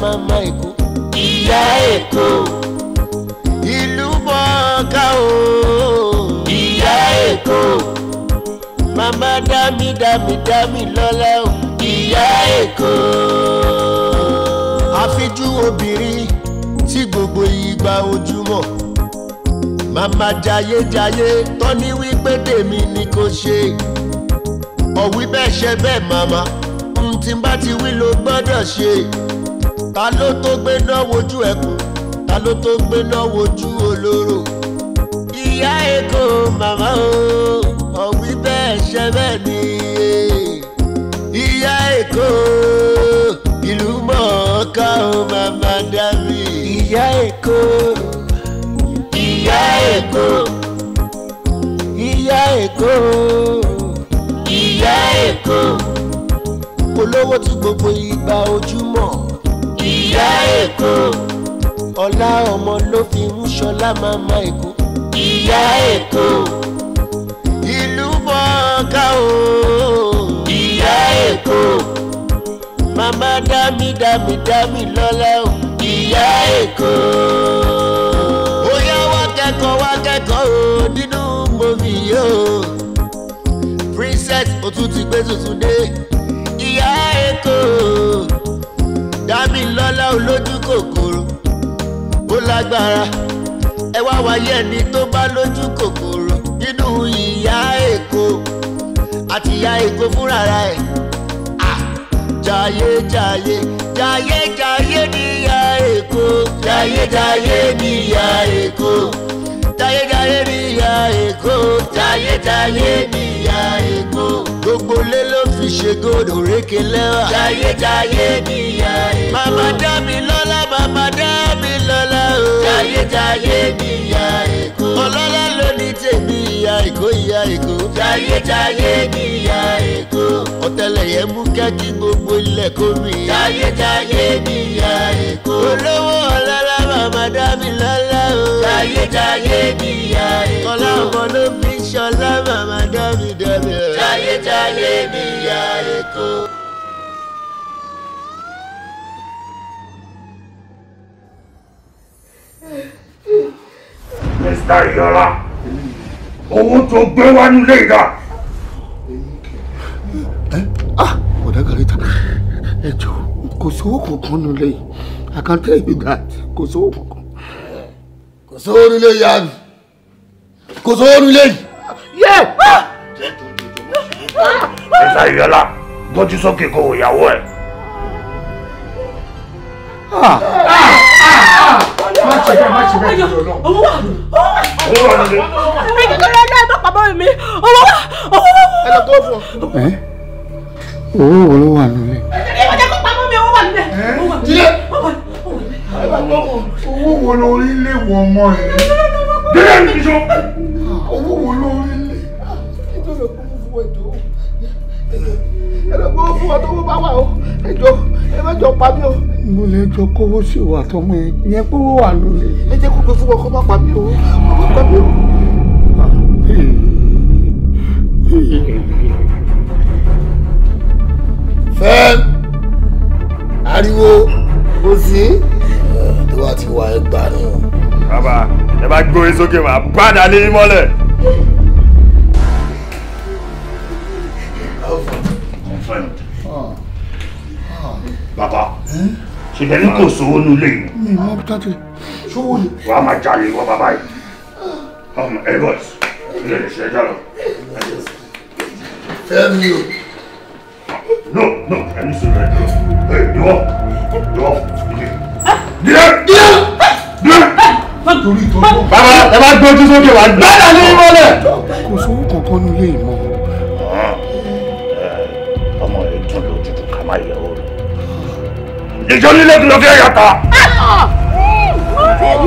mama èkó. ìyá èkó. ìlú mọ̀ọ́ká o. ìyá èkó. mama dami dami dami lọ́lá o. ìyá èkó. àfijú obìnrin tí gbogbo ìgbà ojúmọ́ màmá jayéjayé tọ́ni wípé tèmi ni kò ṣe ọ̀wí bẹ́ẹ̀ ṣe bẹ́ẹ̀ màmá ohun bá ti wí ló gbọ́dọ̀ ṣe ta ló tó gbé náà wojú ẹkùn ta ló tó gbé náà wojú olóró ìyá èkó màmá o ọ̀wí bẹ́ẹ̀ ṣe bẹ́ẹ̀ ni ìyá èkó ìlú mọ̀ọ́ká o màmá dábì. ìyá èkó ìyá èkó ìyá èkó ìyá èkó olówó tí gbogbo ìgbà ojúmọ́ ìyá èkó. ọlá ọmọ ló fi ń ṣọlá màmá èkó. ìyá èkó. ìlú mọ̀ọ́ká o. ìyá èkó. màmá dámì dámì dámì lọ́lá o. ìyá èkó. ó yá wá kẹ́kọ̀ọ́ wá kẹ́kọ̀ọ́ o nínú mọ́mí yìí o. princess òtún ti gbé tuntun dé. ìyá èkó màámi lọ́lá olójú kòkòrò ó lágbára ẹ wá wáyé ẹni tó bá lójú kòkòrò nínú ìyá èkó àti ìyá èkó fúnra ẹ̀ jayé jayé jayé jayé níyà èkó jayé jayé níyà èkó jayéjayé níyà èkó jayéjayé níyà èkó gbogbo lé ló fi ṣe gòdò rékè lẹ́wà jayéjayé níyà èkó màmá dá mi lọ́lá màmá dá mi lọ́lá o jayéjayé níyà èkó ọlọ́lá ló ní tèmi ìyá èkó ìyá èkó jayéjayé níyà èkó ọ̀tẹlẹ̀yẹ mú kẹ́kí gbogbo ilẹ̀ kó mi jayéjayé níyà èkó olówó ọlọ́ má dá mi lọ́lá o. Jayéjayé níyà èkó. Kọ́lá ọmọ ló bí ṣọlá màmá dá mi dá mi o. Jayéjayé níyà èkó. Mr. owó tó gbé wá nílé ìdá. Ah, ọ̀dà kàríta ẹ jọ kò sówó kankan nílé yìí I can tell you that kò sówó kankan. kò sówó nílé yìí àbí kò sówó nílé yìí. yẹ ẹ ṣàyẹ̀lá gbọ́jú sókè kó o yàwó ẹ̀. Ah! Ah! owó wo ló wà nù ẹ wọ́n jẹ́ kó pamọ́ mi owó wà níbẹ̀. owó wo lórí lè wọ ọmọ ẹ bẹ́ẹ̀ ni sọ owó wo lórí lè. ìjọba kò fún ẹjọ́ ẹjọ́ kò fún ọ tó wọ́n bá wà ó ẹjọ́ ẹ má jọ pa mí o. mo lè jọ kówó sí wa tọmọ ẹ yẹn pé ó wà lónìí. ẹ jẹ́ kó pé fún ọkọ má pa mí o má pa mí o fẹ́ ariwo kò sí tó bá ti wà ẹgbàá ni o. bàbá ẹ bá gbórí sókè máa bá dalé mọ́lẹ̀. bàbá ṣèbẹ̀ ní kò sówó ní ilé yìí. mi ò mọ tàbí sówó ni. wàá máa jalè wọ bàbá yìí. ọmọ ẹ bọ̀ ṣe lè ṣe é jà lọ. fẹ́mi o. No, no, I need to let go. Hey, do up. Do up. Díẹ̀! Díẹ̀! Díẹ̀! Torí ìtọ́jú. Bàbá ẹ bá gbé ojú sókè wá gbádà ní ìmọ̀lẹ̀. Kò sówó kankan ní ilé ìmọ̀. Ah, ọmọ rẹ̀ dùn lójúdù ká má yẹ̀wò rẹ̀. Ìjọ nílé kìlọ̀ fi ẹ̀yà ta. Báyọ̀!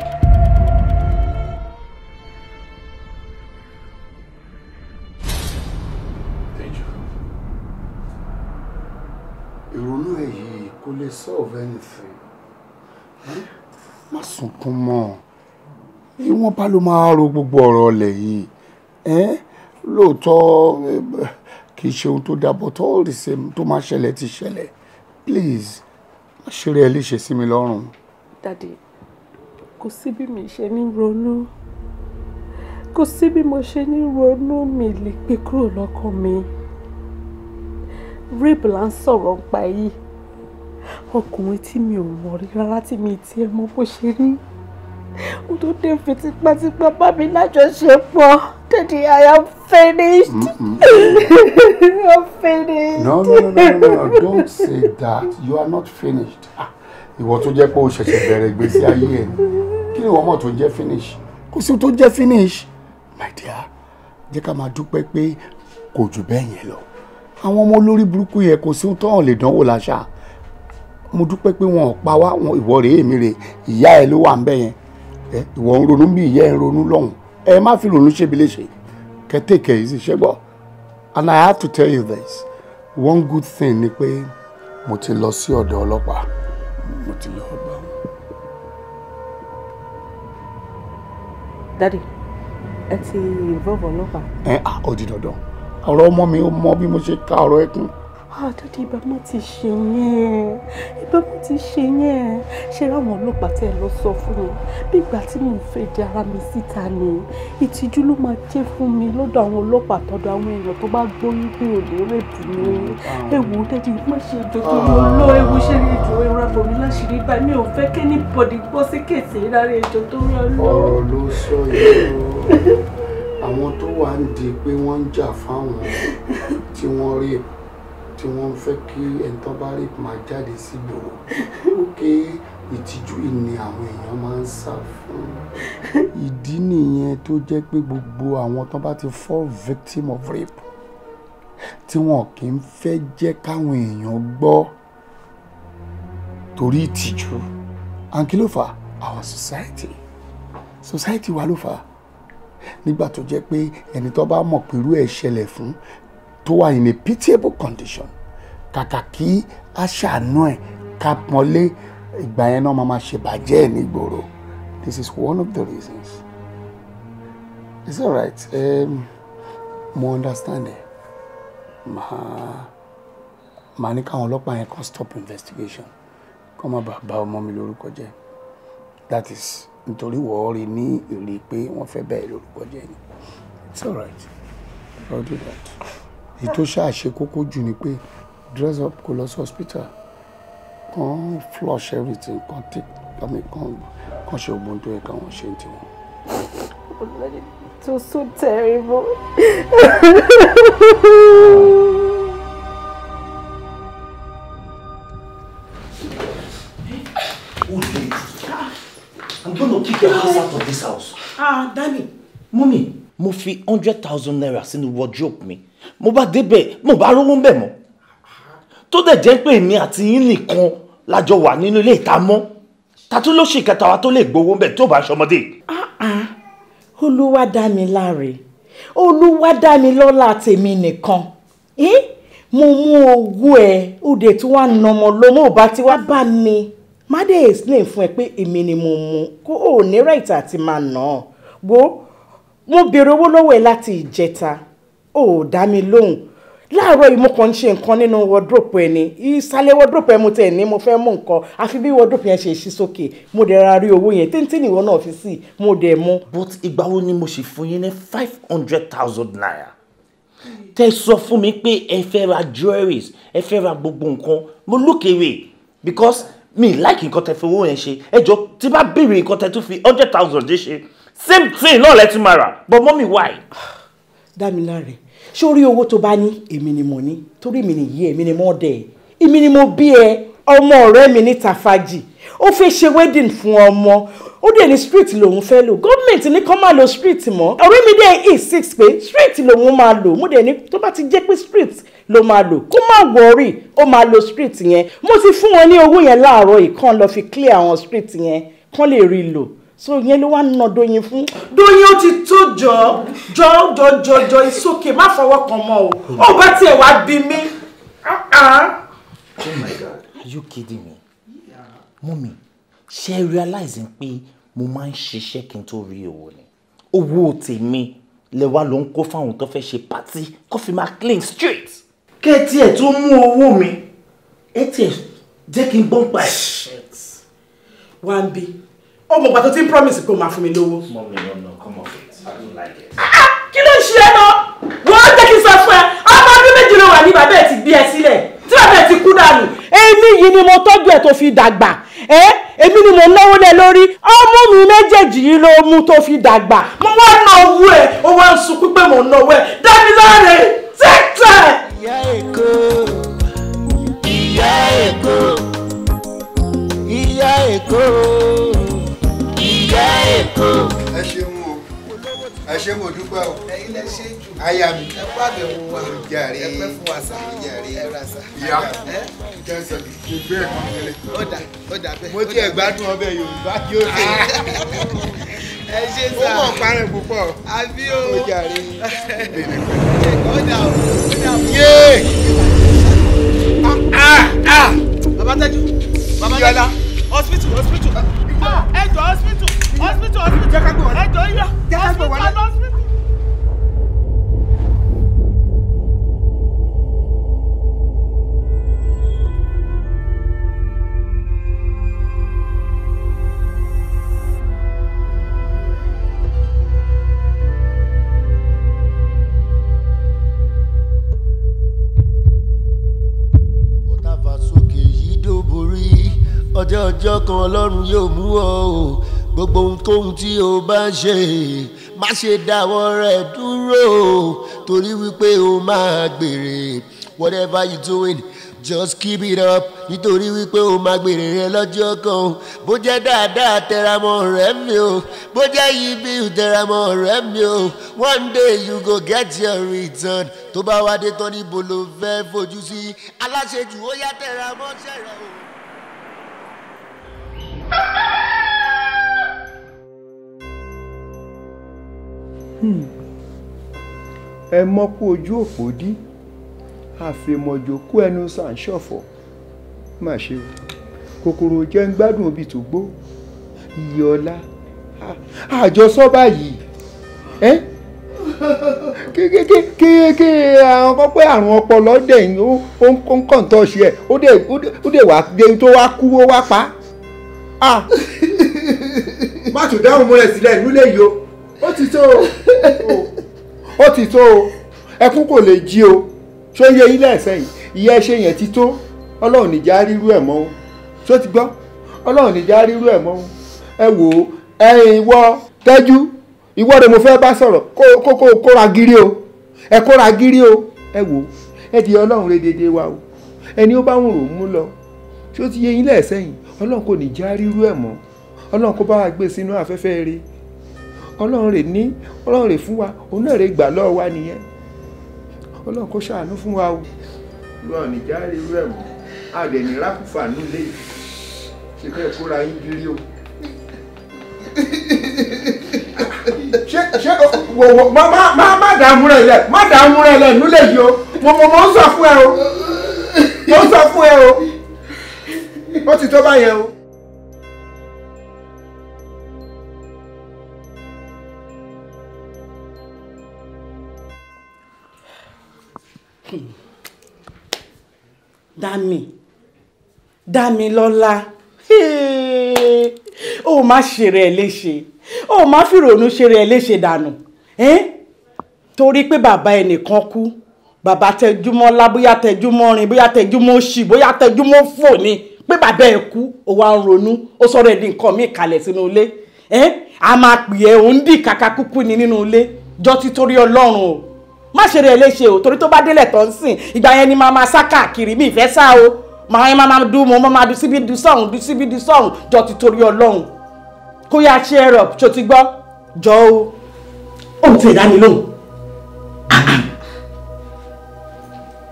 solve anything. má sunkún mọ́ ìwọ̀n bá ló máa ro gbogbo ọ̀rọ̀ ọ̀lẹ̀ yìí lóòótọ́ kì í ṣe ohun tó dábọ̀ tó rí ṣe tó máa ṣẹlẹ̀ ti ṣẹlẹ̀ please má ṣe rí ẹ léṣe sí mi lọ́rùn. dadi kò sí bí mi ṣe ní ronú kò sí bí mo ṣe ní ronú mi lè pé kúrò lọ́kàn mi rape là ń sọ̀rọ̀ nípa yìí ọkùnrin tí mi ò mọ̀ rí rárá tí mi ti ẹ̀ mọ̀ bó ṣe rí ó tó dé fi tipátipá bá mi lájọṣepọ̀ Daddy, I am finished. Mm-mm. I'm finished. No, no, no, no, no, no, don't say that. You are not finished. Ah, ìwọ tó jẹ́ pé o ṣẹ̀ṣẹ̀ bẹ̀rẹ̀ ìgbésí ayé ẹ̀ kí ni ìwọ mọ̀ tó jẹ́ finish? Kò sí tó jẹ́ finish. My dear, jẹ́ ká máa dúpẹ́ pé kò jù bẹ́ẹ̀ yẹn lọ. Àwọn ọmọ olórí burúkú yẹn kò sí tó hàn lè dánwò láṣà mo dúpẹ́ pé wọn ò pa wá wọn ìwọ rèé èmi rèé ìyá ẹ ló wà ń bẹ yẹn ìwọ ń ronú bí ìyá ẹ ń ronú lọ́hùn ẹ má fi ronú ṣe bilé ṣe kẹtẹkẹ yìí sì ṣe gbọ́ and I have to tell you this one good thing ni pé mo ti lọ sí ọ̀dọ̀ ọlọ́pàá mo ti lọ bá dadi ẹ ti involve ọlọ́pàá. ẹ ah ó di dandan ọ̀rọ̀ ọmọ mi ó mọ bí mo ṣe ka ọ̀rọ̀ ẹkún. E àdúdì ah, ìbá mọ̀ ti ṣe yẹn ìbá ti ṣe yẹn ṣé ráwọn ọlọ́pàá tẹ̀ lọ sọ fún mi nígbà tí mò fẹ́ di ara mi síta ni ìtìjú ló máa jẹ́ fún mi lọ́dọ̀ àwọn ọlọ́pàá tọ́dọ̀ àwọn èèyàn tó bá gbọ́ wípé òde rèébù ni ewu dẹ́dí má ṣe dodo mo ah. lọ ewu ṣe ní ìjọ ẹ̀rọ àbòmí láṣìírí bá mi ò fẹ́ kẹ́ni bọ̀dì gbọ́ sí kèsì lára ìjọ tó rán lọ. ọ̀rọ̀ tí wọ́n ń fẹ́ kí ẹni tán bá rí máa jáde sígboro ó ké ìtìjú ìní àwọn èèyàn máa ń sá fún ìdí nìyẹn tó jẹ́ pé gbogbo àwọn tán bá ti fall victim of rape tí wọn kì í fẹ́ jẹ́ káwọn èèyàn gbọ́ torí ìtìjú and kí ló fà our society society wa ló fà nígbà tó jẹ́ pé ẹni tó bá mọ̀ pẹ̀lú ẹ̀ ṣẹlẹ̀ fún tó wà in a pitiable condition kàkà kí a ṣàánú ká pọ́nlé ìgbà yẹn náà máa ma ṣe bàjẹ́ ẹ̀ nígboro this is one of the reasons is that right um, mo understand ẹ màá màá ní káwọn ọlọ́pàá yẹn kan stop investigation kọ́ má bàa bà ọmọ mi lórúkọ jẹ́ that is nítorí wọ́ọ́ rí ní ìrí pé wọ́n fẹ́ bẹ́ẹ̀ lórúkọ jẹ́ ni it's right. I'll do that ètò ṣàṣe kókó jù ni pé dress up kó lọ sí hospital kan flush everything kan take kan kan ṣe oògùn tó yẹ káwọn ṣe ń tiwọn. It was so terrible. Oh, I'm gonna kick your out of this house. Ah, Danny. Mummy, mo fi hundred thousand naira sínú wardrobe mi mo bá débẹ̀ mo bá rówó ń bẹ̀ mọ́ tó dẹ̀ jẹ́ pé èmi àti yín nìkan lájọ wà nínú ilé ìta mọ́ tàtú ló ṣì kẹta wa tó lè gbowó ń bẹ̀ tó bá ṣọmọdé. olúwa dá mi láre olúwa dá mi lọ́lá tèmi nìkan mo mú owó ẹ ó dẹ̀ tún wá nàmọ lọmọ ò bá ti bá mi má dẹ̀ fún ẹ pé èmi ni mo mú kó o ní right àti máa nà án wo mo béèrè owó lọ́wọ́ ẹ láti ìjẹta ò dá mi lóhùn láàárọ̀ yìí mo kàn ń ṣe nǹkan nínú wọ́drópù ẹ̀ ní ìsàlẹ̀ wọ́drópù ẹ̀ mo tẹ̀ ní mo fẹ́ mú nǹkan àfi bí wọ́drópù yẹn ṣe ṣí sókè mo dẹ̀ ra rí owó yẹn téńté nìwọ náà fi sí mo dẹ̀ mú. but ìgbà wo ni mo ṣe fún yín ní five hundred thousand naira tẹ sọ fún mi pé ẹ fẹ́ ra jewelries ẹ fẹ́ ra gbogbo nǹkan mo look away because mi like nǹkan tẹ fi owó yẹn ṣe ẹ jọ tí bá béèrè nǹkan tẹ tún fi hundred thousand ṣe same thing náà lẹ tún máa but mọ́mí why. Dámiláre ṣé orí owó tó bá ní èmi ni mo ní torí èmi nìyí èmi ni mo dẹ̀ èmi ni mo bí ẹ ọmọ ọ̀rẹ́ mi ní Tafaji ó fẹ́ ṣe wedding fún ọmọ ó dẹ̀ ní street lòun fẹ́ lò gọ́ọ̀mẹ̀ntì ní kán máa lo street mọ́ ọ̀rẹ́ mi dẹ̀ e six pé street lòun máa lò mo dẹ̀ ní tó bá ti jẹ́ pé street ló máa lò kó má wọrí ó máa lo street yẹn mo ti fún wọn ní owó yẹn láàárọ̀ ìkan lọ fi clear àwọn street yẹn kán lè rí lò so yẹn ló wá ń nà Dóyin fún. Dóyin ó ti tó jọ jọ jọ jọ jọ ìsókè má fọwọ́ kan mọ́ o ó bá tiẹ̀ wá bí mi. oh my god are you kidding me mummy ṣe é realizing pé mo máa ń ṣiṣẹ́ kí n tó rí owó ni owó tèmi lè wá ló ń kó fáwọn tó fẹ́ ṣe pàtí kó fi máa clean street. kẹ́ẹ̀tì ẹ̀ tó mú owó mi ẹ̀ tiẹ̀ jẹ́ kí n gbọ́n pa ẹ̀. wá ń bí Oh, mọ̀ pàtó tí promise to come after me, no. lówó. no no come off it i don't like it. Ah, ah, kí ló ń ṣe ẹ lọ wọ́n jẹ́ kí n sọ fún ẹ ọmọ ọdún méjì ló wà ní bàbá ẹ̀ ti gbé ẹ sílẹ̀ tí bàbá ẹ̀ ti kú dànù. èmi yìí ni mo tọ́jú ẹ̀ tó fi dàgbà ẹ́ èmi ni mo náwó lé lórí ọmọ mi méjèèjì yìí ló mú tó fi dàgbà. mo wá na owó ó wá ń sunkún pé mo na owó ẹ tẹ́tẹ́. ìyá èkó ìyá èkó ìyá èkó lẹ́kọ̀ọ́. ẹ ṣeun o ẹ ṣe mo dúpẹ́ o. aya mi. ẹ kó àbẹ̀wò wa. jàre ẹ fún wa sá. ẹ ra sá. ìyá kò gbé ẹ̀ kan tẹ́lẹ̀. ó dà ó gbádùn ọbẹ̀ yorùbá kí ó ṣe. ẹ ṣe sá. ó mọ̀ parẹ́ púpọ̀. àbí o. ó jàre. ó dà o ó dà o. yé. Ah, ah. ah! babatẹ́jú babatẹ́jú hospital hospital ẹ jọ hospital hospital hospital jẹ́ ká gbé wọn ẹjọ́ yíyá hospital hospital. ọjọ́ ọjọ́ kan ọlọ́run yóò mú ọ o gbogbo ohunkóhun tí o bá ń ṣe má ṣe dáwọ́ rẹ̀ dúró torí wípé o máa gbèrè whatever you doing just keep it up nítorí wípé o máa gbèrè rẹ lọ́jọ́ kan bó jẹ́ dáadáa tẹramọ́ rẹ̀ mi o bó jẹ́ ibi tẹramọ́ rẹ̀ mi o one day you go get your return tó bá wá dé tán níbo ló fẹ́ fojú sí aláṣejù ó yá tẹramọ́ ṣẹ̀rẹ̀ o. Hmm. ẹ mọ́kú ojú òpó dí àfèmọ̀jò kó ẹnu sàǹṣọ̀fọ̀ má ṣe o kòkòrò jẹ́ ń gbádùn obì tó gbó iye ọlá àjọsọ báyìí ẹ kéékèèké àwọn kan pé àrùn ọpọlọ dẹ̀ ó ń kàn tọ́ ṣe ẹ̀ ó dẹ̀ wá dé tó wá kú ó wá pa á. má tún dáhùn múlẹ̀ sílẹ̀ nílé yìí o ó ti tó o ó ti tó o ẹkún kò lè jí o ṣó yẹ ilé ẹ̀sẹ̀ yìí ìyá ẹṣẹ̀ yẹn ti tó ọlọ́run níjà rírú ẹ̀ mọ́ o ṣó ti gbọ́ ọlọ́run níjà rírú ẹ̀ mọ́ o ẹ wò ó ẹ̀yin wọ tẹ́jú ìwọ rẹ mo fẹ́ bá sọ̀rọ̀ kó kó kó kóra gírí o ẹ kóra gírí o ẹ wò ó ẹ di ọlọ́run rẹ dédé wa o ẹni ó bá ń rò mú lọ ṣó ti yẹ ilé ẹ̀sẹ̀ yìí ọlọ́run kò ní já rírú ẹ̀ mọ́ ọlọ́run kó bá wa gbé sínú afẹ́fẹ́ rẹ̀ ọlọ́run rè ní ọlọ́run rè fún wa òun náà rè gbà lọ́wọ́ wa nìyẹn ọlọ́run kó ṣàánú fún wa o. lọ́ọ̀ nìjà rí rẹ̀ mọ́ àdẹ̀ní rákùfà nílé ṣe fẹ́ kóra yín dirí o. ṣé ṣé wò wò má má má dààmú rẹ̀ lẹ̀ má dààmú rẹ̀ lẹ̀ nílé yìí o mo mo mo ń sọ fún ẹ o mo ń sọ fún ẹ o ó ti tó báyẹn o. Dami Damilọ́lá ó má ṣeré ẹ léṣe ó má fìrònú ṣeré ẹ léṣe dànù torí pé bàbá ẹnìkan kú bàbá tẹjúmọ́ lá bóyá tẹjúmọ́ rin bóyá tẹjúmọ́ ṣì bóyá tẹjúmọ́ fò ni pé bàbá ẹ kú ó wá ń ronú ó sọ̀rọ̀ ẹ̀ di nǹkan míì kalẹ̀ sínú ilé a máa pè é òun dì kàkà kúkú ni nínú ilé jọ́ títorí ọlọ́run o má ṣe rẹ̀ léṣe o torí tó bá délẹ̀ tó ń sìn ìgbà yẹn ni màá máa sá káàkiri mi ìfẹ́ sá o màá yẹn máa dùn mọ́ máa dùn síbi dùn sọ̀hún dùn síbi dùn sọ̀hún jọ ti torí ọlọ́run kó yá cheer up ṣó ti gbọ́ jọ o ó ti dá mi lóhùn.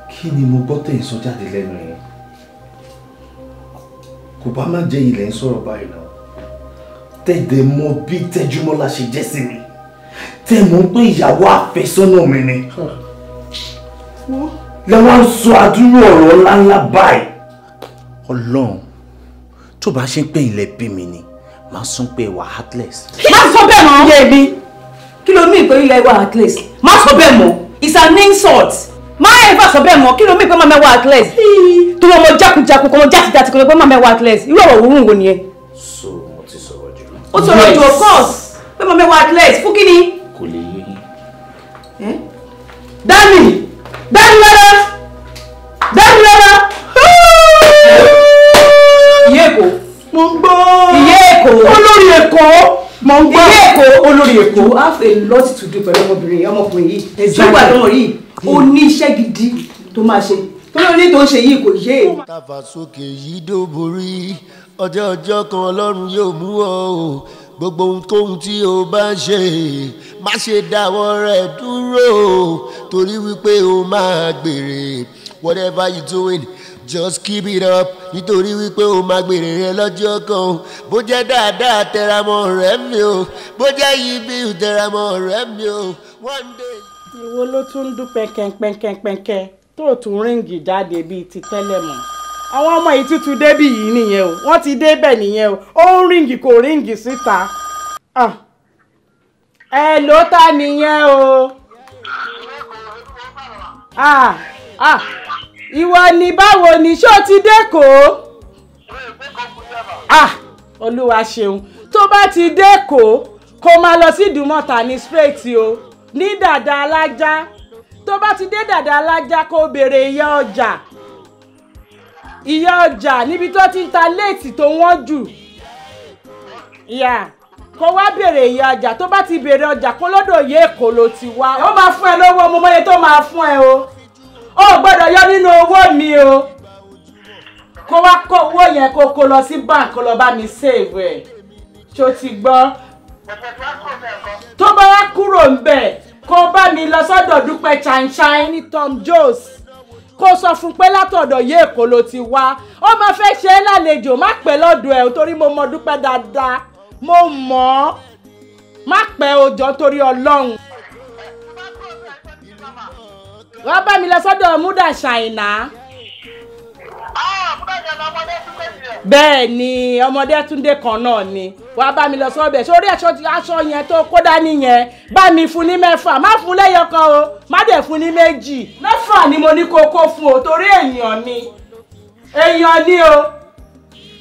kí ni mo gbọ́ tẹ̀ sọ jáde lẹ́nu yẹn kò bá má jẹ́ ilẹ̀ ń sọ̀rọ̀ báyìí náà tẹ̀dẹ̀ mọ bí Tẹ́júmọ́lá ṣe jẹ́ sí mi tẹ́ mọ̀ pé ìyàwó àfẹ́sọ́nà mi ni lẹ́wọ́n hmm. ń sọ àdúrú ọ̀rọ̀ ńláńlá báyìí. ọlọ́run tó bá ṣe ń pè ilẹ̀ bí mi ni màá sún pé wà heartless. má sọ bẹ́ẹ̀ mọ́. ilé mi kí ló mú ìpè ilẹ̀ wà heartless má sọ bẹ́ẹ̀ mọ́ it's an insult má ẹ̀fà sọ bẹ́ẹ̀ mọ́ kí ló mú ìpè má mẹ́wàá heartless tó wọ́n mọ jákujàku kọ́ mọ játijàti kọ́ mọ́ mẹ́wàá heartless irú ọ̀rọ̀ òwúrò wo nìyẹn. so mo ti sọ̀rọ̀ jù. ó sọ̀rọ̀ jù of course pé mo mẹ́wàá athlete fún kí ni. kò lè yé yín. dani dani lọ́dọ̀ dani lọ́dọ̀. ìyá èkó. mo ń gbọ́. ìyá èkó. olórí èkó. mo ń gbọ́. ìyá èkó olórí èkó. you have a lot to do pẹ̀lú ọmọbìnrin ọmọkùnrin yìí. ṣùgbọ́n àtọ́wọ̀n yìí ó ní iṣẹ́ gidi tó máa ṣe tọ́lọ́ ní tó ń ṣe yìí kò yé e. tàfà sókè yìí dó borí ọjọ́ ọjọ́ kan ọlọ́run yóò mú ọ o gbogbo ohunkóhun tí o bá ń ṣe má ṣe dáwọ́ rẹ̀ dúró torí wípé o máa gbèrè whatever you doing just keep it up nítorí wípé o máa gbèrè rẹ lọ́jọ́ kan o bó jẹ́ dáadáa tẹramọ́ rẹ mi o bó jẹ́ ibi tẹramọ́ rẹ mi o one day. ìwo ló tún ń dún pẹ̀kẹ̀pẹ̀kẹ̀pẹ̀kẹ̀ tó o tún ríǹgì jáde bíi ti tẹ́lẹ̀ mọ́ àwọn ọmọ yìí tútù débì yìí nìyẹn o wọ́n ti débẹ̀ nìyẹn o ó ń ríǹgì kò ríǹgì síta ah. ẹ ló ta nìyẹn o ah. Ah. ìwọ ni báwo ni ṣó ti dẹ́kọ̀ọ́ olúwa ṣeun tó bá ti dẹ́kọ̀ọ́ kó máa lọ sí ìdúmọ̀tà ní straight o ní dàda alájá tó bá ti dé dàda alájá kó béèrè iye ọjà ìyá ọjà níbi tó ti ń ta léètì tó wọ́n jù ìyá kó wá béèrè ìyá ọjà tó bá ti béèrè ọjà kó lọ́dọ̀ yé èkó ló ti wá. ó máa fún ẹ lówó mo mọye tó máa fún ẹ o ó gbọ́dọ̀ yọ nínú owó mi o kó wá kó owó yẹn kó kó lọ sí bank lọ bá mi save ẹ ṣó ti gbọ́ tó bá wá kúrò ń bẹ̀ kó bá mi lọ sọ́dọ̀ dúpẹ́ chanchan ní Tom Jones kó sọ fún pé látọ̀dọ̀ yé èkó ló ti wá ó máa fẹ́ ṣe é lálejò má pẹ́ lọ́dọ̀ ẹ̀ torí mo mọ dúpẹ́ dáadáa mo mọ̀ ọ́ má pẹ́ òjọ́ torí ọlọ́run. wàá bá mi lọ sọ́dọ̀ múdà ṣàìnà bẹ́ẹ̀ ni ọmọdé túndé kan náà ni wà á bá mi lọ sọ́ọ̀bẹ̀ sórí aṣọ yẹn tó kó dání yẹn bá mi fún ní mẹ́fà má fún lẹ́yọ kan o má dẹ̀ fún ní méjì mẹ́fà ni mo ní kó kó fún o torí èèyàn ni èèyàn ni o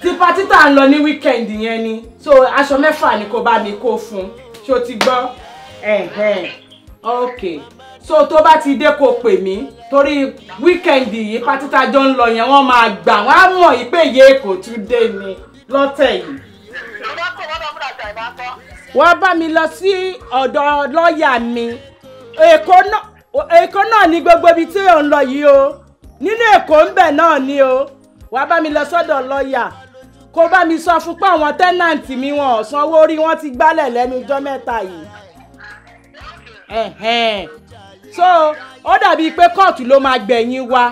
tipa títà ń lọ ní wíkẹ̀ndì yẹn ni so aṣọ mẹ́fà ni kó bá mi kó fún ṣó ti gbọ́ ẹ̀hẹ́n ok so tó bá ti dé kó pè mí torí wíkẹ́ndì yìí pátítà jọ ń lọ yẹn wọ́n máa gbà wọ́n á mọ̀ yìí pé iye èkó tún dé ni lọ́tẹ̀ yìí. wọ́n bá mi lọ sí ọ̀dọ̀ lọ́ọ̀yà mi èkó náà ní gbogbo ibi tí ò ń lọ yìí o nínú èkó ń bẹ̀ náà ni o wọ́n bá mi lọ sọ́dọ̀ lọ́ọ̀yà kó bá mi sọ fún pé àwọn tẹ́nàǹtì mi wọn ò sanwó rí wọ́n ti gbálẹ̀ lẹ́nu ọjọ́ mẹ́ta yìí so ó dàbí pé kóòtù ló máa gbẹ̀yìn wa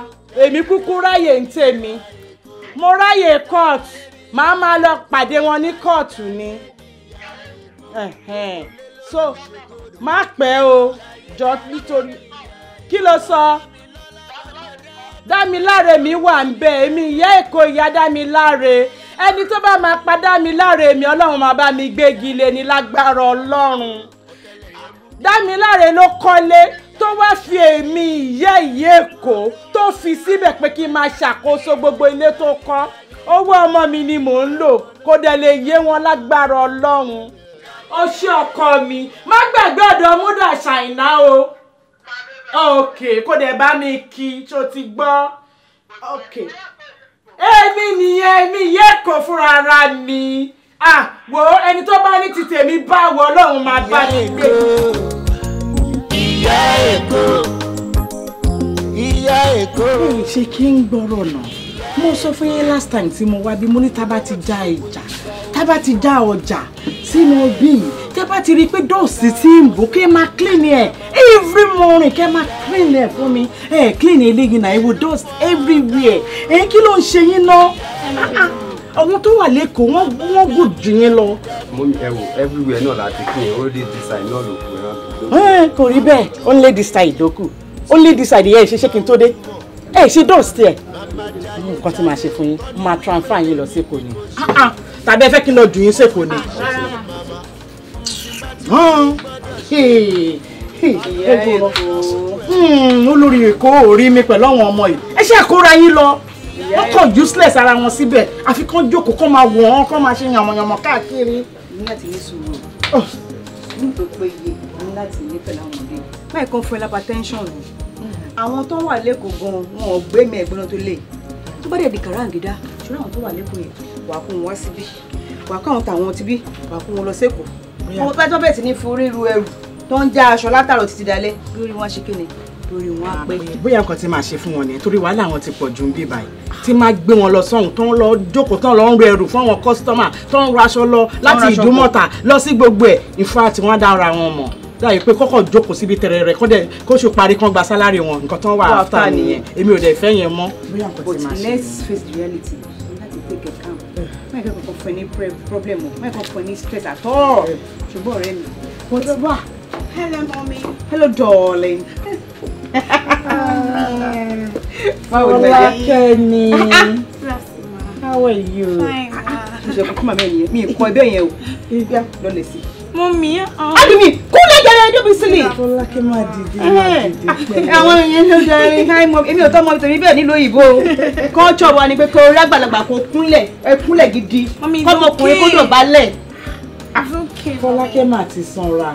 èmi kúkú ráyè ń tèmi mo ráyè kóòtù màá máa lọ pàdé wọn ní kóòtù ni so má pẹ́ o jọ nítorí kí ló sọ dámiláre mi wà ń bẹ èmi ìyá èkó ìyá dámiláre ẹni tó bá máa pa dámiláre mi ọlọ́run máa bá mi gbégi lé ní lágbára ọlọ́run dámiláre ló kọ́lé tó wá fi èmi ìyá ìyá èkó tó fi síbẹ̀ pé kí n máa ṣàkóso gbogbo ilé tó kọ́ owó ọmọ mi ni mò ń lò kó dẹ̀ lè yé wọn lágbára ọlọ́run ọṣẹ ọkọ mi má gbàgbé ọ̀dọ̀ múdà ṣàìná o ok kó dẹ̀ bá mi kí tó ti gbọ́ ok èmi nìyẹn èmi yẹ kó fúnra ra mi ah wo ẹni tó bá ní ti tèmi báwo ọlọ́run máa bá mi gbé ìyá èkó ìyá èkó. mi ò ṣe kí n gbọ́rọ̀ náà mo sọ fún yín last time tí mo wá bí mo ní tá bá ti já ìjà tá bá ti já ọjà sínú bí yìí tẹ ti rí i pé dọ́ọ̀sì tí ń bò kí ẹ máa clean ẹ every morning kí ẹ máa clean ẹ fún mi ẹ clean eléyìí náà ewo dust everywhere ẹ kí ló ń ṣe yín ná àwọn tó wà lẹ́kọ̀ọ́ wọ́n wọ́n gùn jù yín lọ. mo ẹ wò everywhere náà láti clean already design náà ló kù ẹ Eh, kò rí bẹ́ẹ̀ ó ń lé di side lókù ó lé di side yẹn ṣe ṣé kí n tó dé ẹ ṣe dọ́ọ̀sì ẹ̀ nǹkan tí màá ṣe fún yín máa transfer yín lọ sí Èkó ni ah, ah. tàbí ẹ fẹ́ kí n lọ dùn yín sí Èkó ni hmm, olórí èkó ò rí mi pẹ̀lú àwọn ọmọ yìí ẹ ṣe àkóra yín lọ wọ́n kàn useless ara wọn síbẹ̀ àfi kán jókòó kán máa wọ̀ ọ́n kán máa ṣe yànmọ̀yànmọ̀ káàkiri. nígbà tí yín sùúrù nígbà pé iye láti ilé pẹ̀lú àwọn ọmọdé báyìí kan fún ẹ lápá tẹ́ńsọ̀n ni àwọn tó wà lẹ́kọ̀ọ́ gan wọn ò gbé mi ẹ̀gbọ́n tó lè tó bá dẹ̀ di kàràǹgídá ṣùgbọ́n àwọn tó wà lẹ́kọ̀ọ́ yẹn wàá kó wọn wá síbí wàá kó àwọn tàwọn ti bí wàá kó wọn lọ sẹ́kọ̀ọ́ wọn bá tó bẹ̀ sí ní forí ru ẹrù tó ń já aṣọ látàrọ̀ títí dalẹ́ lórí wọn ṣe kéne lórí wọn á pẹ́. bóyá nǹkan ti máa ṣe fún wọn ni torí wàhálà wọn ti pọ̀ ju bí báyìí tí máa gbé wọn lọ sọ́hún tó ń lọ jókòó tó ń lọ ń rẹ ẹrù fún àwọn kọ́sítọ́mà tó ń raṣọ lọ láti ìdúmọ̀tà lọ sí gbogbo ẹ̀ ìfúra tí wọ́n dára wọn mọ̀ láyé pé kọ́kọ́ jókòó síbi tẹ̀rẹ̀ rẹ̀ kọ́ dẹ̀ kó ṣe parí kan gba sálárì wọn nǹkan tán wà áfítà nìyẹn èmi ò dẹ̀ fẹ́ yẹn mọ́. let's face the reality láti take account máa kẹ́kọ̀ọ́ kan fún ẹ ní problem o máa kẹ́kọ̀ọ́ fún ẹ ní stress at all ṣùgbọ́n ọ̀rẹ́ mi. hello mommy hello darling. báwo ni ọlákẹ́ ni how are you. fine ma. ṣe kókó màmá ẹ̀ nìyẹn mi ì kọ́ ẹgbẹ́ yẹn o lọ́lẹ̀ sí Mummy. Àdùnní uh-uh. kúnlẹ̀ jẹrẹ débi sílẹ̀. Bọ́lákẹ́ máa dìde máa eh, dìde ah, pẹ̀lú. Àwọn èèyàn ló darí hi mom èmi ò tọ́ mọ tèmi bẹ́ẹ̀ nílò òyìnbó o. Kọ́ńtọ̀ wa ni pé kó lágbàlagbà kó kúnlẹ̀ ẹ kúnlẹ̀ gidi. Kọ́mọkùnrin kó dọ̀bálẹ̀. Fọlákẹ́ máa ti sanra.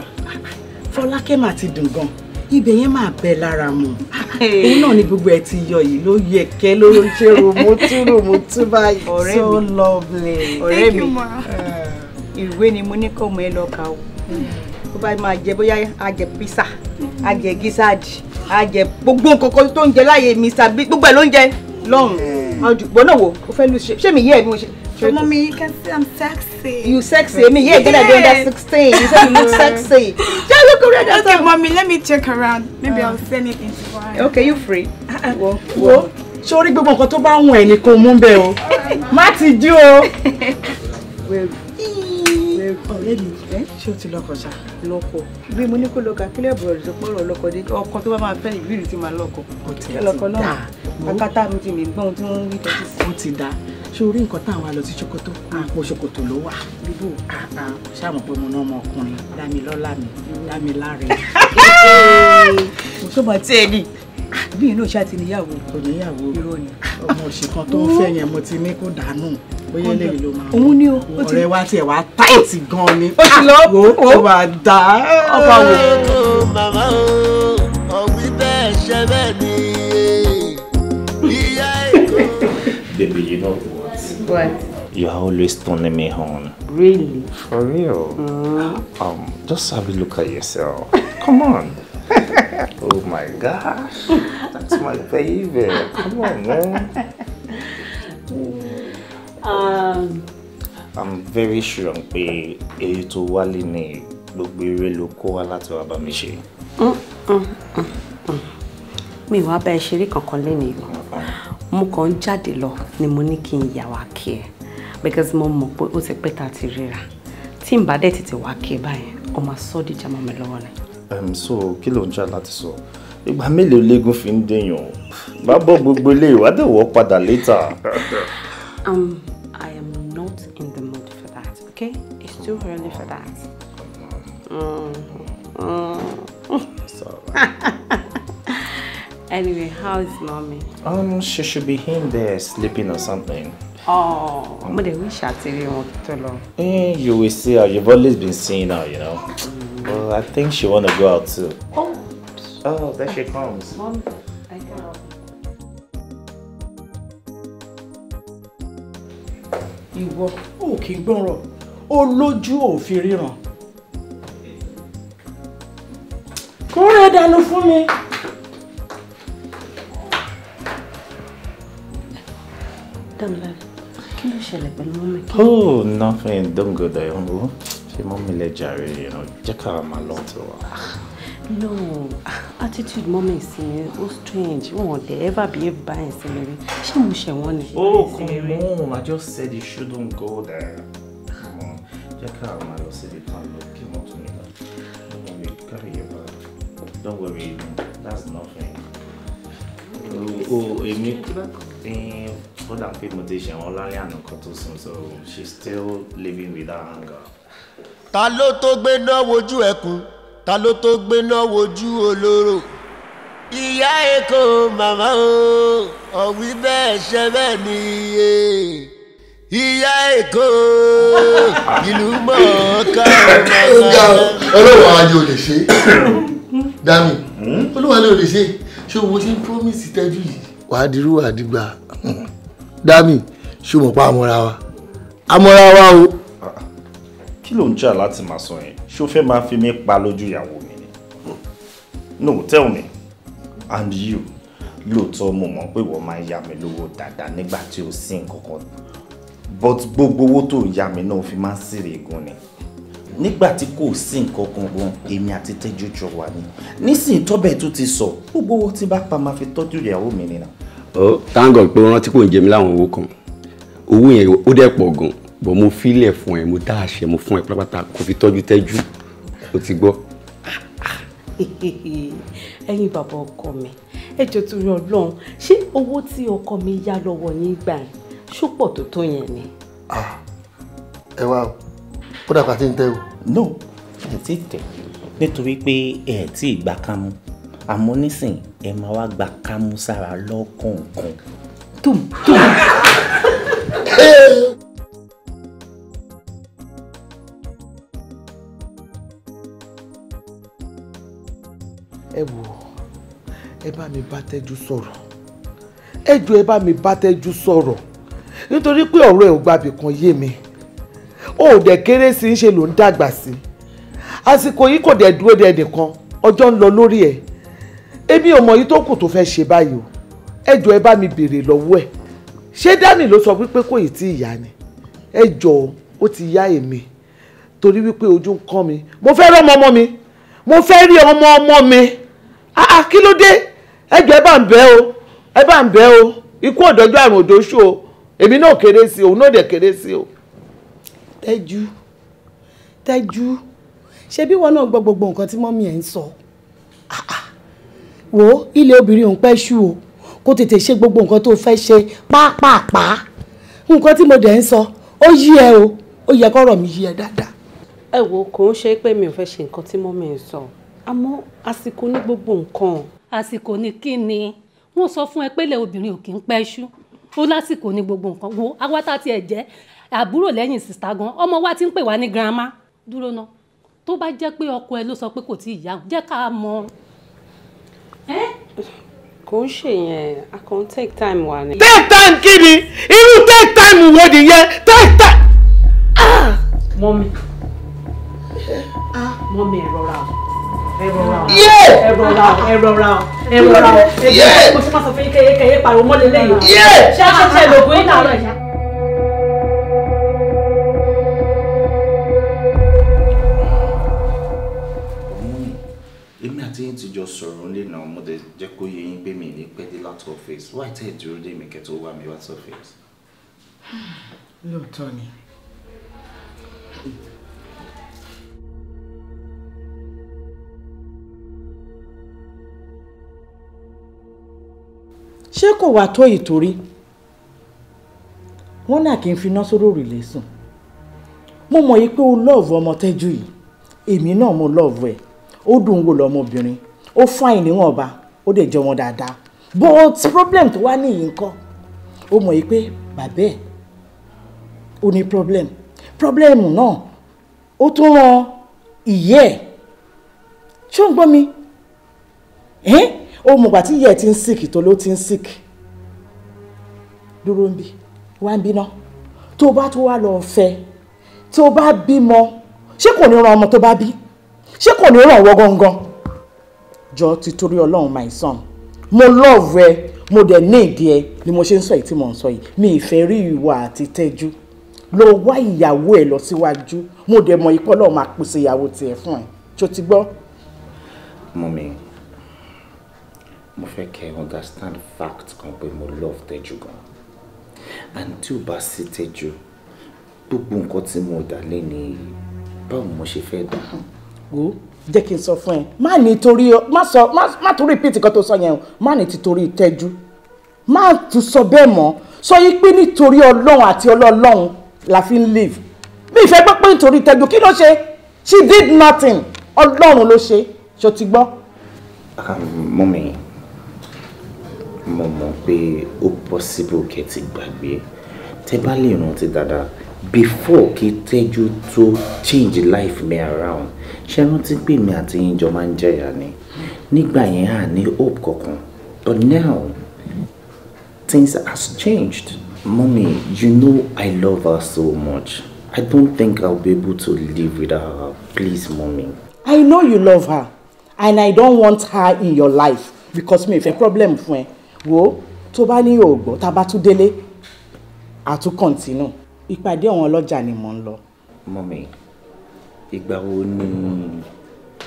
Fọlákẹ́ máa ti dùn gan. Ibẹ̀ yẹn máa bẹ lára mu. Eh. Òun náà ni gbogbo ẹ̀ ti yọ yìí ló yẹ kẹ́ ló ń ṣe ròmótú ròmótú báyìí. So lovely. Ọ̀rẹ́ mi. Thank you ìwé ni mo ní kó mọ ẹ lọ kà o tó bá máa jẹ bóyá a jẹ písà a jẹ gbogbo nǹkan tó ń jẹ láàyè mi sàbí gbogbo ẹ ló ń jẹ lọ́hùn ọdùgbò náà wò ó fẹ́ lu ṣé mi yé ẹ bí mo ṣe. Mom, me, you can see I'm sexy. You sexy? Me, yeah, then yes. I do that 16. You said you look sexy. Just look around. Okay, yourself. mommy, let me check around. Maybe I'll ah. send it in tomorrow. Okay, you free? Uh, ah, ah. whoa, whoa. Sori gbogbo nǹkan tó bá ń wọ̀ ẹ́ ni kò mú bẹ́ẹ̀ o. Má ti jú o. ọ̀rẹ́ mi ṣé o ti lọ́kọ ṣá. lọ́kọ bí mo ní kó lọ kàkílẹ̀ bọ̀rọ̀ tó pọ̀rọ̀ lọ́kọ dé ọkọ tó bá máa fẹ́ ìbírí ti máa lọ́kọ. o ti da akátá mi ti mi gbọ́n ohun tí da ṣé orí nǹkan táwọn àlọ́ ti ṣòkòtò àpò ṣòkòtò ló wà. bíbò ṣáà mọ̀ pé mo náà mọ ọkùnrin dámi lọ́lá mi dámi bí inú ṣáà ti níyàwó. kò níyàwó irọ́ ni ọmọ òṣì kan tó ń fẹ́ yẹn mo ti ní kó dànù bóyá eléyìí ló máa òun ni o ọ̀rẹ́ wa tiẹ̀ wá táìtì gan ni ó ti ah, lọ wo ó wà dá ọba wò. màmá o ọ̀wí bẹ́ẹ̀ ṣe bẹ́ẹ̀ ni ìyá èkó. baby you know what. what. You are always turning me on. Really? For real? Mm. Um, just have a look at yourself. Come on. Oh my gosh. That's my favorite. Come on, man. Um, I'm very sure pé èyí tó wálé ni gbogbo eré ló kó wá láti wá bá mi ṣe. Mm, mm, mm, mi wá bá ẹ kankan lẹ́nìí o. Mo kàn ń jáde ni mo ní kí n yà wá because mo mọ̀ pé ó ti pẹ́ tá a ti ríra. Tí n bá dẹ̀ tètè wá kí ẹ báyẹn, ó máa sọ́ dìjà mọ́ mi ni um, so kí ló ń jà láti sọ ìgbà mélòó léegun fi ń dèèyàn bá bọ́ gbogbo ilé ìwádẹ́wọ̀ padà létà. um I am not in the mood for that okay it's too early for that. Mm. Mm. anyway how is mommy? um she should be in there sleeping or something. Oh, but they wish I tell you what to long. Eh, you will see her. You've always been seeing her, you know. Mm. Well, I think she want to go out too. Oh, oh there she comes. Mom, I can help. Ìwọ, o kì í gbọ́rọ̀, o lójú òfin ríran. Kó rẹ̀ dànù fún mi. Dàmílàdé kí ló ṣẹlẹ̀ pẹ̀lú mọ́mí. oh nothing don't go there ọmọ ṣe mọ́mí lẹ jàre jẹ́ ká máa lọ tó wa. no attitude mọ́mí sí i ó strange wọn dẹ̀ ever behave by ìsinmi rí ṣé mo ṣe wọ́n ni. oh come on i just said you shouldn't go there. jẹ́ ká máa lọ síbi kan lọ kí wọ́n tún nílò don't worry carry your bag don't worry that's nothing. oh, èmi food and feed motivation ọlálẹ́ àná kan tó sùn so she still living with that anger. ta ló tó gbé náà wojú ẹkùn ta ló tó gbé náà wojú olóró ìyá èkó màmá o ọ̀wí bẹ́ẹ̀ ṣe bẹ́ẹ̀ ni iye ìyá èkó ìlú mọ̀ọ́ká ọmọ ọlọ́wọ́ ayé ò lè ṣe dami olúwa hmm? ni lè ṣe ṣé owó ṣe ń promise tẹ́jú yìí wàá dirú wàá dìgbà hmm dami ṣùgbọ́n pa àmọ́ra wa àmọ́ra wa o. kí ló ń jà láti máa sọ yẹn ṣó fẹ́ máa fi mí pa lójú ìyàwó mi ni no tell me and you lóòótọ́ mo mọ̀ pé wọ́n máa ń yá mi lówó dáadáa nígbà tí ó sí nǹkan but gbogbo owó tó yá mi náà fi máa ń sèrè gan ni nígbà tí kò sí nǹkan kan gan èmi àti tẹ́jú jọ wà ní nísìnyí tọ́bẹ̀ tó ti sọ gbogbo owó tí bá pa máa fi tọ́jú ìyàwó mi nìyẹn ó thank God pé rántí kò ń jẹ mí láwọn owó kan owó yẹn ó dẹ̀ pọ̀ gan bọ̀ mo filẹ̀ fún ẹ mo dá àṣẹ mo fún ẹ pátápátá kò fi tọ́jú tẹ́jú o ti gbọ́. ẹ̀yin bàbá ọkọ mi ẹ jọ̀ọ́ torí Ọlọ́run ṣé owó tí ọkọ mi yá lọ́wọ́ yín gbà yín ṣó pọ̀ tó tó yẹn ni. Ah, ẹ wá ó dàgbà tí ń tẹ o. no ẹ ti tẹ nítorí pé ẹ ti ìgbà kan mu àmọ́ nísìn ẹ máa wá gba kámú sára lọ́kọ̀ọ̀kan. tum tum. ẹ wò ẹ bá mi bá tẹ́jú sọ̀rọ̀ ẹ jọ̀ọ́ ẹ bá mi bá tẹ́jú sọ̀rọ̀ nítorí pé ọ̀rọ̀ ẹ̀ ò gbàbì kan yé mi ó dẹ̀ kéré sí í ṣe ló ń dàgbà sí àsìkò yìí kò dẹ̀ dúró dẹ̀ nìkan ọjọ́ ń lọ lórí ẹ̀ Ebi ò yìí tó kù tó fẹ́ ṣe báyìí o ẹ jọ̀ọ́ ẹ bá mi béèrè lọ́wọ́ ẹ̀ ṣé dani ló sọ wípé kò yìí tí ìyá ni ẹ ó ti yá èmi torí wípé ojú ń kán mi mo fẹ́ rí ọmọ ọmọ mi mo fẹ́ rí ọmọ ọmọ mi àá kí ló dé ẹ jọ̀ọ́ ẹ bá ń bẹ̀ o ẹ bá ń bẹ̀ o ikú òdòjú àrùn òdòṣù o èmi náà kéré sí o òun náà dẹ̀ kéré sí o. Tẹ́jú Tẹ́jú ṣebí wọn náà gbọ́ gbogbo nǹkan tí mọ́mí ẹ̀ ń sọ. Ah ah wo ilé obìnrin òun pẹ́ ṣú o kó tètè ṣe gbogbo nǹkan tó fẹ́ ṣe pápápá nǹkan tí mo dẹ̀ ń sọ ó yí ẹ o ó yẹ kọ́rọ̀ mi yí ẹ dáadáa. ẹ wo kò ń ṣe pé mi ò fẹ́ ṣe nǹkan tí mọ́mí ń sọ àmọ́ àsìkò ní gbogbo nǹkan. àsìkò ni kí ni wọ́n sọ fún ẹ pé ilẹ̀ obìnrin ò kì í pẹ́ ṣú ó lásìkò ní gbogbo nǹkan wo awátá tiẹ̀ jẹ́ àbúrò lẹ́yìn sista gan ọmọ wa ti ń pè wá ní girama dúró ná tó bá jẹ́ pé ọkọ ẹ ló sọ pé kò tí ì yá jẹ́ ká mọ̀ Eh? kò ń ṣe yẹn a kàn take time wa ni. take time kí ni irú take time wo nìyẹn take time. mọ́mí ah! mọ́mí ah! ẹ rọra o ẹ rọra ẹ rọra ẹ rọra ẹ rọra ẹ kò sí máa sọ fún yín kẹyẹkẹyẹ pariwo mọ́lẹ̀ lẹ́yìn ṣáṣẹ́ṣẹ́ lògùn yín náà rẹ̀ ṣá. yín ti jọ sọ̀rọ̀ nílé náà mo dẹ̀ jẹ́ kó yẹ yín pé mi ní pẹ́ dé láti ọ́fíìsì wá ìtẹ́ ìdúró dé mi kẹ́tọ́ wá mi wá ọ́fíìsì. lóòótọ́ ni. ṣé kò wá tó ìtorí wọn náà kì í finá sórí òrùlé sùn mo mọ̀ yìí pé o lọ́ọ̀vù ọmọ tẹ́jú yìí èmi náà mo lọ́ọ̀vù ẹ̀ ó dùn wò lọ́mọbìnrin ó fáìn níwọ̀nba ó dẹ̀ jẹ́ ọmọ dáadáa but problem tó wá nìyí ńkọ́ ó mọ̀ yìí pé bàbá ẹ̀ ó ní problem problem náà ó tún ran ìyẹ́ ẹ̀ ṣó ń gbọ́ mi ó mọ̀gbà tí ìyẹ́ ẹ̀ ti ń sick tó ló ti ń sick dúró ń bí wá ń bí tó bá tún wá lọ fẹ́ tó bá bímọ ṣé kò ní ran ọmọ tó bá bí ṣé kò ní ràn wọ́ gangan jọ ti torí ọlọ́run my son mo love ẹ mo dẹ̀ ní ìdí ẹ ni mo ṣe ń sọ èyí tí mo ń sọ yìí mi ìfẹ́ rí ìwà àti tẹ́jú lọ wá ìyàwó ẹ lọ síwájú mo dẹ̀ mọ ipò ọlọ́run máa pèsè ìyàwó tiẹ̀ fún ẹ tó ti gbọ́. mọ́mí mo fẹ́ kẹ́ ẹ understand fact kan pé mo love tẹ́jú gan and tí ò bá sí tẹ́jú gbogbo nǹkan tí mo dà lé ni báwo mo ṣe fẹ́ dà. Mm wo jẹ́ kí n sọ fún ẹ má ní torí má sọ má tún repeat nǹkan tó sọ yẹn o má ní títorí ìtẹ́jú má tún sọ bẹ́ẹ̀ mọ́ sọ yí pé nítorí ọlọ́run àti ọlọ́ọ̀lọ́run la fi ń live bí ìfẹ́ gbọ́ pé nítorí ìtẹ́jú kí ló ṣe she did nothing ọlọ́run ló ṣe ṣó ti gbọ́. mú mi mo mọ̀ pé ó possible kẹ́ ti gbàgbé tẹ́ bá lè rántí dáadáa before kí Tẹ́jú tó change life mi around ṣé rántí pé mi àti yín jọ máa ń jẹ̀yà ni nígbà yẹn à ní hope kankan but now things has changed mommy you know I love her so much I don't think I'll be able to live without her please mommy. I know you love her and I don't want her in your life because me if a problem fún ẹ wo tó bá ní òògbọ́ tá a bá tún délé àtún continue ìpàdé àwọn ọlọ́jà ni mò ń lọ. mọ́mí ìgbà wo ni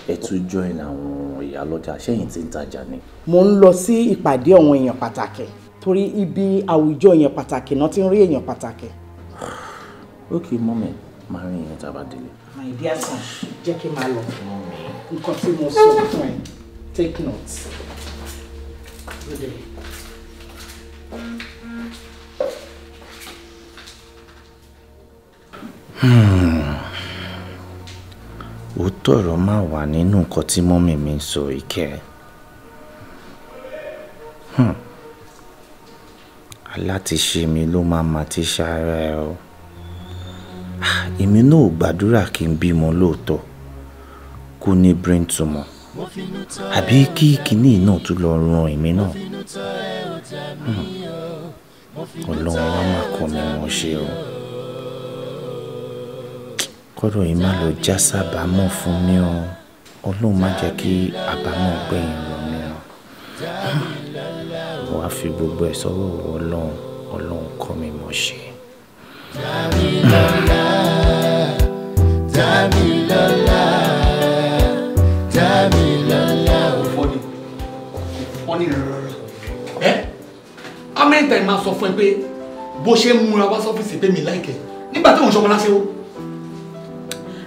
ẹ tún join àwọn ìyá ọlọ́jà sẹ́yìn tí ń tajà ni. mo ń lọ sí ìpàdé àwọn èèyàn pàtàkì torí ibi àwùjọ èèyàn pàtàkì náà ti ń rí èèyàn pàtàkì. ok mọ́mí máa rí ìyẹn tá a bá délé. my dear son jẹ́ kí n máa lọ nǹkan tí mo sọ fún ẹ take note. Good day. Hmm. òótọ́ ọ̀rọ̀ máa wà nínú nǹkan tí mọ́mì mi ń sọ ìkẹ́ hmm. alátiṣe mi ló máa ma ti ṣàárẹ̀ ẹ o ah, èmi náà ò gbàdúrà kí n bímọ lóòótọ́ kó ní brain tumor àbí kí kinní náà tún lọ ran èmi náà hmm. ọlọ́run á máa kọ́ mi mọ́ ṣe o kọ́rọ̀ yìí má lọ já sábàámọ̀ fún mi o ọlọ́run má jẹ́ kí àbámọ̀ gbẹ̀yìn rọ̀ mi o wàá fi gbogbo ẹ̀ sọ́wọ́ ọlọ́run ọlọ́run kọ́ mi mọ̀ ṣe. Damilola, Damilola, Damilola. Fọ́nì, sọ fún ẹ pé bó ṣe ń múra wá sọ́fíìsì pé mi láìkẹ́ nígbà tó ń ṣọmọ láṣẹ́wó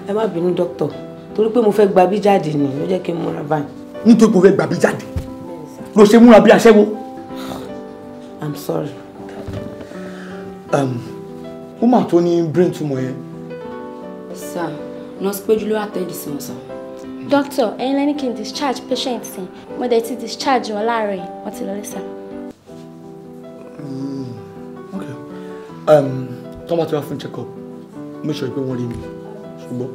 ẹ má bínú dókítà torí pé mo fẹ́ gba bí jáde ni ló jẹ́ kí n múra báyìí. nítorí pé o fẹ́ gba bí jáde ló ṣe múra bí aṣẹ́wó. i'm sorry. ó um, mà tó ní brain tumor yẹn. sir nurse péjú ló àtẹ́jú sí wọn sọ. doctor ẹ̀yin lẹ́ni kí n discharge patient sí mo dẹ̀ ti discharge wọn láàárọ̀ yìí wọ́n ti lọ lẹ́sà. Mm, um, tọ́mọ tí wàá fún check up make sure pé wọ́n rí mi ṣùgbọ́n.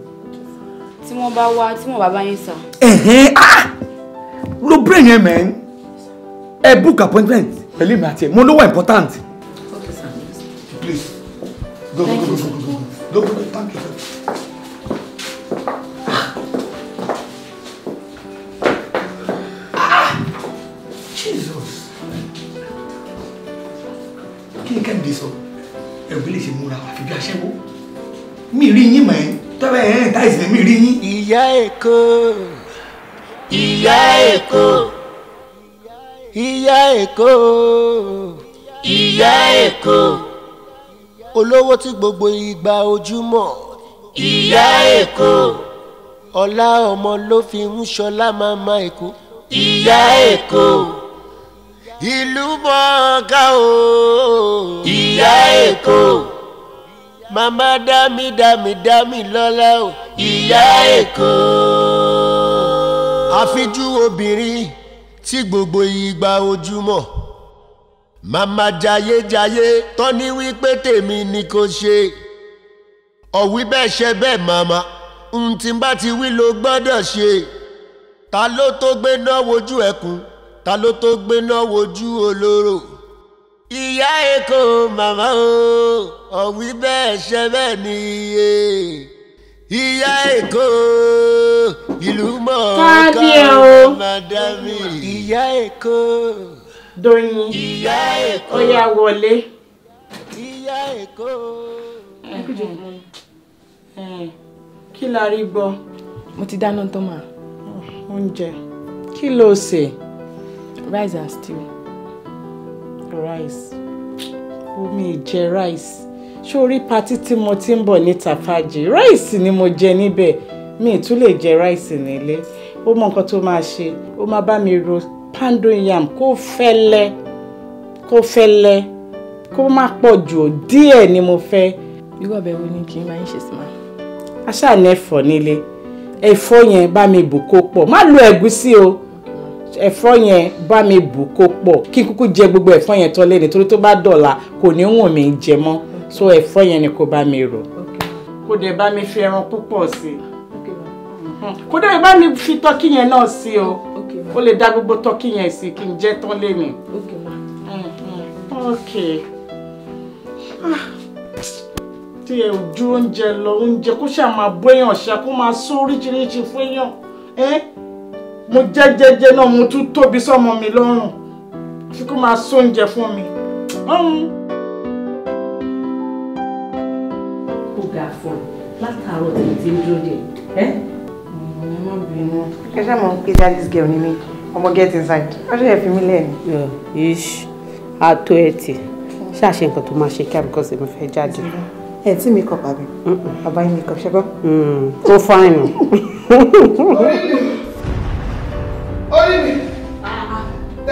tí wọ́n bá wá tí wọ́n bá bá yín sà. ẹ̀hìn á ah! lo brain yẹn mẹ́rin ẹ book appointment pẹ̀lú èmi àti ẹ̀ mo ló wà important. okay sir. please go go go go go go go go thank you. Ah! kí ni kẹ́hìndé sọ ẹ̀rù bí lè ṣe múra àfi bí aṣẹ́wó mi rí yín mọ̀ ẹ́ tọ́bẹ̀ ẹ̀ ẹ̀ táìsì mi rí yín. ìyá èkó ìyá èkó ìyá èkó ìyá èkó olówó tí gbogbo ìgbà ojúmọ́ ìyá èkó ọlá ọmọ ló fi ń ṣọlá màmá èkó ìyá èkó ìlú mọ̀ọ́ká o ìyá èkó màmá dámì dámì dámì lọ́lá o. ìyá èkó. àfijú obìnrin tí gbogbo ìgbà ojúmọ́ màmá jayéjayé tọ́ni wípé tèmi ni kò ṣe ọ̀wí bẹ́ẹ̀ ṣe bẹ́ẹ̀ màmá ohun tí n bá ti wí ló gbọ́dọ̀ ṣe ta ló tó gbéná wojú ẹkùn ta ló tó gbéná wojú olóró ìyá èkó màmá o ọ̀wí bẹ́ẹ̀ ṣe bẹ́ẹ̀ ni iye ìyá èkó ìlú mọ̀ ọ́ madami ìyá èkó. Doyin ìyá èkó ọya wọlé. ìyá èkó. kí la rí gbọ́. mo ti dáná tó máa. oúnjẹ kí ló ṣe. rice and stew rice omi ìjẹ rice sórí patí tí mo ti ń bọ̀ níta fàájì ráìsì ni mo jẹ níbẹ̀ mi ì tún lè jẹ ráìsì nílé ó mọ nǹkan tó máa ṣe ó máa bá mi ro pando yam kó fẹ́lẹ́ kó fẹ́lẹ́ kó má pọ̀ jù díẹ̀ ni mo fẹ́. irú ọbẹ̀ wo ni kì í máa ń ṣe sí ma. aṣáà ní ẹ̀fọ́ nílé ẹ̀fọ́ yẹn bá mi bù kó pọ̀ má lo ẹ̀gúsí o ẹ̀fọ́ yẹn bá mi bù kó pọ̀ kí n kúkú jẹ gbogbo ẹ̀fọ́ yẹn tán lẹ́nu torí tó bá dọ̀la kò ní wùn mí jẹ mọ́ so ẹ̀fọ́ yẹn ni kò bá mi rò kó dẹ̀ bá mi fi ẹran púpọ̀ sí i kó dẹ̀ bá mi fi tọ́kì yẹn náà sí o ó lè dá gbogbo tọ́kì yẹn sí kí n jẹ tán lẹ́nu. tí ẹ ò ju oúnjẹ lọ oúnjẹ kó ṣáà máa bóyàn ṣá kó máa sún oríṣiríṣi fún èèyàn mo jẹ́ jẹ́jẹ́ náà mo tún tóbi sọ́mọ mi lọ́rùn tí kò máa sóúnjẹ fún mi. kò gà fún látàárọ̀ tèmi tí ń dúró dé ẹ ṣe mọ̀ pé daddy's girl ni mi ọmọ get inside wọ́n ṣe fi mí lẹ́yìn. ish ato ẹtì ṣàṣe nǹkan tó máa ṣe kí àbíkọ́ sí mi fẹ́ jáde. ẹ tí mi kọ pàbí bàbá yín mi kọ ṣẹgbọn. tó fáìnì.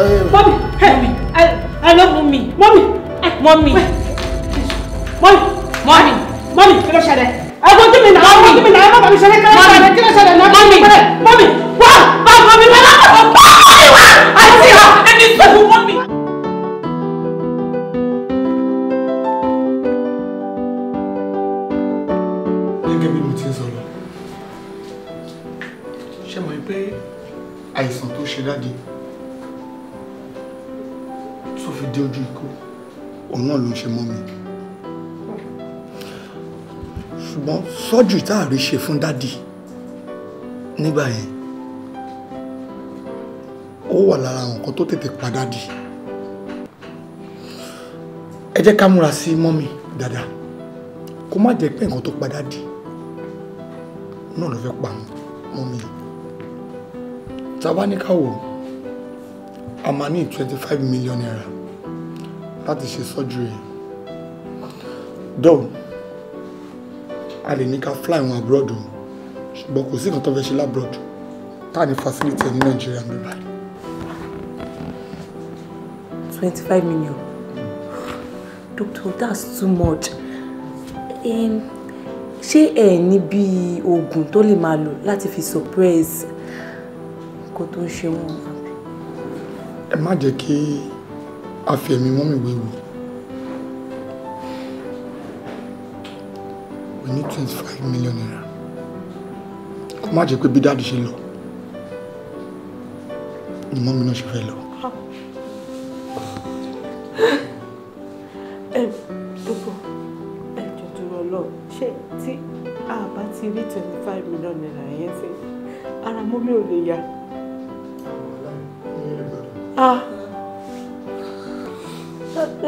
Mommy, help me. I, I love mommy. Mommy, ah, mommy, mommy, mommy, mommy. Kí ló ṣẹlẹ̀? Ẹ gbọ́dọ̀ mi náà. Mommy, mommy, náà bàbá mi ṣẹlẹ̀ kí ló ṣẹlẹ̀ kí ló ṣẹlẹ̀ náà. Mommy, mommy, wá bàbá mommy, what bàbá mi wá. Àti ha ẹni sọ̀rọ̀ mommy. Gẹ́gẹ́ bí mo ti ń sọ lọ, ṣé mo rí pé àìsàn tó ṣe dáadé fi dé ojú ikú òun náà ló ń ṣe mọ́ mi ṣùgbọ́n sọ́jú tá a rí ṣe fún dádì nígbà yẹn ó wà lára àwọn nǹkan tó tètè pa dádì ẹ jẹ́ ká múra sí mọ́ mi dáadáa kó má jẹ́ pé nǹkan tó pa dádì náà ló fẹ́ pa mọ́ mi tá a bá ní ká wò a máa ní twenty five million naira láti ṣe surgery though a lè ní ká fly wọn abroad o ṣùgbọ́n kò sí nǹkan tó fẹ́ ṣe labroad tá ní facility ní Nàìjíríà ní báyìí. twenty five million doctor that's too much ṣé ẹ ní bíi oògùn tó lè máa lò láti fi suppress nǹkan tó ń ṣe wọn. ẹ má jẹ́ kí àfẹ̀mí mọ́mì wéwu we need twenty five million naira kó má jẹ́ pé bí dáàdì ṣe lọ ni mọ́mì náà ṣe fẹ́ lọ. ẹ dúpọ̀ ẹ jọ̀dúrọ̀ lọ ṣé tí a bá ti rí twenty five million naira yẹn sí ara mọ́mì ò lè yá. ah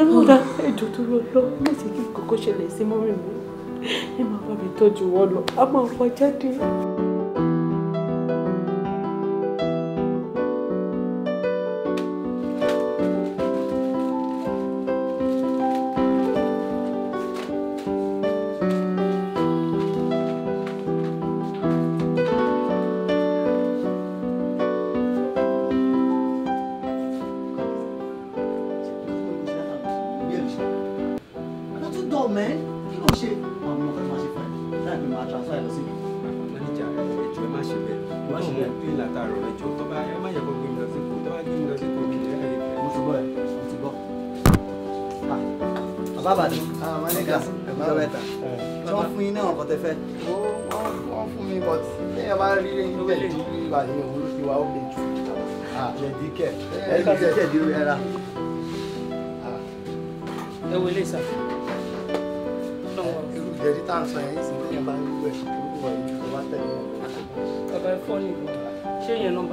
ẹ má ra ẹjọ́ tó lọ lọ má sì kí kókó ṣẹlẹ̀ sí mọ́rin mi ẹ má bá mi tọ́jú wọn lọ a máa wọ jáde.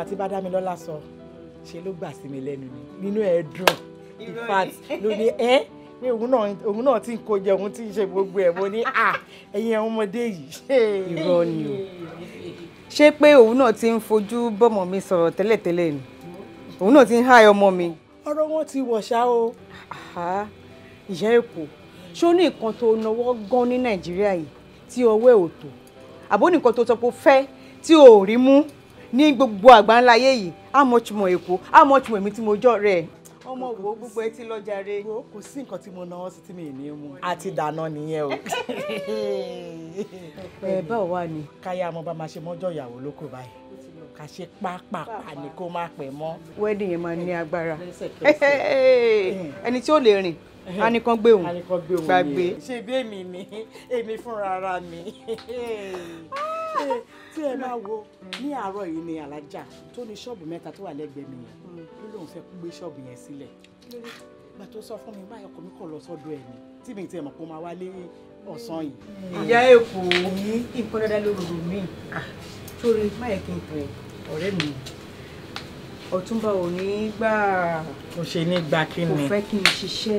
ọ̀rọ̀ àti bádámilọ́lá sọ ṣe ló gbà sí mi lẹ́nu ni nínú ẹ̀ dùn in fact ló ní ẹ́ pé òun náà òun náà ti ń kó jẹ òun ti ń ṣe gbogbo ẹ̀ mo ní à ẹ̀yin àwọn ọmọdé yìí. irọ́ ni o ṣé pé òun náà ti ń fojú bọ́mọ mi sọ̀rọ̀ tẹ́lẹ̀tẹ́lẹ̀ ni òun náà ti ń háì ọmọ mi. ọ̀rọ̀ wọn ti wọ̀ ṣá o. ìyá èkó ṣó ní nǹkan tó náwó gan ní nàìjíríà yìí tí ọwọ́ ẹ̀ ò tó àbó nìkan tó sọ pé ó fẹ́ tí ò rí mú ní gbogbo àgbáńláyé yìí how much more èkó how much more èmi tí mo jọ rẹ ọmọ wo gbogbo ẹ ti re. kò sí nǹkan tí mo náwó sí tí mi ní mú. a dáná nìyẹn o. ẹ báwo wà ní. káyà mo bá máa ṣe mọ́jọ́ ìyàwó ló báyìí ká ṣe pápápá ni kó má pẹ́ mọ́. wẹ́ẹ̀dì yẹn máa ní agbára ẹni tí ó lè rìn anikan gbé òun gbàgbé. ṣe bí èmi ni èmi fúnra ara mi. Ah! babaláwo ní àárọ̀ yìí ni alájà tó ní ṣọ́ọ̀bù mẹ́ta tó wà lẹ́gbẹ̀ẹ́ mi yẹn ló mm. lóun fẹ́ gbé ṣọ́ọ̀bù yẹn sílẹ̀ ìgbà tó sọ fún mi báyọ̀ ọkọ mi kò lọ sọ́dọ̀ ẹ̀ ni tí mi ti ẹ̀ mọ̀ pé ó máa wálé ọ̀sán yìí. ìyá èkó nǹkan dáadáa ló rògbò mí ah, sórí máyẹ kí n pè ọ̀rẹ́ mi ọ̀túnba ò ní gbà. kò ṣe ní gbà kí ni. kò fẹ́ kí n ṣiṣẹ́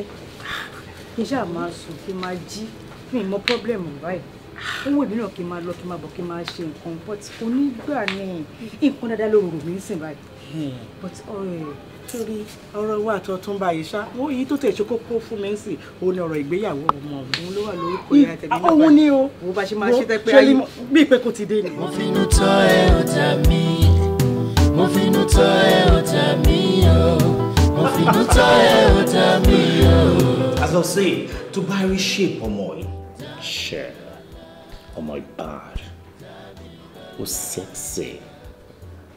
kí n ṣáà máa sùn kí n máa jí kí n mọ pọ́blẹ́mù báyìí ó wù kí n máa lọ kí n máa bọ̀ kí n máa ṣe nǹkan but onígbà ni nǹkan dáadáa ló rò mí sìn báyìí hmm. but torí eh, ọ̀rọ̀ wa àtọ tó ń ṣá ó yìí tó tẹ̀ ṣe kókó fún mi sí òun ni ọ̀rọ̀ ìgbéyàwó ọmọ òun ló wà lórúkọ hmm. ìyá tẹ̀mí náà òun ni o òun bá ṣe máa ṣe tẹpẹ ayé bí ìpè kò ti dé ni. mo finú tọ́ ẹ ọ̀tá mi mo finú tọ́ ẹ ọ̀tá mi o mo finú tọ́ ẹ ọ̀tá mi o. as i say, to buy a ship ṣèpọ̀ mọ́ yìí Oh my God. Oh, sexy.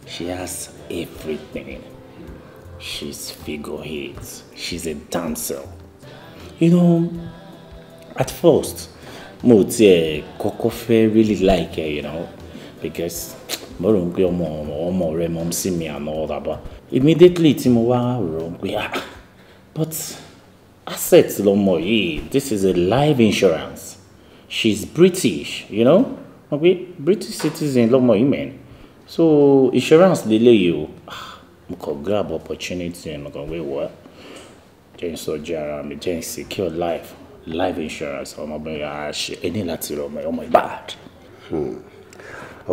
She has everything. She's figure eight. She's a dancer. You know, at first, mo tiẹ̀ kọ́kọ́ really like her, you know, because mo rò pé ọmọ ọmọ rẹ̀ and all that but immediately tí mo wá rò pé ah but asset lọmọ yìí this is a life insurance she's British you know Okay, British citizen lọ́mọ yìí women. so insurance lélẹ́yìí you, ah, mo kàn grab opportunity and mo kàn wé wá jẹ́ n sọ secure life life insurance ọmọbìnrin yà á ah, ṣe ẹni láti rọ ọmọ ọmọ Oh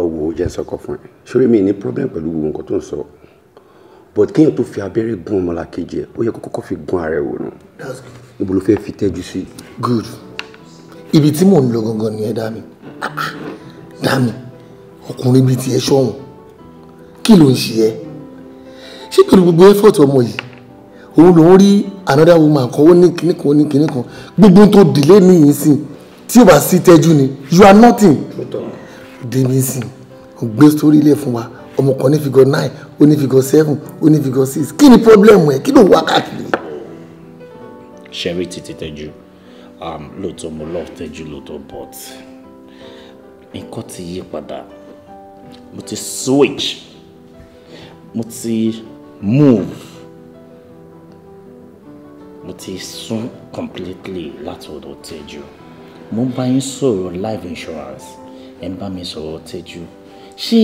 ọwọ́ jẹ́ sọ́kọ̀ fún ẹ ṣórí mi problem pẹ̀lú gbogbo nǹkan tó ń sọ but kéèyàn tó fi abẹ́rẹ́ gun ọmọlàkejì ẹ̀ ó yẹ kó kọ́kọ́ fi gun ara ẹ̀ wò nù níbo ló fẹ́ fi tẹ́jú good ibi tí mò ń lọ gangan nìyẹn dá mi dá mi ọkùnrin bíi tiẹ̀ ṣọ̀hún kí ló ń ṣe ẹ́ ṣé pẹ̀lú gbogbo effort ọmọ yìí òun lòún rí another woman kan ó ní kinní kan ó ní kinní kan gbogbo tó dìlé nìyí sìn tí o bá sí tẹ́jú ni you are nothing dèmísìn ò gbé sórí ilé fún wa ọmọ kan ní figure nine ó ní figure seven ó ní figure six kí ni problem ẹ kí ló wá káàkiri. ṣẹ́rí ti ti tẹ́jú Um, lóòótọ́ mo love Teju lóòótọ́ but nǹkan ti yí padà mo ti switch mo ti move mo ti sún completely láti ọ̀dọ̀ Teju mo bá yín sọ̀rọ̀ life insurance ẹ̀ ń bá mi sọ̀rọ̀ Teju ṣé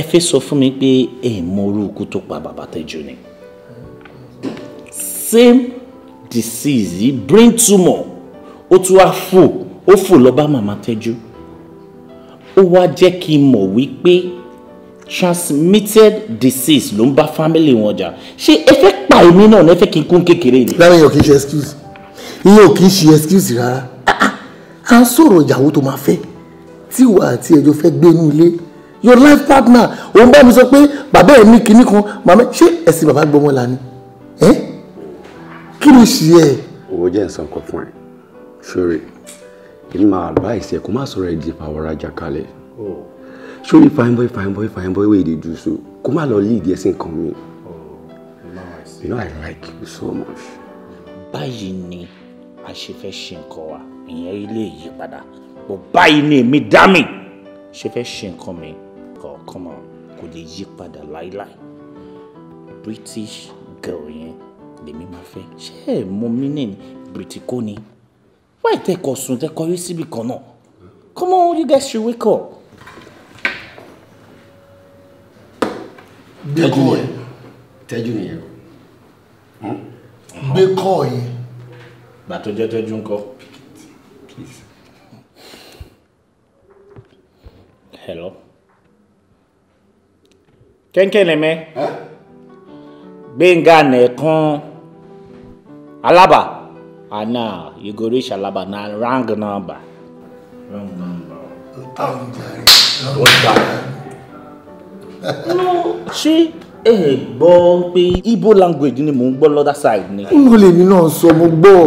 ẹ fẹ́ sọ fún mi pé ẹ mọ orúkú tó pa bàbá Teju ni same disease yìí brain tumor ó tún wá fò ó fò lọ bá màmá tẹ́jú ó wá jẹ́ kí n mọ̀ wípé transmitted disease ló ń bá family wọn jà ṣé ẹ fẹ́ pa èmi náà ní ẹ fẹ́ kí n kún kékeré ni. lára yẹn kì í ṣe excuse ìyẹn ò kì í ṣe excuse rárá à ń sọ̀rọ̀ ìyàwó tó máa fẹ́ tí ìwà àti ẹ̀jọ̀ fẹ́ gbé inú ilé your life partner òun bá mi sọ pé bàbá ẹ̀ ní kinní kan màmá ṣé ẹ̀sìn bàbá gbọmọ là ni. Eh? kí ni sì ẹ. owó jẹ́ ǹsán kan fún ẹ sórí èmi máa advice ẹ kó má sọ̀rọ̀ ẹ di ìpàwọ́ra jà kalẹ̀ sórí fine boy fine boy fine boy do so kó má lọ lead ẹ sí nǹkan mi you know I like you so much. báyìí ni a ṣe fẹ́ ṣe nǹkan wa ìyẹn ilé yìí padà bó báyìí ni èmi dá mi ṣe fẹ́ ṣe nǹkan mi kọ̀ọ̀kan mọ̀ kò lè yí padà láíláí British girl yẹn lèmi máa fẹ́ ṣé ẹ mọ meaning bìrìtìkó ni why tẹkọ sùn tẹkọ yóò síbi kan náà come on you guys should wake up. bẹ́ẹ̀kọ́ yẹn tẹ́jú nìyẹn o hmm? bẹ́ẹ̀kọ́ yẹn. gbàtọ́ jẹ́ tẹ́jú ńkọ́. Hello. Kẹ́ńkẹ́ lẹ́mẹ́. Gbẹ̀ngà nìkan. Alaba. Ah, no, you go reach Alaba. Now, nah, wrong number. Wrong number. no, she. ẹ gbọ́ pé Igbo language ni mò ń gbọ́ lọ́dà side ni. n kò lè ní náà sọ mo gbọ́.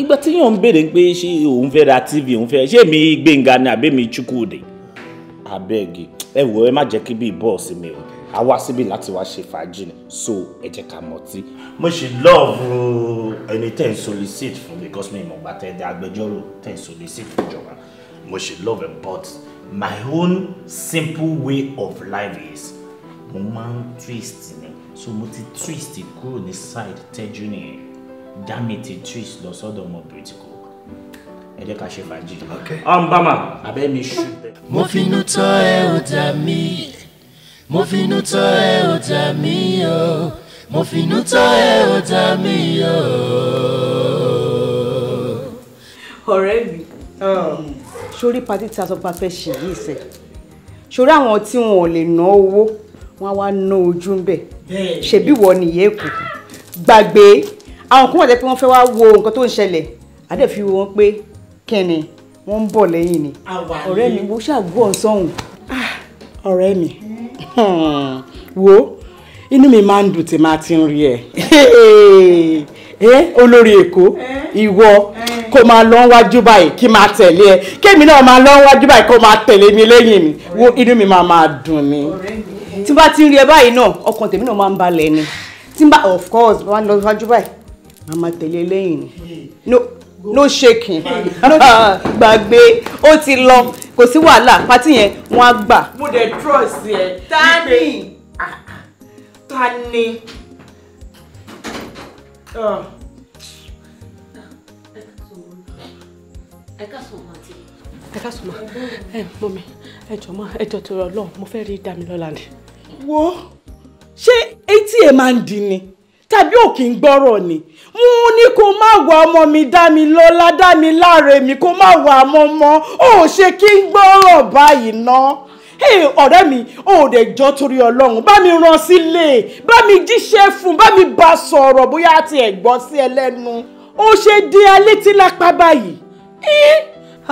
ìgbà tí yàn ń béèrè pé ṣé òun fẹ́ ra tv òun fẹ́ ṣé mi Gbénga ni àbí mi Chukwudi abeg ẹ wò ẹ má jẹ́ kí bíi bọ́ọ̀sì mi o a wá síbi láti wá ṣe fàájì ni so ẹ jẹ́ ká mọtí. mo ṣe love uh, ẹni tẹ́ ń solicit fún because mi ìmọ̀gbà tẹ́ ẹ agbẹjọ́rò tẹ́ ń solicit fún ìjọba mo ṣe love but my own simple way of life is mo máa ń twist ni so mo ti twist kúrò ní side tẹ́jú nìyẹn dá ti twist lọ sọ́dọ̀ ọmọbìnrin tí kò ẹ jẹ́ ká ṣe fàájì. ọ̀n um, bá ma abẹ́ mi ṣú. mo finú tọ́ ẹ ò dà mo finú tọ́ ẹ ò dà o mo finú tọ́ ẹ ò dà o. ọ̀rẹ́ mi sórí pati tí a sọ pé a fẹ́ ṣe yìí sẹ́ sórí àwọn tí wọn ò lè ná owó wọn á wá ná ojú ń bẹ̀ ṣebí wọ nìyẹn kù gbàgbé àwọn kan wà jẹ́ pé wọ́n fẹ́ wá wo nǹkan tó ń ṣẹlẹ̀ àdẹ́fi wọn pé kẹ́ni wọ́n ń bọ̀ lẹ́yìn ni ọ̀rẹ́ mi mo ṣàgbọ́ ọ̀sán ọ̀hún ah, ọ̀rẹ́ mi. Hmm. wo inú mi máa ń dùn tí màá ti ń rí ẹ eh, olórí èkó eh? ìwọ eh. kó máa lọ wájú báyìí kí máa tẹ̀lé ẹ kémi náà máa lọ wájú báyìí kó máa tẹ̀lé mi lẹ́yìn mi wo inú mi máa máa dùn ni. tí bá ti ń rí ẹ báyìí náà ọkàn tèmi náà máa ń balẹ̀ ni tí bá of course bá lọ wájú báyìí màá máa tẹ̀lé lẹ́yìn ni hmm no shaking ah, gbàgbé ó ti lọ kò sí wàhálà pátì yẹn wọn á gbà. mo dẹ̀ trust ẹ tani ah, tani. Ah. ẹ ká sùn mọ́ ẹ ká sùn mọ́ ẹ mọ́ mi ẹ jọ mọ́ ẹ jọ tó rọ lọ́hùn mo fẹ́ rí Dámilọ́lá ni. wo ṣé etí ẹ máa ń di ni tàbí ò kì í gbọ́rọ̀ ni mo ní kó má wà ọmọ mi dá mi lọ́lá dá mi láre mi kó má wà ọmọ mọ́ ò ṣe kí n gbọ́rọ̀ báyìí ná ọ̀rẹ́ mi ò dẹ̀ jọ́ torí ọlọ́run bá mi rán sílé bá mi jíṣẹ́ fún bá mi bá sọ̀rọ̀ bóyá àti ẹ̀gbọ́n sí ẹlẹ́nu ó ṣe dé alẹ́ tí lápá báyìí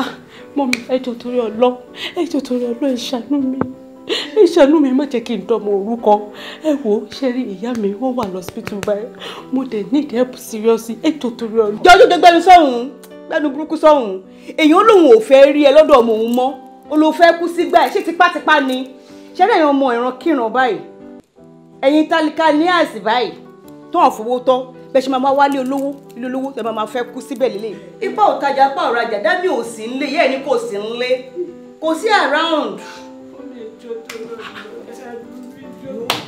ah, mọ́mi ẹjọ́ torí ọlọ́run ẹjọ́ torí ọlọ́run ìṣàánú mi ẹ ṣàánú mi má jẹ́ kí n dọ́mọ orúkọ ẹ wo ṣe rí ìyá mi wọ́n wà lọ́sibítù báyìí mo dẹ̀ need help seriously ẹ tó torí ọ̀rọ̀. jọjú tó gbẹnu sọhùn gbẹnu burúkú sọhùn èèyàn lòun ò fẹ́ rí ẹ lọ́dọ̀ ọmọ òun mọ́ olùfẹ́ kú sígbà ẹ ṣé tipátipá ni ṣé lẹ́yìn ọmọ ìran kíran báyìí ẹ̀yin tálíkà ní àìsí báyìí tó hàn fowó tọ́ bẹ́ẹ̀ ṣe máa máa wálé olówó ilé olówó lẹ́ máa máa fẹ́ kú síbẹ̀ lélẹ̀. ipá òtajà apá ọ̀rajà dábì òsì ńlé yẹ́ẹ̀ ni kò sí ńlé kò sí around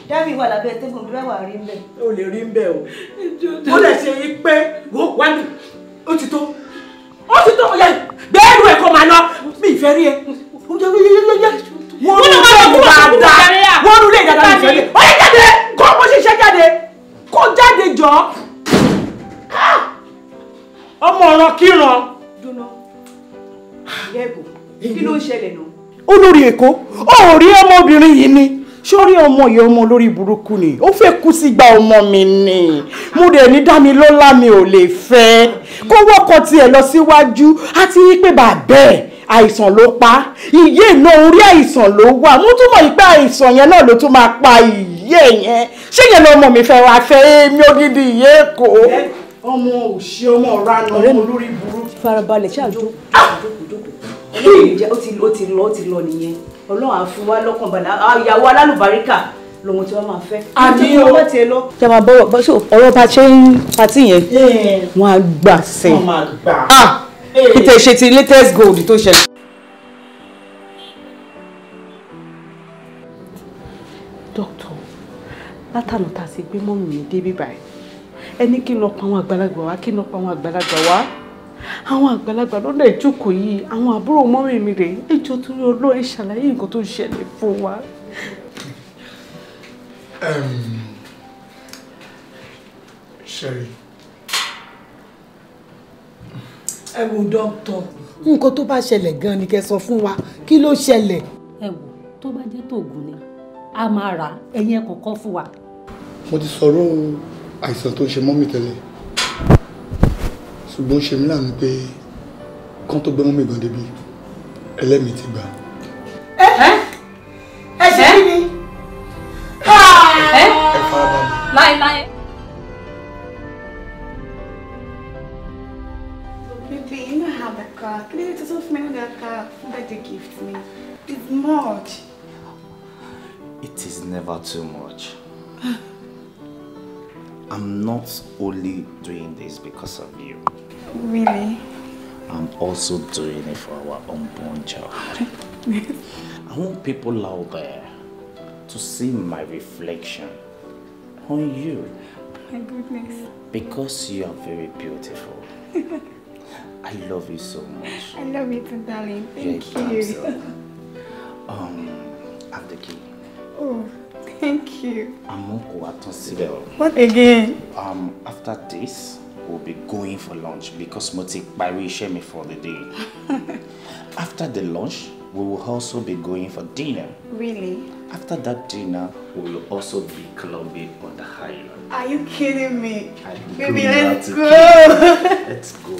dábì wà lábẹ́ tẹ́gùn dúrẹ́wà rí mbẹ́. o lè rí mbẹ́ o mo lè ṣe yí pé wò wá ní ó ti tó ó ti tó ọ̀yà gbẹ́rù ẹ̀ kọ́ máa lọ mi ìfẹ́ rí ẹ wọ́n ló máa kú àkókò dáadáa wọ́n ló lè dáadáa ìfẹ́ rí ó yẹ jáde kó o ṣe iṣẹ́ jáde kó o jáde jọ ah! ọmọ ọ̀ràn kíran. dúnà ìyá ẹ̀bùn kí ló ń ṣẹlẹ̀ náà olórí èkó ó rí ọmọbìnrin yìí ni sórí ọmọ yìí ọmọ lórí burúkú ni ó fẹ́ kú sígbà ọmọ mi ni mo dẹ̀ ní dámilọ́lá mi ò lè fẹ́ kó wọ́kọ̀ tiẹ̀ lọ síwájú àti pé bàbá ẹ̀ àìsàn ló pa ìyé náà orí àìsàn ló wà mo tún mọ̀ pé àìsàn yẹn náà ló tún máa pa ìyé yẹn ṣé yẹn lọ́mọ mi fẹ́ wá fẹ́ èmi ògidì ìyé èkó ọmọ òṣì ọmọ ọ̀rá náà ọmọ lórí burúkú. farabalẹ̀ ṣáà jókòó ah! jókòó jókòó eléyìí jẹ́ ó ti lọ ó ti lọ nìyẹn ọlọ́run àfún lọ́kàn balẹ̀ ìyàwó alálùbáríkà lòun tí wọ́n máa fẹ́. àmì o jẹ́ máa bọ́wọ́ bọ́ sí ọ̀rọ̀ bá ṣe ń patí yẹn wọ́n á gbà sí i ah! kí tẹ ṣe ti latest gold tó ṣẹlẹ̀. dókítà látànà tá a ti gbé mọ́mì mi dé bíbáyìí ẹni kí n lọ pa àwọn àgbàlagbà wá kí n lọ pa àwọn àgbàlagbà wá àwọn àgbàlagbà ló lè jókòó yìí àwọn àbúrò mọ́mì mi rèé ẹjọ́ torí ọlọ́ọ̀ ẹ ṣàlàyé nǹkan tó ṣẹlẹ̀ fún wa. Sherry. ẹ wo dókítà. nǹkan tó bá ṣẹlẹ̀ gan-an ni kẹ́ sọ fún wa kí ló ṣẹlẹ̀. ẹ wò tó bá jẹ́ tòògùn ni a máa rà ẹ̀yìn ẹ̀ kọ̀ọ̀kan fún wa. mo ti sọ̀rọ̀ àìsàn tó ń ṣe mọ́mì tẹ́lẹ̀ ṣùgbọ́n ṣe mí láàánú pé kán tó gbẹ́mú mi débi ẹlẹ́mìí ti gbà. ẹ ṣe kí ni. ẹ farabalẹ̀. láéláé. Baby, Can you just offer me another car for gift me? It's much. It is never too much. I'm not only doing this because of you. Really? I'm also doing it for our unborn child. I want people out there to see my reflection on you. My goodness. Because you are very beautiful. I love you so much. I love you too, darling. Thank yeah, you. So. um, I'm the king. Oh, thank you. I'm Uncle Atosibel. What again? Um, after this, will be going for lunch because mo ti parí iṣẹ́ mi for the day. After the lunch, we will also be going for dinner. Really? After that dinner, we will also be clubbing on the Highland. Are you kidding me? Baby, let's go! let's go.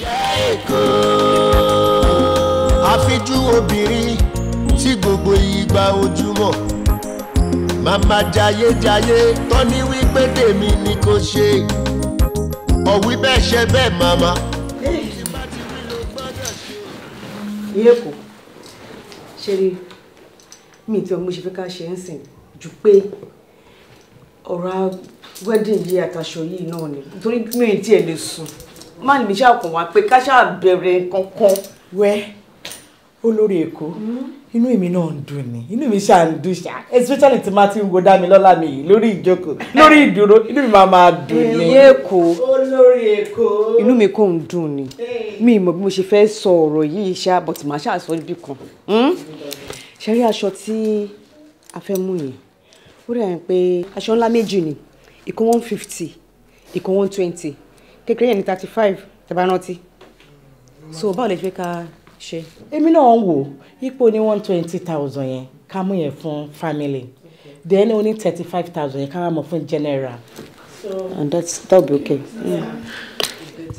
Jẹ́kọ̀ àfijú obìnrin tí gbogbo ìgbà ojúmọ́. Màmá jayéjayé tọ́ ní wípé tèmi ni kò ṣe kọ̀ wí bẹ́ẹ̀ ṣe bẹ́ẹ̀ màmá. iye kò ṣe rí mi tí ọmọ ṣe fẹ́ ká ṣe ń sìn ju pé ọ̀rọ̀ wedding yìí àtàṣọ yìí náà ni nítorí mi ò tiẹ̀ lè sùn má ní mi ṣàkùn wá pé ká ṣàbẹ̀rẹ̀ kankan wẹ́ olórí èkó. Mm -hmm inú èmi náà ń dùn ni inú mi ṣáà ń dùn ṣáà especially tí máa ti ń wo dámi lọ́la mi yìí lórí ìjókòó lórí ìdúró inú mi máa máa dùn ni. èyí èkó olórí èkó inú mi kò ń dùn ni mi mọ̀ bí mo ṣe fẹ́ sọ ọ̀rọ̀ yìí ṣá but màá ṣáà sọ níbì kan hmm? ṣe rí aṣọ tí a fẹ́ mú yìí ó rẹ̀ pé aṣọ ńlá méjì ni ìkan one fifty ìkan one twenty kékeré yẹn ní thirty five tẹ́ bá rántí so báwo lè ṣe ká ṣe èmi náà ń wò ipò ní one twenty thousand yẹn ká mú yẹn fún family then ó ní thirty five thousand yẹn ká wá mọ̀ fún general. So, and that's that'll be okay. Yeah.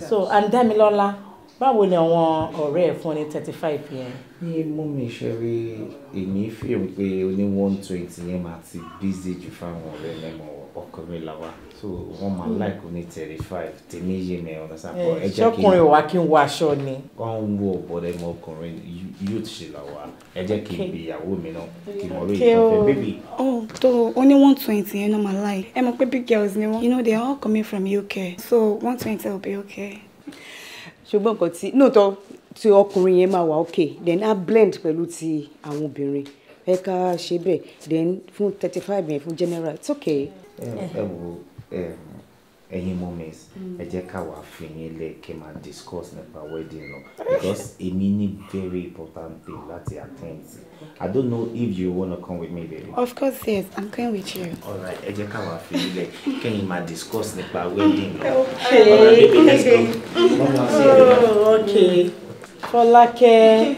so and Damilola báwo ni àwọn ọ̀rẹ́ ẹ̀ fún ní thirty five yẹn. ní mú mi ṣe rí èmi fíìmù pé ó one twenty yẹn máa ti busy jù fáwọn ọ̀rẹ́ mẹ́mọ̀ ọkùnrin làwa so wọn máa hmm. like oní thirty five tèmi yé mi ọ̀nà sábà eh, ẹ jẹ́ kí ṣọkùnrin wa kí n wọ aṣọ ni. wọ́n ń wo bọ́dẹ̀ mọ ọkùnrin youth ṣe là wá ẹ jẹ́ kí n bi mi náà kí n mọ̀ lóye ìfẹ́ oh. bébì. oh tó only one twenty yẹn náà máa like ẹ mọ̀ pé big girls ni wọ́n you know they are all coming from UK so one twenty will be okay. ṣùgbọ́n nǹkan tí lóòótọ́ tí ọkùnrin yẹn máa wà okay then I blend pẹ̀lú ti àwọn obìnrin ẹ ká ṣe bẹ́ẹ̀ then fún thirty five yẹn fún general it's okay. ẹ ẹ ẹ̀yin mummies mm. ẹ jẹ́ ká wàá fi yín lẹ̀ kí máa discuss nípa wedding lọ because èmi ní very important thing láti attend to i don't know if you wanna come with me baby. of course yes i'm coming with you. alright ẹ jẹ́ ká wàá fi yín lẹ̀ kẹ́yìn máa discuss nípa wedding lọ. okay alright baby let's go. oh, okay fọlákẹ́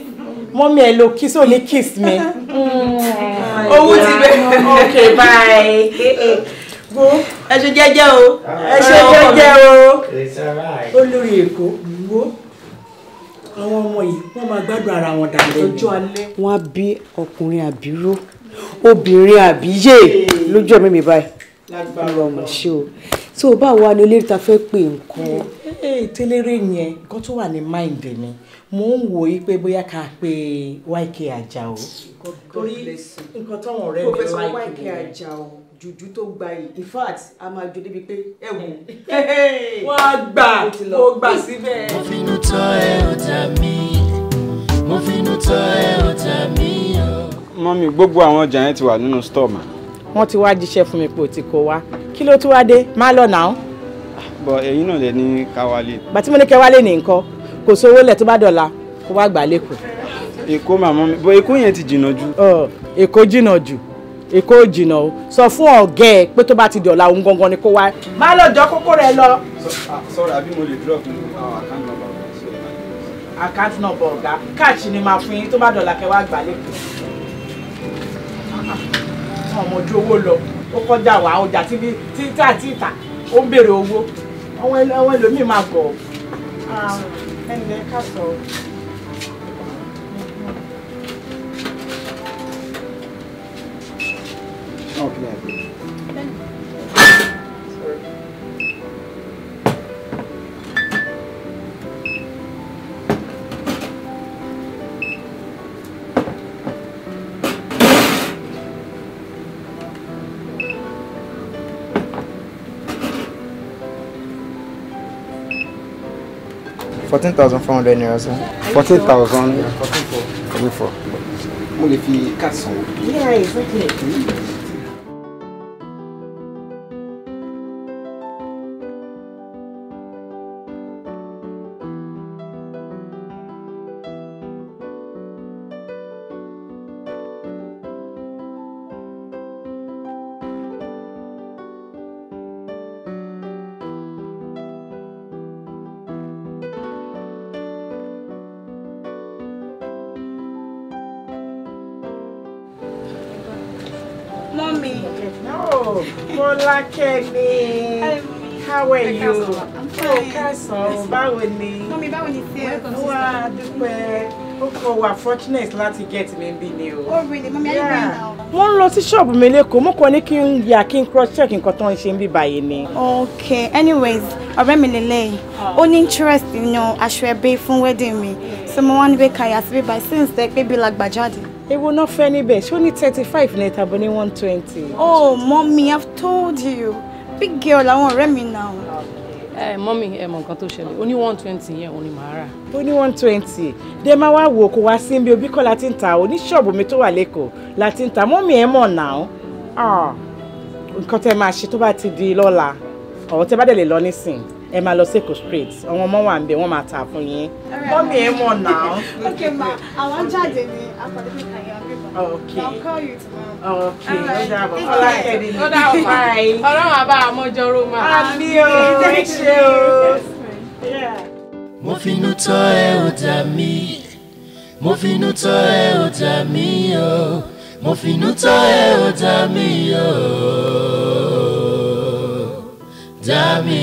mọ́mí ẹ lo kiss ó kiss mi. Mm. owó ti bẹ́ẹ̀. okay bye. go ẹ ṣe jẹ́jẹ́ o ẹ ṣe jẹ́jẹ́ o olórí èkó wo àwọn ọmọ yìí wọ́n máa gbádùn ara wọn dàgbẹ́ lójú alẹ́. wọ́n á bí ọkùnrin àbíró obìnrin àbíyè lójú ẹ̀mí mi báyìí lọ́wọ́ ọmọ ṣé o tí o bá wà ní ilé ìta fẹ́ pè nǹkan. ìtẹ́lẹ́rẹ́ yẹn nǹkan tó wà ní máìndì mi mo ń wò ó pé bóyá ká pe YK Àjàó torí nǹkan táwọn ọ̀rẹ́ mi like yẹn jùjú tó gba yìí in fact a máa jó débi pé ẹ wò wọ́n á gbà mo gbà síbẹ̀. mo finú tọ́ ẹ ọ̀tá mi mo finú tọ́ ẹ ọ̀tá mi. mọ́mí gbogbo àwọn ọjà yẹn ti wà nínú stọ́ọ̀ mà. wọ́n ti wá jíṣẹ́ fún mi pé o ti kó wa kí ló tún wá dé má lọ náà. Ah, bọ ẹ̀yin náà lè ní ká wálé. bàtí mo ní kẹ́ wálé ní nǹkan kò sówó lẹ̀ tó bá dọ̀la kó wá gbà lẹ́kọ̀ọ́. èkó màmá mi bọ èkó yẹn ti jìnnà jù. èkó jìnnà jù èkó jìnnà o sọ fún ọ̀gá ẹ pé tó bá ti di ọ̀la òun gangan ni kó wá. má lọ jọ kókó rẹ lọ. sọ̀rọ̀ ah, àbí mo lè drop ní àwọn àkáǹtì nọ́mbà ọ̀gá. àkáǹtì nọ́mbà ọ̀gá káàṣì ni máa fún yín tó bá dọ̀la kẹ́ wá gbà lẹ́kọ̀ọ́. Ah, ah. ọmọ ojú owó lọ ó kọjá wà ọjà tí tá àti ìta ó ń béèrè owó ọwọ́ ẹlòmíì máa gọ̀ ọ́ ẹnì Donc là. fourteen thousand four hundred naira sa fourteen thousand fourteen Fọlákẹ́mi. How are you? I'm fine. Káàsán, báwo ni? Mọ́mi, báwo ni sí ẹ? Wá dúpẹ́. Ó fortunate láti get me bí ni o. Oh really? Mọ́mi, are you going now? Wọ́n ń lọ sí ṣọ́ọ̀bù mi lẹ́kọ̀ọ́, mo kàn ní kí n yà kí n cross check nǹkan tó ń ṣe bí báyìí ni. Okay, anyways, ọ̀rẹ́ mi lélẹ́yìn, ah. ó ní interest nínú aṣọ ẹbí fún wedding mi, mm. so mo wá ní pé kàyà sí bíbá since tẹ́ pé bí la Èwo náà fẹ́ níbẹ̀, ṣó ní thirty five ní tàbí ní one twenty. Oh mommy, I've told you, big girl I ọ̀rẹ́ mi now. Eh, ẹ mọ́mí ẹ mọ̀ nǹkan tó ṣẹlẹ̀, ó ní one twenty yẹn only ni màá rà. Ó ní one twenty, dé máa wá wò ta ó ní ṣọ́ọ̀bù mi tó wà ta Mommy, ẹ mọ̀ now. Ah, uncut máa ṣe tó bá ti di Lola or whatever the dẹ̀ lè ẹ máa lọ sẹ́kọ̀ọ́ street àwọn ọmọ wà ń bẹ̀ wọ́n máa tà fún yín. mọ́mí ẹ mọ̀ náà. ok ma àwọn jáde ní akọ̀débí kàyà bíbọ̀. ok I'll call you tomorrow. ok ó dàbọ̀ ọlá ẹ̀rí ó dàbọ̀ ọlọ́run àbá àmọ́jọ́rò máa. àmì o mo finú tọ́ ẹ ò dà mí mo finú tọ́ ẹ ò dà mí o mo finú tọ́ ẹ ò dà mí o dà mí.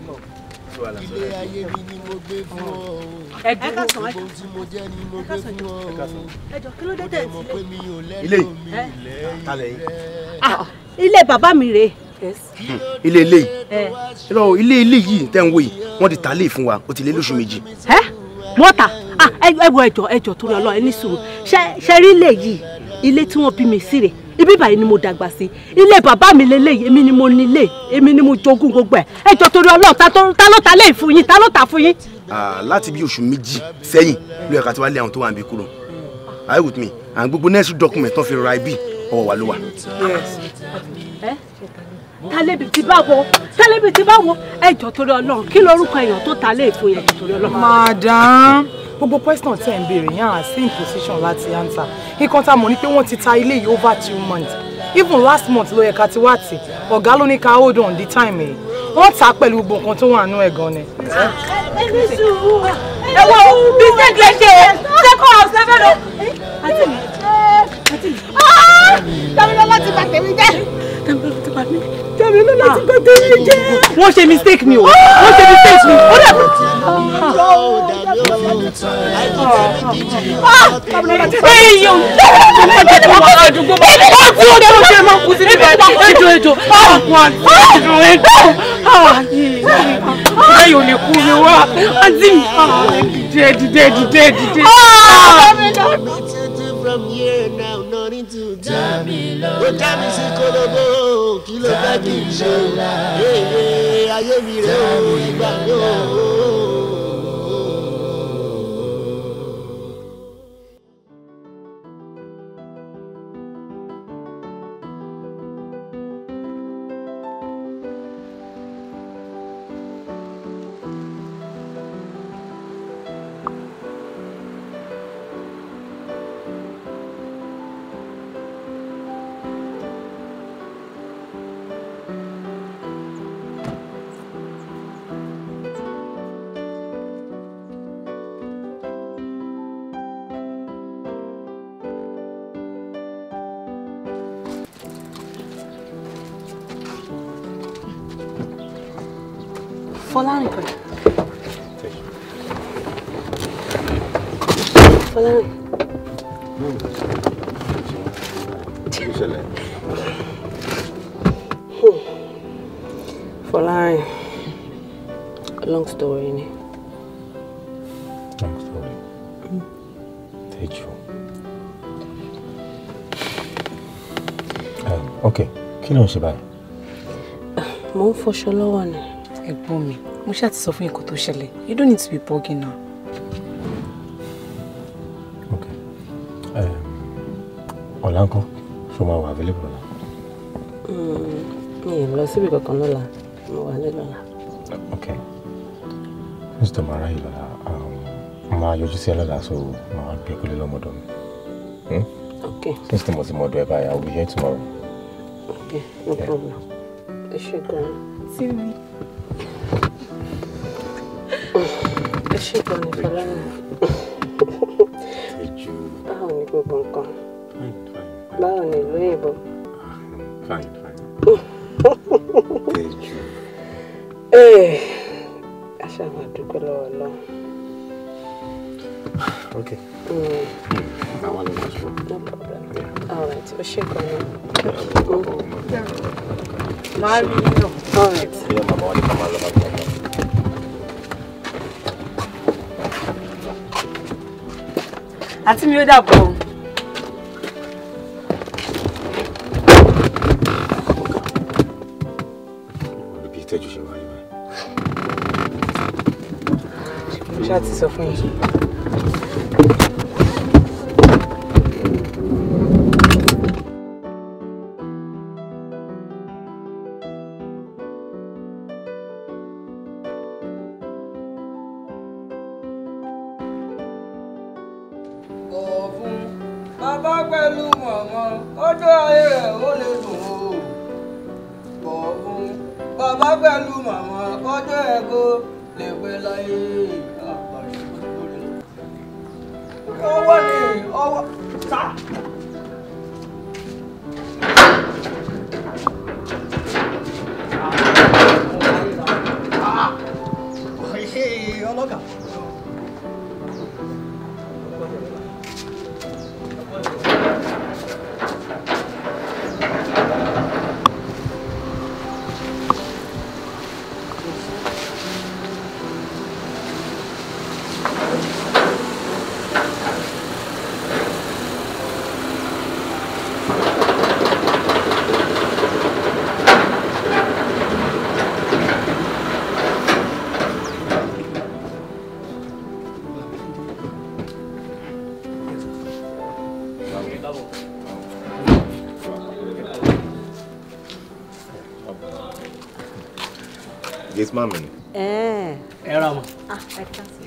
ilé ayé mi ni mo gbé fún ọ o ẹgbẹ́ gbogbo tí mo jẹ́ ni mo gbé fún ọ o ẹjọ́ kí ló dé tẹ̀ sílé ilé ilé ah, ilé bàbá mi rèé hmm, ilé ilé yìí lọ ilé ilé yìí tẹ́ ń wò yìí wọ́n ti ta lé fún wa ó ti lé lóṣù méjì. ẹ wọ́n ta ah, ẹjọ́ ẹjọ́ torí ọlọ́ọ̀ ẹni sùn ṣe rí ilé yìí ilé tí wọ́n bí mi sí rèé ibi báyìí ni mo dàgbà sí ilé bàbá mi lélẹ́yìí èmi ni mo nílé èmi ni mo jogún gbogbo ẹ̀ ẹ jọ torí ọlọ́run ta ló ta lẹ́yìn fún yín ta ló ta fún yín. láti bí oṣù méjì sẹ́yìn ló yẹ ká ti wá lé àwọn tó wà níbi kúrò are with me and gbogbo nurse document tó fi ra ibi ọwọ́ wa ló wà. tálẹ́bì ti bá wọ tálẹ́bì ti bá wọ ẹ jọ torí ọlọ́run kí lorúkọ èèyàn tó ta lẹ́yìn fún yẹn jọ torí ọlọ́run. madam gbogbo question tẹ̀ ń béèrè yẹn à sí in position láti answer nǹkan tá a mọ̀ ni pé wọ́n ti ta ilé yìí over two months even last month ló yẹ ká ti wá tì ọ̀gá ló ní ká hold on the time yìí wọ́n tà á pẹ̀lú gbogbo nǹkan tó wà nú ẹ̀ gan ni. ẹni sùúrù ẹ wo business lè ṣe second house level o. àti mi àti mi. Ah! ti bàtẹ́ mi jẹ́ tẹ́lẹ̀ ti bá mi tẹ́lẹ̀ lọ́la ti bá tẹ́lẹ̀ jẹ́. wọ́n ṣe mistake ni o wọ́n ṣe mistake ni o dẹ̀. ẹyọ àdúgbò bá a kú ọdẹ ló ṣe máa kú sí níbi ẹjọ ẹjọ ẹjọ àwọn àdúgbò ẹjọ ẹyọ lè kú mi wá àǹtí mi dìde dìde dìde dìde orin tí o dá mi lọ́la. ó dá mi sí kólóbó kí ló fẹ́ kí n ṣe. ayé mi rè o ìgbà mi Fulani put. For Fulani. Long story, innit? Long story. Thank Take you. Um, okay, kí ló ń ṣe báyìí? Mo ń fọṣọ ẹ̀gbọ́n mi mo ṣáà ti sọ fún nǹkan tó ṣẹlẹ̀ you don't need to be bugging now. okay eh, ọ̀la ń kọ́ ṣo máa wà available ọ̀la. Hmm, mi ò lọ síbi kankan lọ́la mo wà nílẹ̀ lọ́la. okay mr marayi lọ́la um, máa yọjú sí ẹ lọ́la so máa gbé kúlẹ̀ lọ́mọdé mi. Hmm? okay since tí mo ti mọ̀ ọdọ ẹ i will be here tomorrow. okay no problem. ẹ ṣe gan-an. sí, ó dàbọ̀ o. ṣáà ti sọ fún yín. gate man ni. Eh. ẹ ra mọ ah,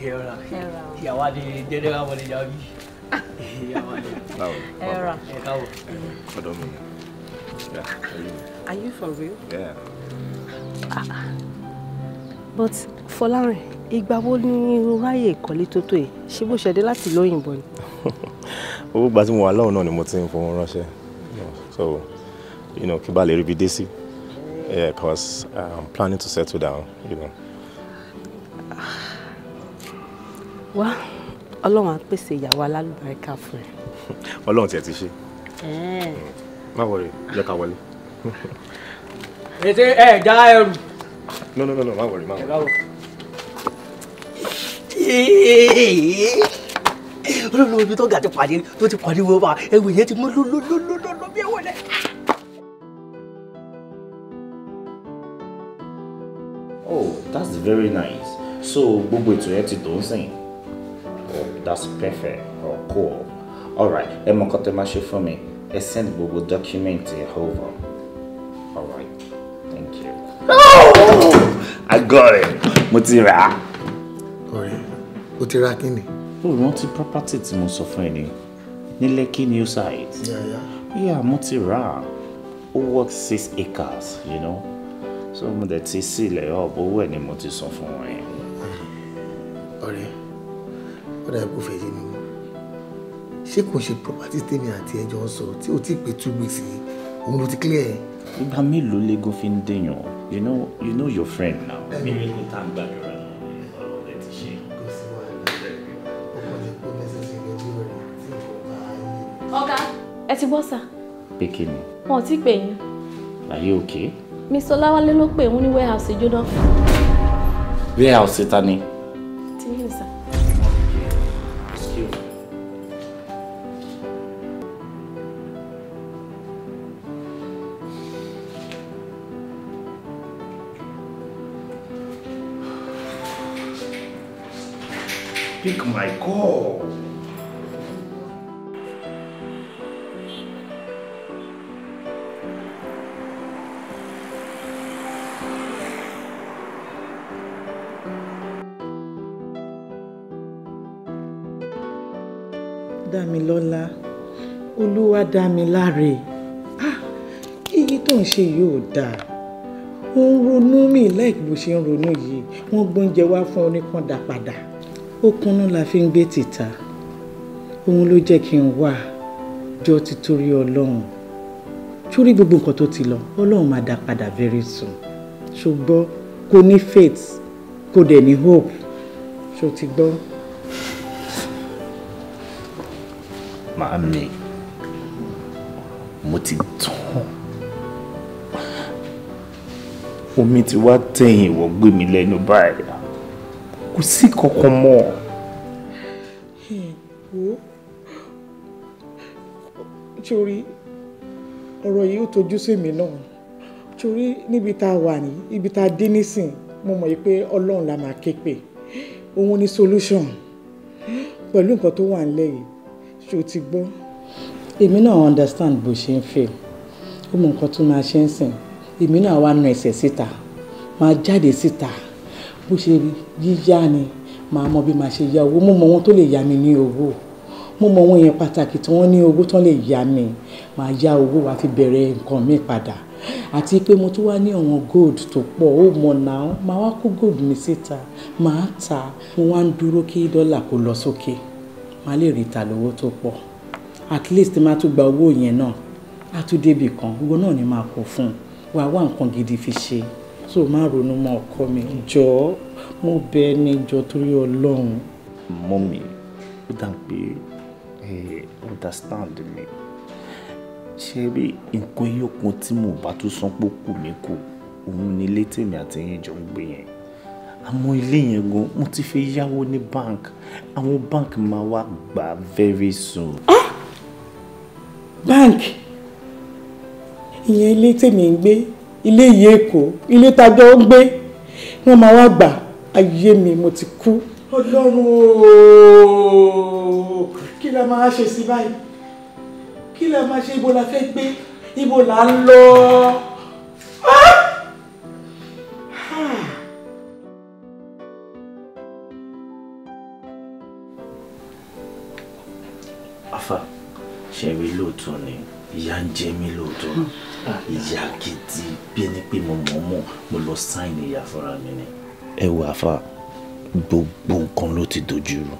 ẹ ra ìyàwó adé dédé wà wọlé ìyàwó ah. bí ẹ ra ẹ káwọ. ọ̀dọ̀ mi ni. Are you for real? Yeah. Ah, ah. but Fọlárin ìgbà wo ni ráyè ìkọ́lé tó tó yìí ṣé bó ṣẹdé láti lóyìnbó ni. owó gba tí mo wà lọ́hùn náà ni mo ti ń fowó ránṣẹ́ so you know kí bá lè rí dé sí. Yeah, because I'm planning to settle down, you know. Well, Ọlọ́run á pèsè ìyàwó alálùbáríkà fún ẹ. Along with ti ṣe. Má wọrí, jẹ́ ká wọlé. Ètè ẹ̀ já ẹrù. No, no, no, no, má wọrí, má wọrí. Olóòlù ibi tó ga ti pàdé tó ti pàdé wọ́n wa, ẹ̀wù yẹn ti mú lólólólóló bí ẹ̀wọ̀n náà. very nice so gbogbo ètò yẹn ti dùn sìn oh that's perfect oh cool alright ẹ mọ nǹkan tẹ máa ṣe fún mi ẹ send gbogbo document ẹ over alright thank you oh, i got it mo ti rà á. ọ̀rẹ́ o ti ra kí o rántí property tí mo sọ fún ẹ ni ní Lekki new site. yàrá mo ti rà á ó work six acres you know so mo dẹ̀ ti sílẹ̀ ọ̀bọ owó ẹ̀ ni mo ti san fún wọn yẹn. ọ̀rẹ́ ó dàbí kò fẹ́ yé mi mọ́ ṣé kò ṣe property tèmi àti ẹjọ́ ń sọ tí o ti pé two weeks òun ló ti clear ẹ̀. ìgbà mélòó lẹ́gùn fi ń dèèyàn you know you know your friend now. ẹ̀mí rí ní tá a gbàdúrà ọ̀rọ̀ rẹ̀ ti ṣe. ọ̀gá ẹ ti gbọ́ sà. pé kí ni. wọn ò tí ì pè yín. are you okay? Mr. Ọláwálé ló pè wọ́n ní warehouse jóná. warehouse ta ni. ti ní ìsà. Pick my call. olúwa dá mi láre èyí ah, tó ń ṣe yóò dáa ó ń ronú mi láìpẹ́ bó ṣe ń ronú yìí wọ́n gbóúnjẹ wá fún oníkan padà ó kúnnú la fi ń gbé tìta òun ló jẹ́ kí n wà jọ ti torí ọlọ́run sórí gbogbo nǹkan tó ti lọ ọlọ́run máa dá padà very soon ṣùgbọ́n kò ní faith kò dẹ̀ ní hope ṣó ti gbọ́. màámi. Mm -hmm mo ti tán omi ti wá tẹ̀yìn ìwọ̀ gbé mi lẹ́nu báyìí kò sí kankan mọ́ ọ. torí ọ̀rọ̀ yìí ó tojú sí mi náà torí níbi tá a wà ní ibi tá a dé nísìn mo mọ̀ pé ọlọ́run la máa ké pè òun ni solution pẹ̀lú nǹkan tó wà nílẹ̀ yìí ṣó ti gbọ́ èmi náà understand bó ṣe ń fẹ́ ó mọ nǹkan tó máa ṣe ń sìn èmi náà wá nu ẹsẹ̀ síta máa jáde síta bó ṣe yíyá ni màá mọ bí màá ṣe yá owó mo mọ ohun tó lè yá mi ní owó mo mọ ohun yẹn pàtàkì tí wọ́n ní owó tán lè yá mi màá yá owó wàá fi bẹ̀rẹ̀ nǹkan mi padà àti pé mo tún wá ní àwọn gold tó pọ̀ ó mọ̀ náà máa wá kó gold mi síta máa ta mo wá ń dúró kí dọ́là kó lọ sókè máa lè rí ta lówó tó pọ̀ at least máa tún gba owó yẹn náà á tún débì kan owó náà ni máa kó fún un wàá wá nǹkan gidi fi ṣe so má ronú mọ́ ọkọ mi jọ mo bẹ ẹni jọ torí Ọlọ́run. mọ́mí ó dà pé ẹ understand me. ṣe rí nǹkan yókùn tí mo bá tún san pé kù mí kù òun ni ilé tèmi àti yín jọ ń gbé yẹn àmọ́ ilé yẹn gan mo ti fẹ́ yáwó ní bank àwọn bank máa wá gbà very soon. Ah! báǹkì ìyẹn ilé tèmi ń gbé ilé ìyá èkó ilé tájọ ń gbé wọ́n máa wá gbà ayé mi mo ti kú. ọlọ́run kí la máa ṣe sí báyìí kí la máa ṣe ibo la fẹ́ gbé ibo la ń lọ. lóòótọ́ ni ìyà ń jẹ mí lóòótọ́ hmm. ìyà gidi bí ẹni pé mo mọ̀ mọ̀ mo lọ sáìn ìyà fúnra mi ni. ẹ wà fà gbogbo nǹkan ló ti dojú rú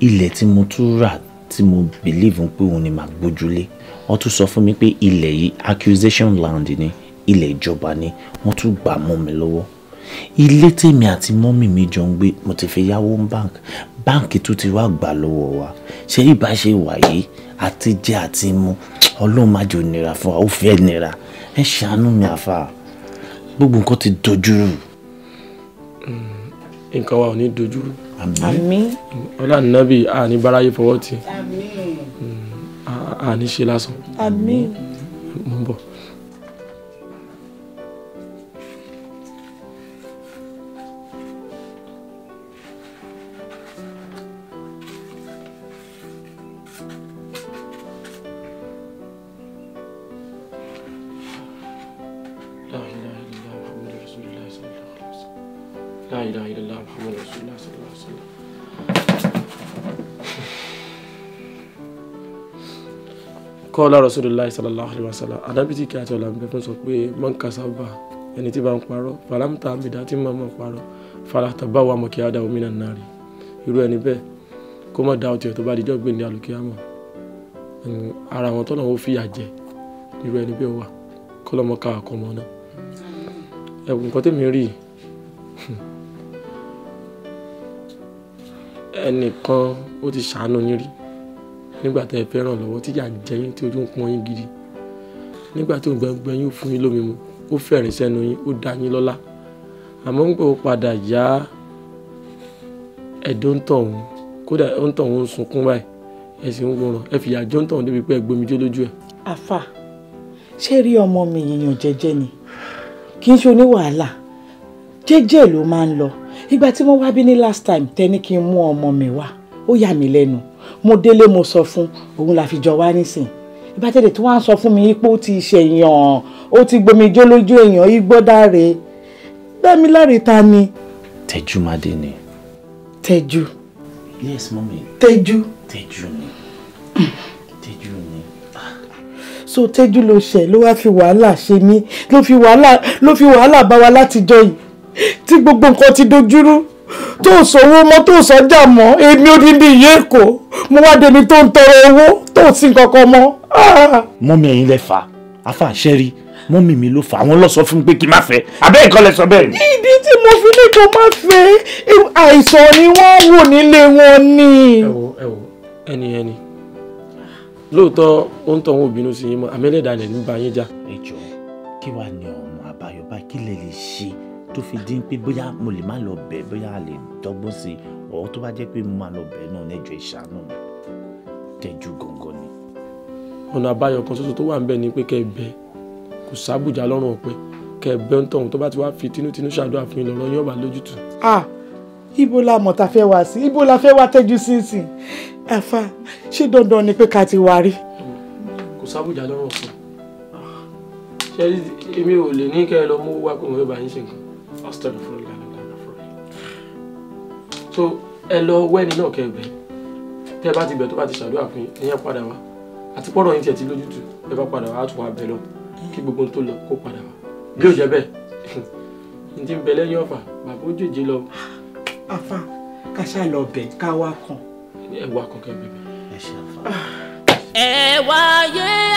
ilẹ̀ tí mo tún rà tí mo believe pé òun ni màá gbójúlé wọ́n tún sọ fún mi pé ilẹ̀ yìí accusation land ni ilẹ̀ ìjọba ni wọ́n tún gbà mọ́ mi lọ́wọ́ ilé tèmi àti mọ́mì mi jọ ń gbé mo ti fi yáwó bank báǹkì tó ti wá gbà lọ́wọ́ wa ṣé ibà ṣe wà yìí àti jẹ àti mu ọlọ́run má jò nira fún wa ó fẹ́ nira ẹ ṣàánú mi àfa gbogbo nǹkan ti dojúrú. Hmm, nǹkan wa ò ní dojúrú. àmín. ọlá nàbì àní báráyé fọwọ́ tì. àmín. àní hmm, lásán. àmín. mo ń bọ̀. sallallahu alaihi wasallam. kọ́ọ̀lá rasulillah sallallahu alayhi wa sallam adabiti kí àti ọ̀làǹbẹ fún sọ pé mọ́ǹkà sábà ẹni tí bá ń parọ́ falamta amida tí màmá parọ́ falata bá wà mọ̀kí ada omi náà nàárì irú ẹni bẹ́ẹ̀ kó má da ọtí ẹ̀ tó bá dijọ́ gbé ní alùkíyàmọ̀ ara wọn tọ́nà ó fìyà jẹ irú ẹni bẹ́ẹ̀ wà kọ́lọ́mọ́ká àkọ́mọ́ náà ẹ̀bùn nǹkan tẹ́mi rí yìí ẹnìkan ó ti ṣàánú yín rí nígbà tẹ́ ẹ fẹ́ràn lọ́wọ́ tíjà jẹ yín tí ojú ń pọ́n yín gidi nígbà tó gbẹngbẹ yín ó fún yín lómi mu ó fẹ̀rín sẹ́nu yín ó dá yín lọ́lá àmọ́ ń pè ó padà yá ẹ̀dọ́ ń tọ̀ òun kódà ó ń tọ̀ òun ń sunkún báyìí ẹ sì ń wòran ẹ fìyà jọ́ ń tọ̀ òun débi pé ẹ gbomijé lójú ẹ̀. àfà ṣé rí ọmọ mi èèyàn jẹ́jẹ́ ni kì í ṣe oníwàhálà jẹ́jẹ́ ló máa ń lọ ìgbà tí wọ́n wá bí ní last time tẹ́ni kí n mú ọmọ mi wá ó yà mí lẹ́nu mo délé mo sọ fún òun la fi jọ wá nísìn ìgbà tẹ́lẹ̀ tí wọ́n á sọ fún mi pé ti ṣèyàn ó ti gbomijó lójú èèyàn igbódáre dámiláre ta ni. Tẹ́júmádé ni. Tẹ́jú. yes mummy. Tẹ́jú. Tẹ́jú ni. Tẹ́jú ni. so Tẹ́jú ló ṣe ló wá fi wàhálà ṣe mí ló fi wàhálà bá wa látijọ́ yìí tí gbogbo nǹkan ti dojúrú tó sọ̀wọ́ mọ́ tó sọ́jà mọ́ èmi odindi ìyá èkó mo wá dẹni tó ń tọrọ owó tó sì ń kankan mọ́. Ah! mọ́mí ẹ̀yin lẹ fà á fà ṣẹ́rí mọ́mí mi ló fà àwọn lọ́sọ fún mi pé kí n má fẹ́ abẹ́ ìkan lẹ sọ bẹ́ẹ̀ ni. ìdí tí mo fi ní kó má fẹ́ àìsàn ni wọ́n wò nílé wọn ni. ẹ wo ẹ wo ẹni ẹni lóòótọ́ ó ń tọ́wọ́ òbínú sí yín mọ́ àmẹ́lẹ́dà lẹ̀ ń ba yín já. ẹ jọ kí wàá ní ọmọ àbáyọ kí lè lè ṣe tó fi dín pé bóyá mo lè má lọ bẹ̀ bóyá a lè dọ́gbọ́n sí i ọ̀ tó bá jẹ́ pé mo máa lọ bẹ̀ náà nẹ́jọ́ ìṣàánú mi tẹ́jú gangan ni. ọ̀nà àbáyọ kan ṣoṣo tó wà ń bẹ̀ ni pé kẹ́ ẹ bẹ kò sábùjá lọ́rùn ọ̀pẹ kẹ́ ẹ bẹ ń tọ̀hún tó bá ti wá fi tinútinú ṣàdúrà fún ìlọrọ yóò bá lójútùú. a ibo la mọ̀ ta fẹ́ wá sí ibo la fẹ́ wá tẹ́jú sínsìn àfa ṣé dandan ni pé ká ti wá rí. kò sábùjá lọ́rùn ọ̀pẹ ṣé èmi ò lè ní kẹ́ ẹ lọ mú wá kó wọn bá yín ṣe nǹkan astagfirullah so ẹ lọ wẹ́ni náà kẹgbẹ́ tẹ́ bá ti bẹ̀ tó bá ti ṣàdúrà fún yín ẹ̀yẹn padà wá àti pọ́nrọ̀ yín tiẹ̀ ti lójútù ẹ bá padà wá àtúwà bẹ̀ lọ kí gbogbo tó lọ kó padà wá bí ò jẹ́ bẹ́ẹ̀ n ti bẹ lẹ́yìn ọ̀fà bàbá ó jèjì lọ. afa ká ṣáà lọ bẹ ká wá kàn. ẹ wá kàn kẹ bẹbẹ. ẹ ṣe àfa. ẹ wáyé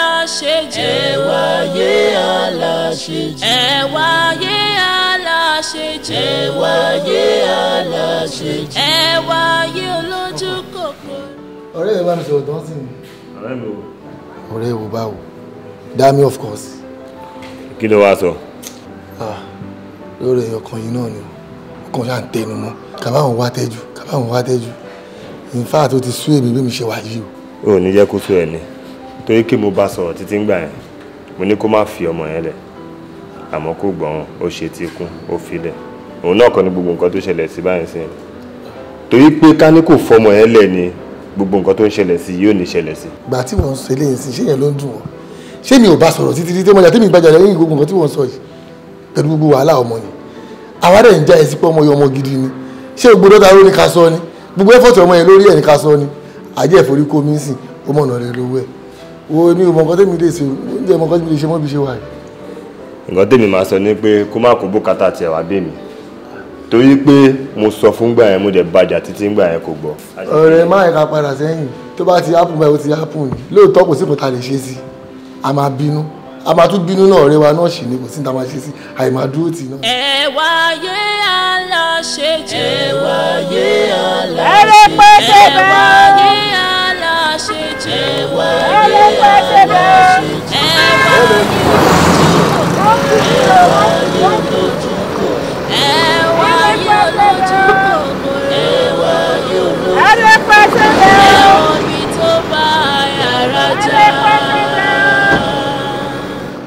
aláṣejù. ẹ wáyé aláṣejù. ẹ wáyé aláṣejù. ẹ wáyé aláṣejù. ẹ wáyé olójú kòkòrò. ọ̀rẹ́ mi bá mi sọ̀rọ̀ tó ń sìn mí. ọ̀rẹ́ mi wo. ọ̀rẹ́ wo báwo dami of course. kí ló wá sọ. Ah, lórí ọkàn náà ni ọkàn ṣáà ń tẹnu mọ́ kàbáwọn wá tẹ́jú kàbáwọn wá tẹ́jú in fact ó ti sú èmi bí mi ṣe wà yìí o. o ò ní jẹ́ kó sú ẹ ni torí kí mo bá sọ̀rọ̀ títí ń gbà yẹn mo ní kó má fi ọmọ yẹn lẹ̀ àmọ́ kò gbọ́n ó ṣe tí kún ó filẹ̀ òun náà kọ́ ni gbogbo nǹkan tó ṣẹlẹ̀ sí báyìí sí yẹn torí pé ká ní kò fọmọ yẹn lẹ̀ ni gbogbo nǹkan tó ń ṣẹlẹ̀ sí yóò ní ṣẹlẹ̀ sí. gbà tí wọ́n ń sọ eléyìí sí ṣé yẹn ló ń dùn wọ́n ṣé mi ò bá sọ̀rọ̀ títí títí mọ́jà tẹ́mi ìgbàjà lẹ́yìn gbogbo nǹkan tí wọ́n sọ yìí pẹ̀lú gbogbo wàhálà ọmọ yìí àwa ń já ẹ sí pé ọmọ yìí ọmọ gidi ni ṣé gbogbo dọ́ta ló ní ká sọ ni gbogbo ẹ̀fọ́tì ọmọ yẹn lórí ẹ̀ ní ká sọ ni àjẹ́ ìforíkó mi ń sìn ó mọ̀nà rẹ̀ lówó ẹ̀ wo mi ò mọ nǹkan tẹ́mi lè ṣe oúnjẹ mọ nǹkan tẹ́mi lè ṣe mọ́ bí ṣe wà yìí. nǹkan tẹ́mi máa sọ ni pé kó má kó bùkátà tiẹ̀ wá bẹ́ mi torí pé mo sọ fún gbà yẹn mo dẹ̀ bàjà títí gbà yẹn kò gbọ́. ọ̀rẹ́ má yẹ ká padà sẹ́yìn tó bá ti happen báyìí ó ti happen ni lóòótọ́ kò sí kò ta lè ṣe sí a máa bínú a máa tún bínú náà ọ̀rẹ́ wa náà ṣì ni kò sí ní ta máa ṣe sí àì máa dúró tì náà. ẹ̀wà yé aláṣẹ jẹ́ ẹ̀wà yé aláṣẹ jẹ́ ẹ̀wà yé aláṣẹ jẹ́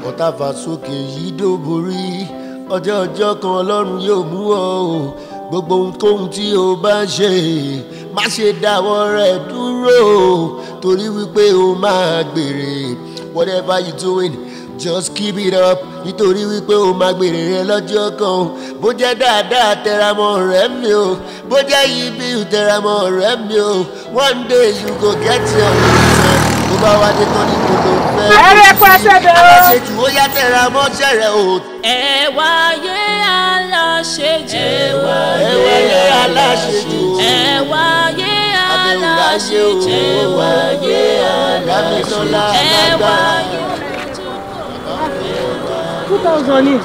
ọ̀tá fà sókè yìí dó borí ọjọ́ ọjọ́ kan ọlọ́run yóò mú ọ o gbogbo ohunkóhun tí o bá ṣe má ṣe dáwọ́ rẹ̀ dúró torí wípé o máa gbèrè whatever you doing just keep it up nítorí wípé o máa gbèrè rẹ lọ́jọ́ kan bó jẹ́ dáadáa tẹramọ́ ọ̀rẹ́ mi o bó jẹ́ ibi tẹramọ́ ọ̀rẹ́ mi o one day you go get your return tó bá wá dé tán ní gbogbo fẹ́ẹ́ bí sí aláṣejù ó yá tẹramọ́ ṣẹ̀rẹ̀ o. ẹ wáyé aláṣejù. ẹ wáyé aláṣejù. ẹ wáyé aláṣejù. ẹ wáyé aláṣejù. ẹ wáyé aláṣejù. two thousand ni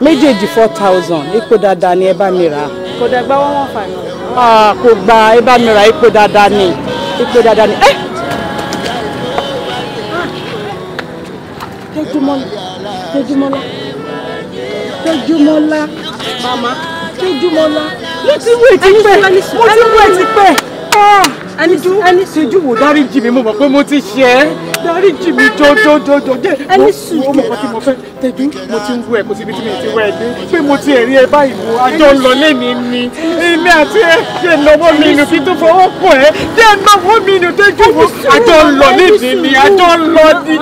méjèèjì four thousand epo dáadáa ni ẹ bá mi rà. kò dẹ̀ gba one one five. kò gba ẹ bá mi rà epo dáadáa ni epo dáadáa ni. ẹ eh! tẹjúmọ́lá ah! tẹjúmọ́lá tẹjúmọ́lá mama Tójúmọ́lá mo ti wé tipẹ́ mo ti wé tipẹ́ ẹni sùjú wò dáríjì mi mo mọ̀ pé mo ti ṣe é dárí jì mí jọjọjọjọ jẹ mo mọ ọtí mo fẹ tẹjú mo ti ń wú ẹ kó síbi tí mi ti wá ẹ dé pé mo ti ẹrí ẹ báyìí wo àjọ lọ lẹ́ni ni èmi àti ẹ jẹ lọ́wọ́ mi nù kí n tó fọwọ́ pọ̀ ẹ jẹ lọ́wọ́ mi nù tẹjú wo àjọ lọ lẹ́ni ni àjọ lọ ni.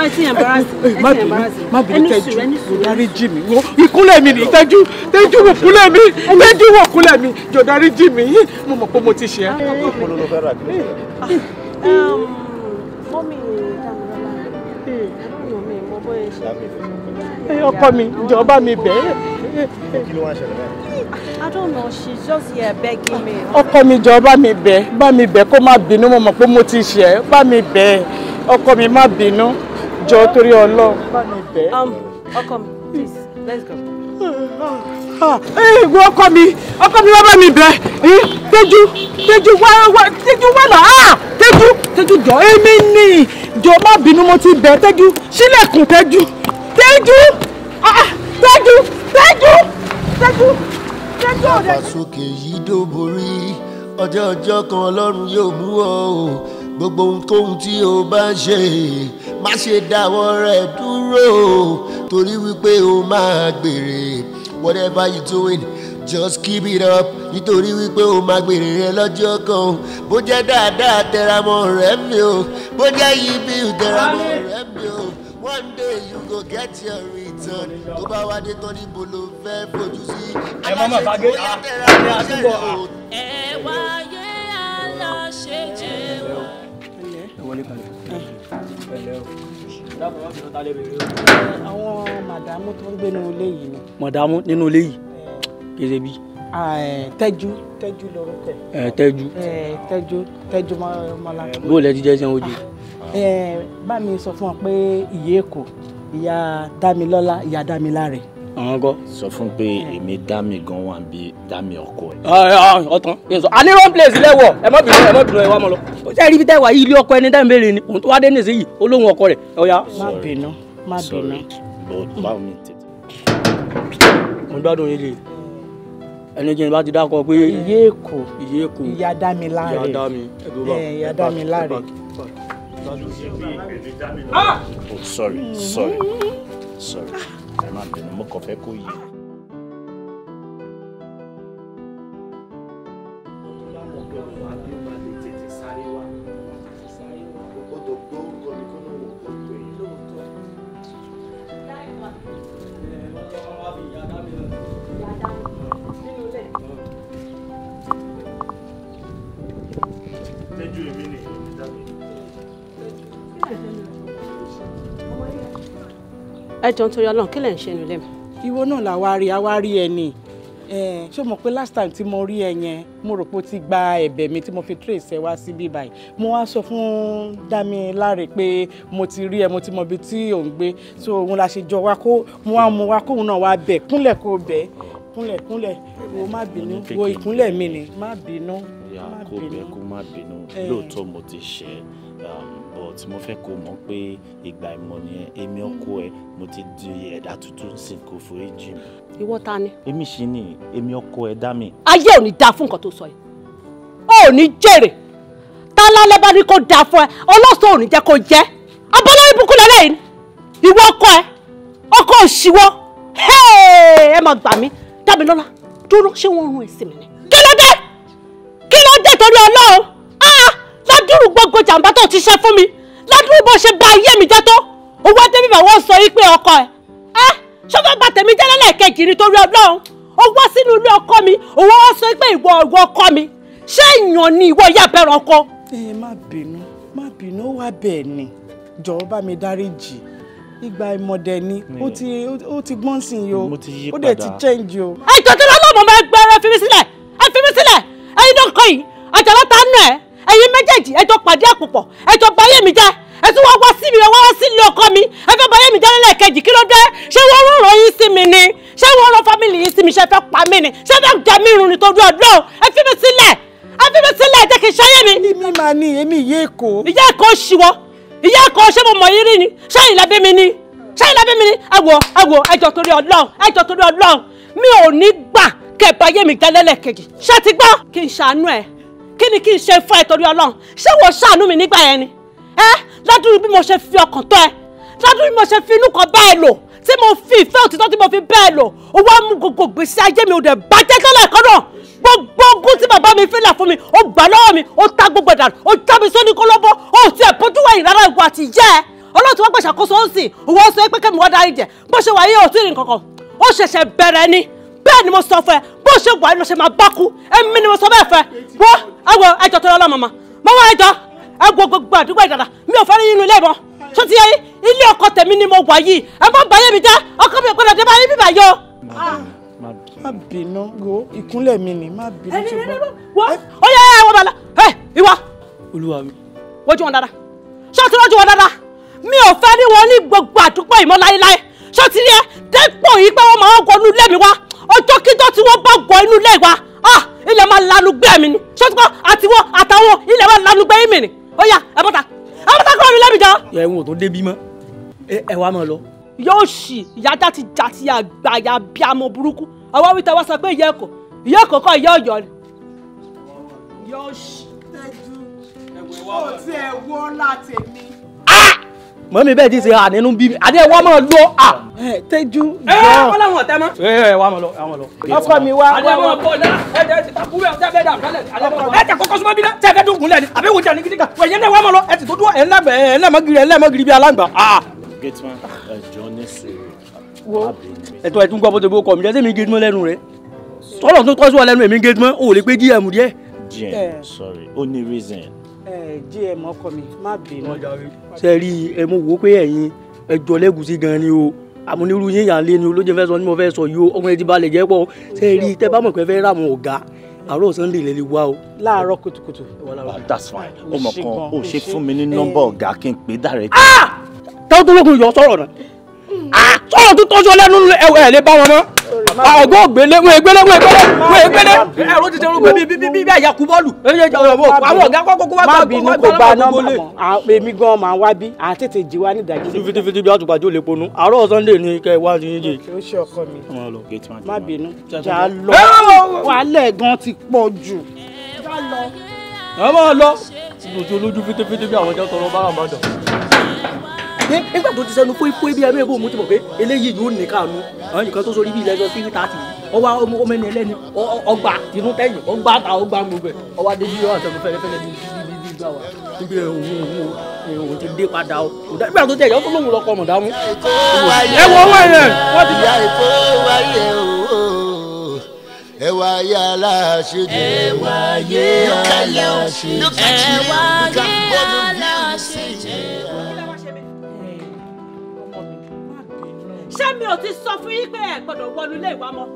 má bínú má bínú tẹjú mo dárí jì mí wo ìkúnlẹ̀ mi nìyí tẹjú tẹjú wò kúnlẹ̀ mi tẹjú wò kúnlẹ̀ mi jọ dárí jì mí mo mọ̀ pé mo ti ṣe é. Ah, um, mọ́mí ìdá Eh, ọkọ mi ìjọba mi bẹ́ẹ̀. kí I don't know she's just here begging me. ọkọ mi jọ mi bẹ̀ bá mi bẹ̀ kó má bínú mo mọ̀ pé mo ti ṣẹ̀ bá mi bẹ̀ ọkọ mi má bínú jọ torí Ọlọ́run bá mi bẹ̀. Um, ọkọ mi please let's go. Ìwọ eh, ọkọ mi ọkọ mi wá bá mi bẹ̀ eh, Tẹ́jú Tẹ́jú wá wá Tẹ́jú wá náà ah, Tẹ́jú Tẹ́jú jọ èmi ni jọ má bínú mo ti bẹ̀ tẹ́jú sílẹ̀kùn ah, ah, tẹ́jú tẹ́jú tẹ́jú tẹ́jú tẹ́jú tẹ́jú àfàsókè yìí dó ọjọ́ ọjọ́ kan ọlọ́run yóò mú ọ o gbogbo ohunkóhun tí o bá ń ṣe má ṣe dáwọ́ rẹ̀ dúró torí wípé o máa gbèrè whatever you doing just keep it up nítorí wípé o máa gbèrè rẹ lọ́jọ́ kan o bó jẹ́ dáadáa tẹra mọ́ ọ̀rẹ́ mi o bó jẹ́ ibi tẹra mọ́ ọ̀rẹ́ mi o one day you go get your return tó bá wá dé tán níbo ló fẹ́ fojú sí aláṣẹ ah, tí ó yá ah, tẹra mọ́ ọ̀rẹ́ mi o. Ah. ẹ wáyé aláṣẹjẹ wa. ẹ wọlé kalẹ̀ ẹ lẹ́ o àwọn màdàmú tó ń gbénu ilé yìí ni. màdàmú nínú ilé yìí kezebi. tẹ́jú tẹ́jú lorúkọ ẹ̀. tẹ́jú. tẹ́jú tẹ́jú mọ́lá. bó lẹ ti jẹ́ sẹ́wọ́n jù. bá mi sọ fún ọ pé ìyá èkó ìyá dámilọ́lá ìyá dámiláre. àwọn kọ. sọ fún pé èmi dámi gan wà bí dámi ọkọ ẹ. ọtán yẹn sọ àní wrong place lẹ́wọ̀ ẹ mọ́ bìnrin ẹ mọ́ bìnrin ẹ wá mọ́ lọ. ó jẹ́ ibi tẹ́wàá yìí ilé ọkọ ẹni dámi béèrè ni òun tó wá dé nìyí olóhùn ọkọ rẹ̀ ọ̀ya. má bínú má bínú. sorry bọ́ọ̀ báwo mi tètè. mo gbádùn yín lè ẹni jẹ́ bá ti dákọ̀ pé iye èkó iye èkó ìyá dá mi láre eh, ìyá dá oh, sorry sorry sorry ẹ má bẹ̀rẹ̀ mo kàn fẹ́ kó yé. ẹ jọ nítorí Ọlọ́run kí lẹ ń ṣe nílé mi. ìwọ náà là wá rí àwa rí ẹ ni ṣé mo pé last time tí mo rí ẹ yẹn mo rò pé ó ti gba ẹ̀bẹ̀ mi tí mo fi trace ẹ wá síbí báyìí mo wá sọ fún Dámiláre pé mo ti rí ẹ mo ti mọ ibi tí ò ń gbé so òun la ṣe jọ wá kó mo wá mu wá kóun náà wá bẹ̀ kúnlẹ̀ kó bẹ̀ kúnlẹ̀ kúnlẹ̀ wo má bínú wo ìkúnlẹ̀ mi ni má bínú. ìyá kò bẹ kó má bínú lóòótọ́ mo ti ṣe um, tí mo fẹ́ kó mọ̀ pé ìgbà ìmọ̀ ni èmi ọkọ ẹ mo ti di ẹ̀dá tuntun sì kò forí jì mí. ìwọ ta ni. èmi sì ni èmi ọkọ ẹ dá mi. ayé ò ní dáa fún nǹkan tó sọ yìí ó ò ní jèrè tálálẹ́ bá ní kó dáa fún ẹ ọlọ́sàn ò ní jẹ́ kó jẹ́ abọ́láyé bukúlẹ̀ lẹ́yìn ìwọ ọkọ ẹ ọkọ òṣìwọ́ ẹ máa gbà mí dábì lọ́la dúró ṣé wọ́n rún ẹ̀sìn mi ni. kí ló dé kí ló dé torí ọlọ́run á ah! ládùúrú gbogbo jàǹbá tó ti ṣe fún mi ládùúgbò bó ṣe ba ayé mi jẹ́ tó owó tẹ́bí bàwọ́ sọ yí pé ọkọ ẹ̀ ẹ́ ah, ṣọ́fẹ́ bá tẹ̀mí jẹ́ lẹ́lẹ́kẹ̀jì nítorí ọlọ́run ó wá sínú ilé ọkọ mi òwò wá sọ pé ìwọ ìwọ ọkọ mi ṣé èèyàn ni ìwọ ìyá bẹ̀rẹ̀ ọkọ. ẹ má bínú má bínú ó wá bẹ́ẹ̀ ni jọ̀wọ́ bá mi dáríjì ìgbà ìmọ̀dẹ̀ ni ó ti ó ti gbọ́n sí i o ó dẹ̀ ti change o. ẹ jọ̀ọ́ tí lọ́lọ́mọ máa gbẹ́rẹ́ fi sílẹ̀ ẹ fi sílẹ̀ ẹ̀yin náà kọ́ yìí àjàlá nù ẹ́ ẹ̀yin méjèèjì ẹ jọ pàdé àpòpọ̀ ẹ jọ bà ayé mi jẹ́ ẹ tún wáá wá sí mi ẹ wá wá sí ilé ọkọ mi ẹ fẹ́ bà ayé mi jẹ́ lẹ́ẹ̀kejì kí ló dé ṣé wọ́n rọrọ yín sí mi ni ṣé wọ́n rọ fámìlì yín sí mi ṣé fẹ́ pa mí ni ṣé fẹ́ jẹ mí irun ni tó dúró dúró ẹ fi mi sílẹ̀ ẹ fi mi sílẹ̀ ẹ kí n ṣayé mi. èmi máa ní èmi ìyá èkó. ìyá èkó ṣìwọ ìyá èkó ṣé mo mọ̀ yín ni ṣé ìlàbí mi ni ṣé ìlàbí mi ni ẹ wò ẹ wò ẹ jọ torí Ọlọ́run ẹ torí Ọlọ́run mi ò ní gbà kẹ́ bà ayé mi jẹ́ lẹ́ẹ̀kejì ṣé ti kí ni kí n ṣe fún ẹ torí ọlọ́run ṣé wọ́n ṣàánú mi nígbà yẹn ni ẹ ládùúgbò bí mo ṣe fi ọkàn tọ́ ẹ ládùúgbò bí mo ṣe fi inú kan bá ẹ lò tí mo fi ìfẹ́ òtítọ́ tí mo fi bá ẹ lò owó mú gbogbo gbèsè ajé mi ò dẹ̀ bàjẹ́ kálẹ̀ kan náà gbogbo ogún tí bàbá mi fílẹ̀ fún mi ó gbà lọ́wọ́ mi ó ta gbogbo dànù ó já mi sóní kólóbó ó tiẹ̀ bójú wẹ̀yìn rárá ìwọ àti ìjẹ́ ẹ ọlọ́run tí wọ́n gbèsè àkóso ó sì òwò sọ pé kẹ́mi wọ́n darí jẹ bó ṣe wà yí ò tí ì rìn kankan ó ṣẹ̀ṣẹ̀ bẹ̀rẹ̀ ni bẹ́ẹ̀ ni mo sọ fún ẹ bó ṣe wà ní mo ṣe máa bá kú èmi ni mo sọ bẹ́ẹ̀ fẹ́ wọ́ ẹwọ ẹjọ tó lọ́lọ́ màmá mo wá ẹjọ ẹgbọ gbogbo àdúgbò ìdàdà mi ò fẹ́ rí inú ilé mọ́ tó ti yẹ ilé ọkọ tèmi ni mo wà yìí ẹ má bàyẹ̀ mi jẹ́ ọkọ mi ò gbọ́dọ̀ dé bá yín bíbá yọ. má bínú wo ìkúnlẹ̀ mi ni má bínú tó bá. ó yẹ ẹ wọ bàlá ẹ ìwọ. olúwa mi. wojú wọn dáadáa ṣọ́ọ̀tì lọ́jú wọn dáadáa mi ò fẹ́ rí wọn ní gbogbo àdúgbò ìmọ̀ láéláé ṣọ́ọ̀tì rí ẹ dẹ́pọ̀ yìí pé wọ́n máa ń wọnú lẹ́mi wá ọjọ́ kíjọ́ tí wọ́n bá gbọ́ inú ilé wa ah, ilẹ̀ máa lanu gbẹ́ mi ni ṣọ́túkọ́ àtiwọ́ àtàwọn ilẹ̀ máa lanu gbẹ́ mi ni ó yá ẹ bọ́ta ẹ bọ́ta kúrò mi lẹ́bi jọ. ẹ ń wò tó débi mọ ẹ wàá máa lọ. yóò ṣì ìyá játi játi àgbàyà bí amọ burúkú ọwọ́ wíta wá sọ pé ìyá ẹ̀kọ́ ìyá ẹ̀kọ́ kọ́ ìyá ọ̀yọ́ ni. yóò ṣì. ó ti ẹ̀ láti mi mọ̀mí bẹ́ẹ̀ ti ṣe à nínú bí mi àdé wọ́n mọ̀ lọ à. ẹ tẹ́jú jọ ẹ wọ́n làwọn ọ̀tẹ́ mọ́. ẹ ẹ wà mọ̀ lọ wà mọ̀ lọ. ọkọ mi wá. àdé wọn bọ̀ náà ẹ jẹ́ ti takú bẹ́ẹ̀ tẹ́ bẹ́ẹ̀ dà bẹ́ẹ̀ lẹ̀. ẹ tẹ kọ́kọ́ súnmọ́ bí náà tẹ́ fẹ́ dún kúnlẹ̀ ni àbí wò jẹ́ ní gidi kan wẹ̀yẹ́ náà wà mọ̀ lọ ẹ ti tó dún ẹ̀ ńlẹ́gbẹ̀ ẹ̀ ńlẹ́mọ̀giri ẹ̀ ńlẹ́mọ̀giri bí aláǹgbá. gateman ẹjọ ní sèré. ẹtọ ẹtún gbọ́ bó ti bó kọ mi jẹ́ sẹ́mi gateman lẹ́nu rẹ̀ tọ́lọ̀ tó tọ́ sí wa lẹ́nu èmi gateman ò lè pé gm gm ọkọ mi má bínú. ṣe rí ẹ mo wò pé ẹ̀yin ẹjọ́ lẹ́gùsí gan ni o àmúnirú yín yàn lé ni olóje fẹ́ sọ ni mo fẹ́ sọ yìí o ọkùnrin ti balẹ̀ jẹ́ pọ̀ ṣe rí tẹ bá mọ̀ pé fẹ́ rà mọ̀ ọ̀gá àárọ̀ sunday lè le wá o. láàárọ̀ kùtùkùtù. Ah, that's fine o mọ̀ kan o ṣe fún mi ní nọ́mbà ọ̀gá kí n pè é dàrẹ́. Ah! táwọn tó lókun yọ sọ̀rọ̀ náà. Ah! ọ̀rọ̀ tó tọ́jú ọlẹ́nu ẹ̀ lè bá wọn mọ́ àgọ́ ògbélé wọ́n ègbélé wọ́n ègbélé wọ́n ègbélé ẹ̀rọ ti tẹ̀rù pé bí bí bí àyà kú bọ́ọ̀lù àwọn ọ̀gá kọ́kọ́ kó wá bá bínú kó gba nọ́mbà kan èmi gan máa wá bí à tètè jí wá nídàájú. fífi fífi fífi àtùpà jó lè ponú àárọ̀ sunday ni kẹ́ ẹ wá ní yíyí. o ṣe ọkọ mi má bínú já lọ wàhálẹ̀ gan ti pọ̀ jù já lọ. ẹ máa lọ lójú lójú fífi fífi bí àwọn jẹ́ tọrọ bá àmàdàn. Eh, nígbà tó ti sẹnu fún ifo ibi ẹmí ìbò mú ti mọ̀ pé eléyìí yóò ní káàánú àwọn nìkan tó sórí bí ilẹ̀ ẹjọ́ fífi tààtì ọwọ́ ọmọ ẹni ẹlẹ́ni ọgbà tinú tẹ́yìn ọgbà ta ọgbà gbogbo ẹ̀ ọwọ́ adébí ọwọ́ àtẹnu fẹ́lẹ́fẹ́lẹ́ bí bí bí gbà wá níbi òun òun òun ti dé padà o nígbà tó tẹ̀ yọ tó lóun mọ̀dámú. ẹ wọ owó yẹn wọ́n ti yá èkó wáyé ṣé mi ò ti sọ fún yín pé ẹ gbọ́dọ̀ wọnú ilé ìwà mọ́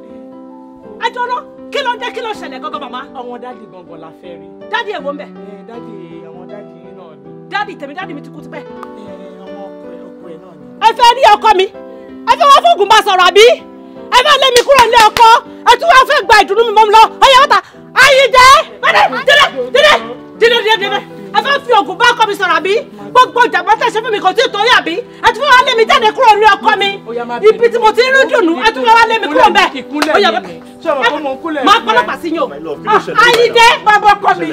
ẹ jọ̀rọ̀ kí ló dé kí ló ṣẹlẹ̀ gọ́gọ́ màmá. àwọn dáàdì gangan la fẹ́ rí. dáàdì èwo ń bẹ. dáàdì àwọn dáàdì náà ni. dáàdì tèmi dáàdì mi ti kú tipẹ́. ọmọ ọkọ ẹ ọkọ ẹ náà ni. ẹ fẹ́ rí ọkọ mi ẹ fẹ́ wá fóògùn bá sọ̀rọ̀ àbí ẹ fẹ́ lé mi kúrò nílé ọkọ ẹ tún wá fẹ́ gba ìdùnnú mi mọ́ mi lọ ọyẹ ọ̀tá ayé jẹ́ dídé dídé ẹ fẹ́ fi ògùn bá ọkọ mi sọ̀rọ̀ àbí gbogbo ìjàmbá tẹ̀ ṣe fún mi kò tí ì torí àbí ẹ tún wá lé mi jáde kúrò ní ọkọ mi ibi tí mo ti rí dùnú ẹ tún wá lé mi kúrò bẹ́ẹ̀ ó yà bẹ́ẹ̀ máa pọ́lọ́pàá sí yín o Àyìndé ah, bàbá ọkọ mi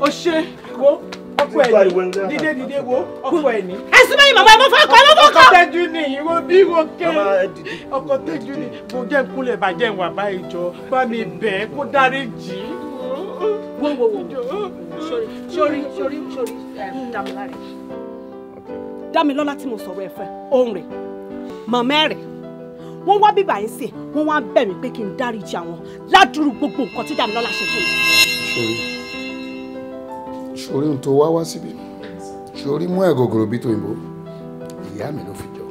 ò ṣe wo ọkọ ẹ ní dídé dídé wo ọkọ ẹ ní. ẹsùn mẹ́yìn bàbá ẹ mọ́ fún ọkọ ẹ mọ́ fún ọkọ. ọkọ tẹ́jú ni ìwọ bí ìwọ ké ọkọ tẹ́jú ni mo jẹ́ kúnlẹ̀ bàjẹ́ ìwà báyìí jọ bá mi bẹ̀ ẹ́ kó dárí jì í. Whoa, wo wo Sorry, sorry, sori sori sori damilare damilọ́lá tí mo sọ̀rọ̀ ẹ fẹ́ òun rẹ̀ màmá rẹ̀ wọ́n wá bíbà yín sí wọ́n wá bẹ̀ mí pé kí n dáríjì àwọn ládùúrú gbogbo nǹkan tí damilọ́lá ṣe fún mi. sori sori n tó wá wá síbi sori mú ẹ̀gọ́gọ́rọ̀ bí tó yìnbó ìyá mi ló fi jọ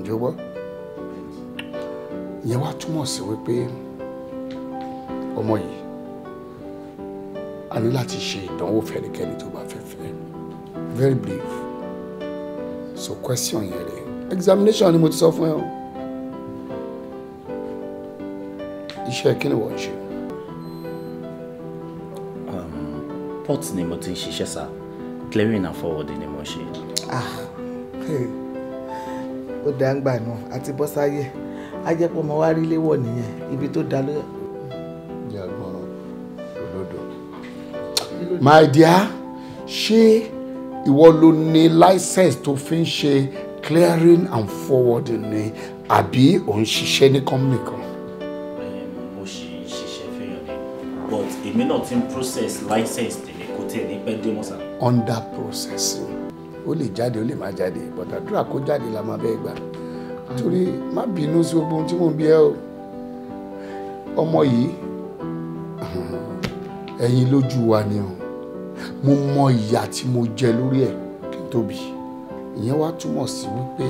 ǹjọ́ gbọ́ ìyẹn wá túmọ̀ sí wípé ọmọ yìí a ní láti ṣe ìdánwò fẹ́nikẹ́ni tó bá fẹ́ fẹ́ very brief so question yẹn rẹ examination ni mo ti sọ fún ẹ o iṣẹ́ kí ni wọ́n ṣe. Um, port ni mo ti ń ṣiṣẹ́ sá clearing and forwarding ni mo ṣe. Ah, ó dáa ń gbà náà àti bọ́sáyé á jẹ́ pé ọmọ wa rí léwọ̀ nìyẹn ibi tó da lóyún. my dear ṣé ìwọ ló ní license tó fi ń ṣe clearing and forwarding ni àbí ò ń ṣiṣẹ́ ní company kan. mo ṣì ń ṣiṣẹ́ fẹ́yàn ni but èmi náà ti ń process license tèmi kò tẹ̀ ní pẹ́ under processing ó lè jáde ó lè má jáde but àdúrà kó jáde la máa bẹ́ẹ̀ gbà torí má bínú sí gbogbo ohun tí mò ń bí ẹ o ọmọ yìí ẹ̀yin lójú wa ni o mo mọ ìyà tí mo jẹ lórí ẹ̀ kí n tóbi ìyẹn wá túmọ̀ sí wípé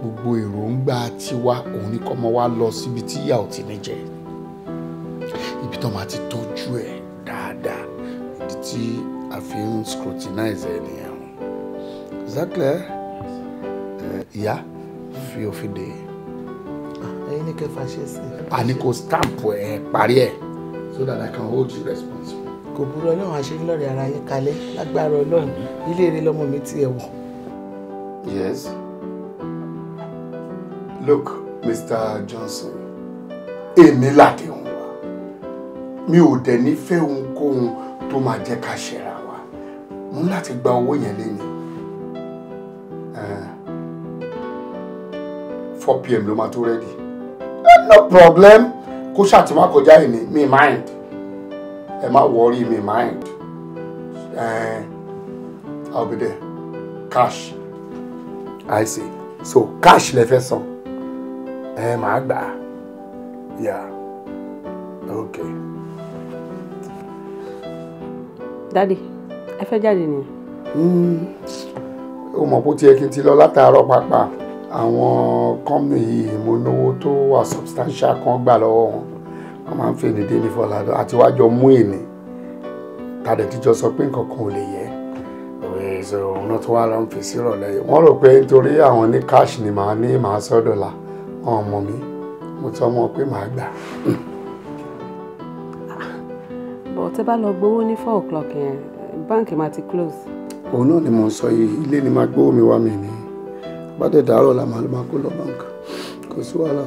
gbogbo èròǹgbà tiwa òun ni kọ́mọ wa lọ síbi tí ìyà ò ti ní jẹ ibi tó máa ti tọ́jú ẹ̀ dáadáa ìdí tí a fi ń scrutinize ẹ̀ nìyẹn is ìyá fi òfin dè é ah, ẹ̀yin ní kẹfà ṣe sí. a ní kò stamp ẹ̀ parí ẹ̀ so that I can hold you responsible kò burú ọlọ́run àṣeyínlọ́rẹ̀ ara yín kalẹ̀ lágbára ọlọ́run ilé eré lọ́mọ mi ti ẹ̀ yes look mr johnson èmi làdéhùn wa mi ò dẹ̀ nífẹ̀ẹ́ ohunkóhun tó máa jẹ́ ká ṣẹ̀ra wa mo láti gba owó yẹn lẹ́yìn eh, four pm ló máa tó rẹ́dì eh, no problem kó ṣàtìwá kọjá yìí ní mi mind. Am I worrying mi mind ẹn I'll be there cash I see so cash lẹ fẹ́ san ẹ máa gbà yeah okay. Daddy, I fẹ́ jáde nìyẹn. Hmm. mọ̀ pé ó ti yẹ kí n ti lọ látàárọ̀ pàápàá àwọn kọ́mìnì yìí mo náwó tó wà substantial kan gbà lọ́wọ́ wọn wọ́n máa ń fẹ́ ní délé fọládọ́ àti wájọ mú èní tàdé tíjọ sọ pé nǹkan kan ò lè yẹ ẹ̀sọ̀ òun náà tó wá lọ́n fi sí ìrọ̀lẹ́ yìí wọ́n rò pé nítorí àwọn ní cash ni màá ní màá sọ́dọ̀ là wọn mọ̀ mí mo tọ́ mọ́ pé màá gbà. bọ̀ tẹ́ bá lọ gbowó ní four o'clock yẹn báǹkì máa ti close. òun náà ni mo ń sọ yìí ilé ni máa gbowó mi wá mi ní bá dẹ̀ dàárọ̀ la màá ló máa kó lọ báǹkì kò sí wàhálà.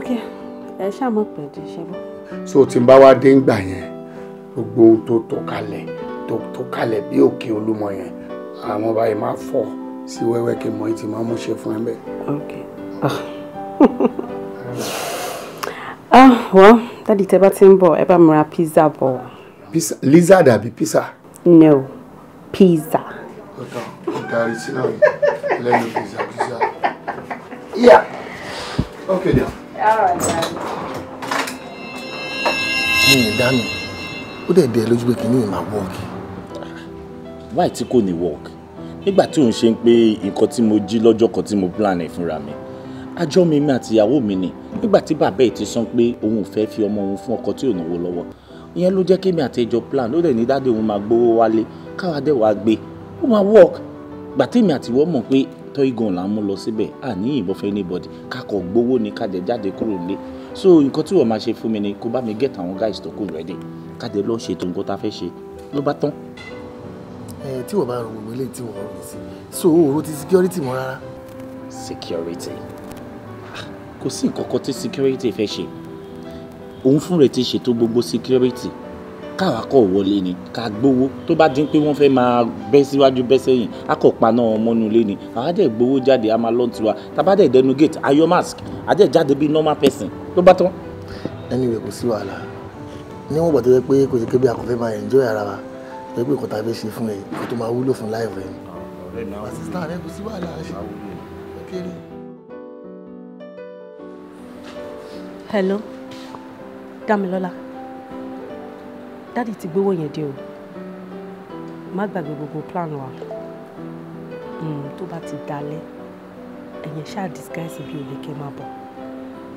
ok ẹ ṣàmọ̀ pẹ̀lú ṣe bọ́. so tí n bá wá dé ńgbà yẹn gbogbo ohun tó tó kalẹ̀ tó tó kalẹ̀ bí òkè olúmọ yẹn àwọn báyìí máa fọ̀ sí wẹ́wẹ́ kí mọ̀ ti máa mú ṣe fún ẹ bẹ́ẹ̀. ok ah, ah well dádì tẹ bá ti ń bọ̀ ẹ bá mi ra pizza bọ̀. pizza lizard àbí pizza. no pizza. ọ̀tọ̀ ìdarí sí náà lẹ́nu pizza pizza. yeah okay then mi ì dáná ó dẹ̀ dẹ́ lójú pé kí ni ì máa wọ́ọ̀kì. wáì tí kò ní work nígbà tí òun ṣe ń pé nǹkan tí mo plan ẹ̀ fúnra mi àjọ mi mi àti ìyàwó mi ni nígbà tí bàbá ẹ̀ ti sọ pé òun ò fẹ́ fi ọmọ òun fún ọkọ tí ò náwó lọ́wọ́ ìyẹn ló jẹ́ kí mi àti ìjọ plan ó dẹ̀ ní dáadé òun máa gbowó wálé káwa dẹ̀ wá gbé ó máa work gbà tí mi àti ìwọ mọ̀ tọ́yìgàn là ń mú lọ síbẹ̀ àní ìbọn fún anybody kakọ̀ gbowó ni ká dẹ̀ jáde kúrò nílé so nǹkan tí wọ́n máa ṣe fún mi ni kó bá mi get àwọn guys tó kù ready ká dẹ̀ lọ ṣètò nǹkan tá a fẹ́ ṣe ló bá tán. ẹ tí wọ́n bá rọ gbogbo eléyìí tí wọ́n rọ sí so òòrò ti security mọ́ rárá. security ah, kò sí nǹkan kan tí security fẹ́ ṣe òun fúnra ti ṣètò gbogbo security káwa kọ̀ wọlé ni ká gbowó tó bá dín pé wọ́n fẹ́ máa bẹ́ síwájú bẹ́ sẹ́yìn a kọ̀ paná wọn ilé ni àwa dẹ̀ gbowó jáde a máa lọ́n tiwa tàbá dẹ̀ dẹnu gate ayọ́ mask a jáde bí normal person ló bá tán. anyway kò sí wàhálà níwọ̀n gbà tó yẹ pé kò sí kébé àkọ́fẹ́ máa enjoy ara wa tó yẹ pé ìkọ̀tà fẹ́ ṣe fún ẹ kó tó máa wúlò fún láìpẹ́ ni. àṣìṣe hello Damilola dáàdì ti gbówó yẹn dé o má gbàgbé gbogbo plan wa hmm, tó bá ti dalẹ̀ ẹ̀yẹn ṣáà disguise bí olè kẹ́ máa bọ̀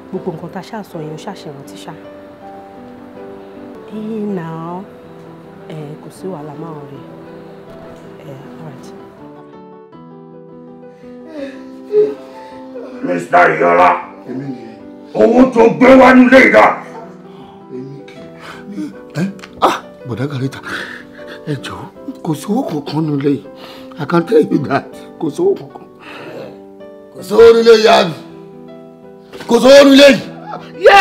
gbogbo nǹkan tá a ṣáà sọ yẹn ṣáà ṣèrántí ṣáà ẹ̀yìn náà kò sí wàhálà máa rè é alright. Mr. Yola owó tó gbé wá nílé ìdá. bọ̀dá Garita ẹ jọ kò sówó kankan nù lẹ́yìn I can tell you that kò sówó kankan. kò sówó nílé ìyá mi kò sówó nílé yìí. yẹ.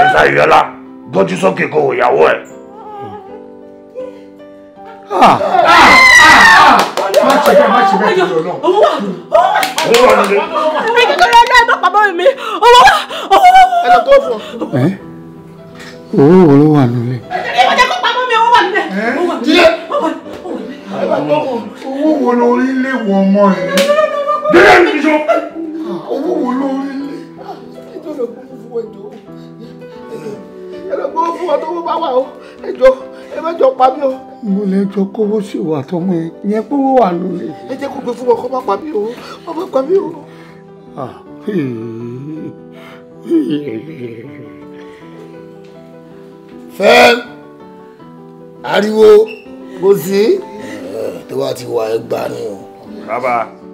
ẹ ṣàyẹ̀lá gbójú sókè kó o ìyàwó ẹ. Ah! Ah! Máṣe bẹ́ẹ̀ máṣe bẹ́ẹ̀ kí lọ náà. Owó wà. Owó wà nílé. Ẹ̀yin kọ́lá ẹ̀dá ẹ̀ bá pàmò mi. Owó wà. Owó wà. Ẹ lọ tó fún ọ owó wo ló wà nílẹ̀. ẹ wọ́n jẹ́ kó pamọ́ mi owó wà nílẹ̀. jílẹ̀ owó wo ló rí lè wọ ọmọ rẹ̀ bẹ́ẹ̀ ni sọ owó wo ló rí lè. ẹlẹgbẹ́ fún ọ tó wọ́n bá wà ó ẹjọ́ ẹ má jọ pa mí o. mo lè jọ kówó sí wa tọmọ ẹ yẹn pé ó wà lórí. ẹ jẹ́ kó gbé fún wọn kó má pa mí o má pa mí o. Ah, fẹ́ ariwo kò sí tó bá ti wà ẹ gbà ni o. bàbá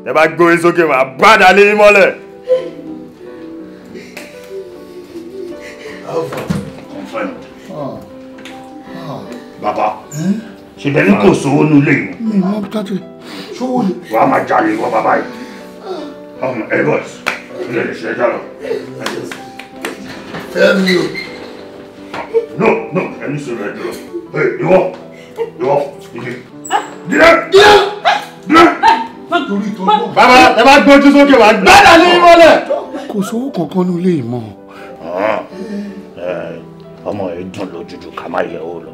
ẹ bá gbórí sókè máa bá dalé mọ́lẹ̀. bàbá ṣèbẹ̀ ní kò sówó nù lè mú. mi mọ bí tàbí. sówó ni. wàá máa jalè wọ bàbá yìí. ọmọ ẹ bọ̀ ẹ lè ṣe é jà lọ. o. No, no, ẹni sọ̀rọ̀ ẹ̀jọ̀. Hey, ìwọ, ìwọ, ìdí. Dídá! Dídá! Dídá! Bàbá ẹ bá gbójú sókè wá gbé. Bẹ́ẹ̀ ni mo lẹ̀. Kò sówó kankan ní ilé ìmọ̀. Ah, ọmọ ẹ dùn lójújú ká má yẹ ó lọ.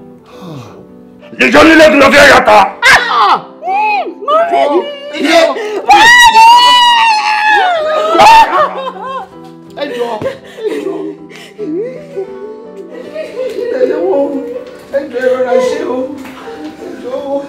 Níjọ́ nílé kí ló fi ẹ̀yà ta. Ẹ jọ, ẹ jọ ẹ̀yẹ́wò ẹ̀jọ̀ ìrora ṣe o ẹ̀jọ̀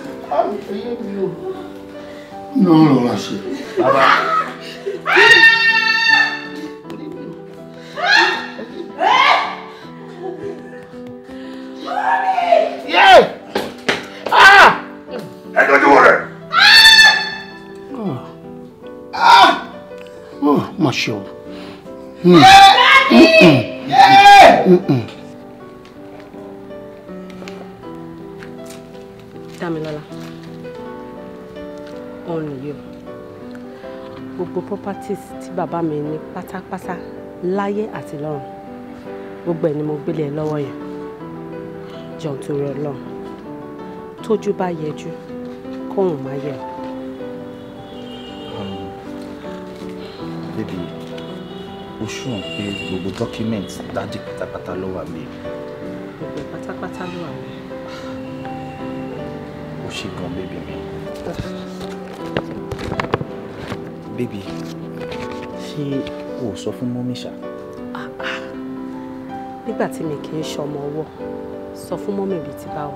Mm -mm. Yeah. Mm -mm. properties tí bàbá mi ní pátápátá láyé àti lọ́run gbogbo ẹ̀ ni mo gbélé ẹ lọ́wọ́ yẹn jọ̀ọ́ torí ọlọ́run tójú bá yẹjú kóun má yẹ. Um, bébì ó ṣùn pé gbogbo document dájú pátápátá ló wà mí. gbogbo pátápátá ló wà mí. ó ṣe gan bébì mi. Mm-hmm. bébì ṣé o ò sọ fún mọ́mí ṣá. Ah, ah. nígbà tí mi kì í ṣọmọ ọwọ́ sọ fún mọ́mí bíi ti báwo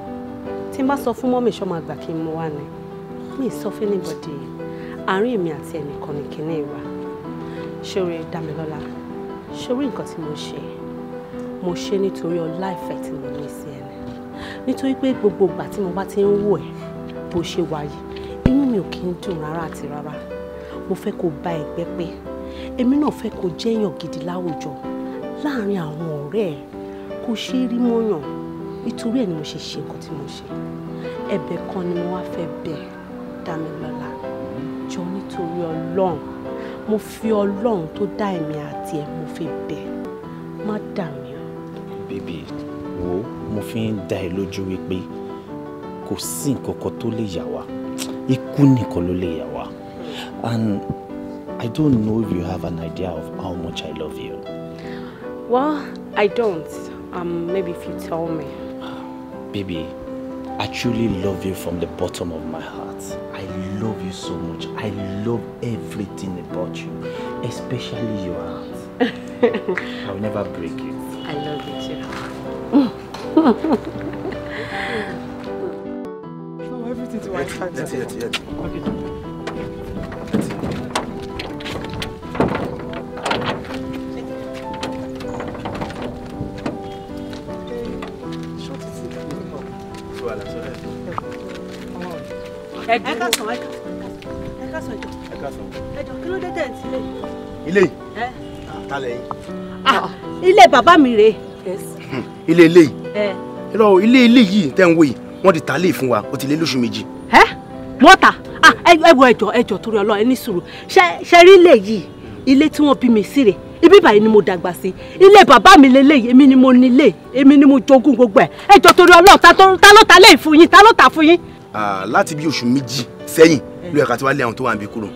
tí n bá sọ fún mọ́mí ṣọmọ àgbà kí n mú wá ni mi sọ fún anybody àárín èmi àti ẹnìkan ní kíní ìwà ṣeré dámilọ́lá ṣeré nǹkan tí mo ṣe mo ṣe nítorí ọlá ìfẹ́ tí mo ní sí ẹni nítorí pé gbogbo ìgbà tí mo bá ti ń wò ẹ́ bó ṣe wáyé inú mi ò kí ń dùn rárá àti rárá mo fẹ́ kó bá ẹgbẹ́ pé èmi náà fẹ́ kó jẹ́yàn gidi láwùjọ láàrin àwọn ọ̀rẹ́ ẹ̀ kó ṣe é rí mọ́yàn nítorí ẹ̀ ni mo ṣe ṣe nǹkan tí mo ṣe ẹ̀bẹ̀ kan ni mo wá fẹ́ bẹ̀ Dámilọ́lá jọ nítorí Ọlọ́run mo fi Ọlọ́run tó dá èmi àti ẹ̀ mo fi bẹ̀ má dà mí o. bèbè wo mo fi ń dá ẹ lójú wípé kò sí nǹkan kan tó lè yà wá ikú nìkan ló lè yà wá I don't know if you have an idea of how much I love you. Well, I don't. Um, maybe if you tell me. Baby, I truly love you from the bottom of my heart. I love you so much. I love everything about you, especially your heart. I'll never break it. I love you too. Show everything to my family. Yes, yes, yes. Okay. kalẹ̀ yìí. Ah, ah. ilé bàbá mi rèé. Hmm, ilé ilé yìí irọ́ ilé ilé yìí tẹ́ ń wò yìí wọ́n ti ta lé fún wa ó ti lé lóṣù méjì. ẹ wọ́n ta ah, ẹwọ ẹjọ ẹjọ torí Ọlọ́run ẹni sùúrù ṣe rí ilé yìí ilé tí wọ́n bí mi sí rèé ibi báyìí ni mo dàgbà sí ilé bàbá mi lélẹ́yìí èmi ni mo nílé èmi ni mo jogún gbogbo ẹ̀ ẹjọ torí Ọlọ́run ta ló ta lé fún yín ta ló ta fún yín. láti bí oṣù méjì sẹ́yìn ló yẹ ká ti wá lé àwọn tó wà níbi kúrò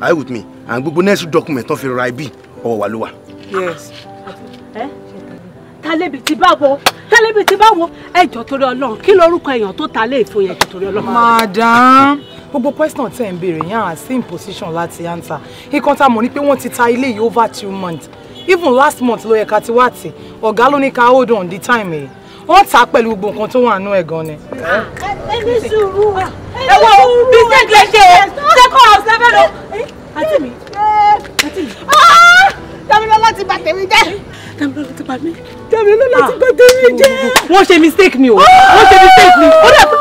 are you with me and gbogbo next document tán fi ra ibi ọwọ́ wa ló wà. tálẹ́bì ti bá wọ tálẹ́bì ti bá wọ ẹjọ́ torí ọlọ́run kí lorúkọ èèyàn tó ta ìfún yẹn ẹjọ́ torí ọlọ́run. madam gbogbo question tẹ̀ ń béèrè yẹn à sí in position láti answer ikan tá a mọ̀ ni pé wọ́n ti ta ilé yìí over two months even last month ló yẹ ká ti wá tì ọ̀gá ló ní ká hold on the time yìí wọ́n tà á pẹ̀lú gbogbo nǹkan tó wà nú ẹ̀ gan ni. ẹni sùúrù ẹni sùúrù ẹ wo bí ṣe lè ṣe second of seven o Dámilọ́lá ti bà tèmi jẹ́. Dámilọ́lá ti bà mí. Dámilọ́lá ti bà tèmi jẹ́. Wọ́n ṣe mistake ni o. Wọ́n ṣe mistake ni. Ó dàbí.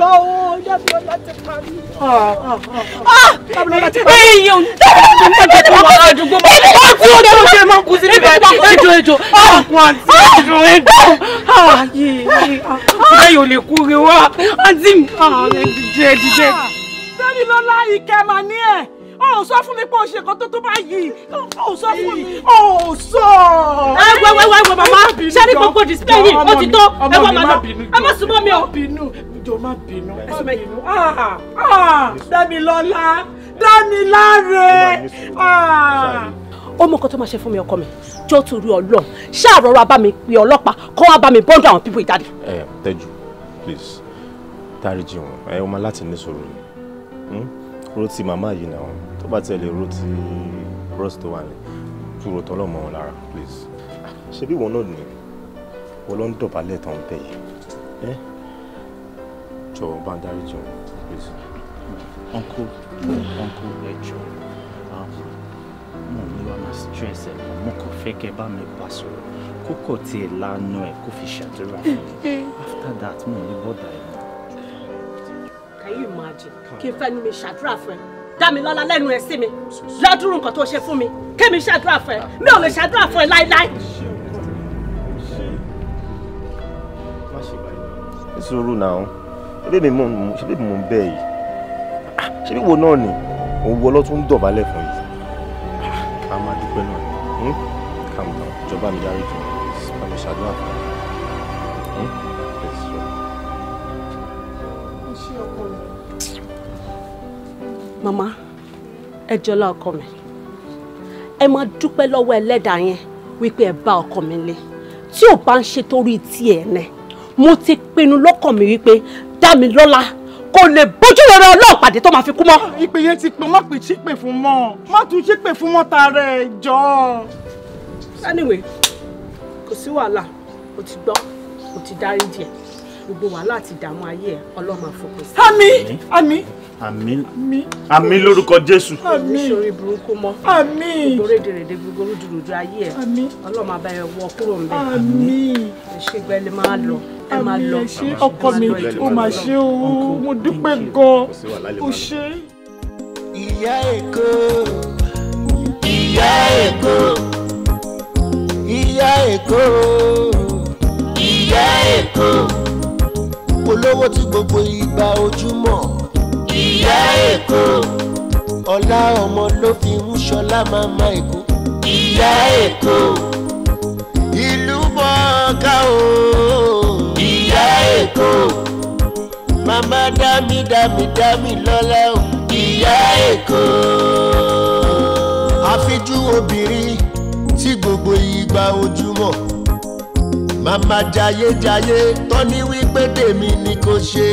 Lọ́wọ́ Dámilọ́lá ti bà mí. Dámilọ́lá ti bà mí. Ẹyin o. Dámilọ́lá ti bà mí. Àdúgbò máa ń kú. Ó ti ó ṣe máa ń kú sí níbẹ̀. Ẹjọ́ ẹjọ́. Àkùn àti ẹjọ́ ẹjọ́. Ayé ayé ò lè kúre wá. Àǹtí mi. Díjẹ́ díjẹ́. Dámilọ́lá ìkẹ́ màá ní ẹ̀ ò sọ fún mi pé o ṣe nǹkan tó tó báyìí ò sọ fún mi ò sọ. ẹ wẹ wẹ wẹ wẹ màmá ṣe ní gbogbo display yìí ó ti tó ẹ wọ màmá ẹ má sùn mọ́ mi o. bínú jọ má bínú má bínú ah, ah. Dámilọ́lá Dámiláre. Ah. ó mọ nǹkan tó máa ṣe fún mi ọkọ mi jọ torí Ọlọ́run ṣáà rọra bá mi pe ọlọ́pàá kó wá bá mi bọ́ńdọ̀ àwọn pípọ̀ ìjáde. ẹ Tẹ́jú please dáríjì wọn ẹ ọmọ láti ní sùúrù ni. Hmm? ro ti màmá yìí náà tó bá tiẹ̀ lè ro ti bros tó wà ní dúró tọ́lọ̀ lára please ṣé bí wọn náà ní wọn ló ń dọ̀bálẹ̀ tán bẹ́ẹ̀ yìí ẹ jọ̀wọ́ bá ń dárí jẹun please. uncle uncle ẹ jọ ah, mo ní wàá máa stress ẹ mo kàn fẹ́ kẹ́ bá mi bá sọ̀rọ̀ kókò tí ì lánàá ẹ kó fi ṣàdúrà fún mi after that mo ní bọ́dà ẹ. Can you imagine? kí n fẹ́ ni mi ṣàdúrà fún ẹ Dámilọ́lá lẹ́nu ẹ sí mi lọ́dúnrún nǹkan tó ṣe fún mi kí mi ṣàdúrà fún ẹ mi ò lè ṣàdúrà fún ẹ láéláé. sùúrù náà ṣebí mi mò ń bẹ̀ yìí ah, ṣebí wo náà ni òun wo ọlọ́tún dọ̀bálẹ̀ fún yìí ah, ká má dúpẹ́ náà hmm? calm down ìjọba mi dárí jù bá mi ṣàdúrà fún mi. màmá ẹ jọlá ọkọ mi ẹ máa dúpẹ́ lọ́wọ́ ẹlẹ́dàá yẹn wípé ẹ bá ọkọ mi lé tí ò bá ń ṣe torí tiẹ̀ nẹ mo ti pinnu lọ́kàn mi wípé dá mi lọ́lá kò lè bójú rere ọlọ́ọ̀pàdé tó máa fi kú mọ́. ìpè yẹn ti pè mọ́pì ṣípè fún mọ́ má tún ṣípè fún mọ́ ta rẹ̀ jọ. anyway kò sí wàhálà o ti gbọ́ o ti dárí díẹ̀ gbogbo wàhálà àti ìdààmú ayé ẹ ọlọ́run àfọkùn Ami, ami. àmín àmín àmín lórúkọ jésù. àmín ìṣòro burúkú mọ. àmín gbogbo rèdèrèdè gbogbo rúdurùdu ayé ẹ. àmín ọlọ́run máa bá ẹ wọ kúrò ńbẹ. àmín ẹṣẹgbẹ lè máa lọ ẹ máa lọ. àmín ẹṣẹ ọkọ mi ó máa ṣe o mo dúpẹ́ gan-an ó ṣe. ìyá èkó ìyá èkó ìyá èkó ìyá èkó olówó tí gbogbo ìgbà ojúmọ́ ọlá ọmọ ló fi ń ṣọlá màmá èkó. ìyá èkó. ìlú mọ̀ọ́ká o. ìyá èkó. màmá dámi dámi dámi lọ́lá o. ìyá èkó. àfijú obìnrin tí gbogbo ìgbà ojúmọ́ màmá jayéjayé tọ́ni wípé tèmi ni kò ṣe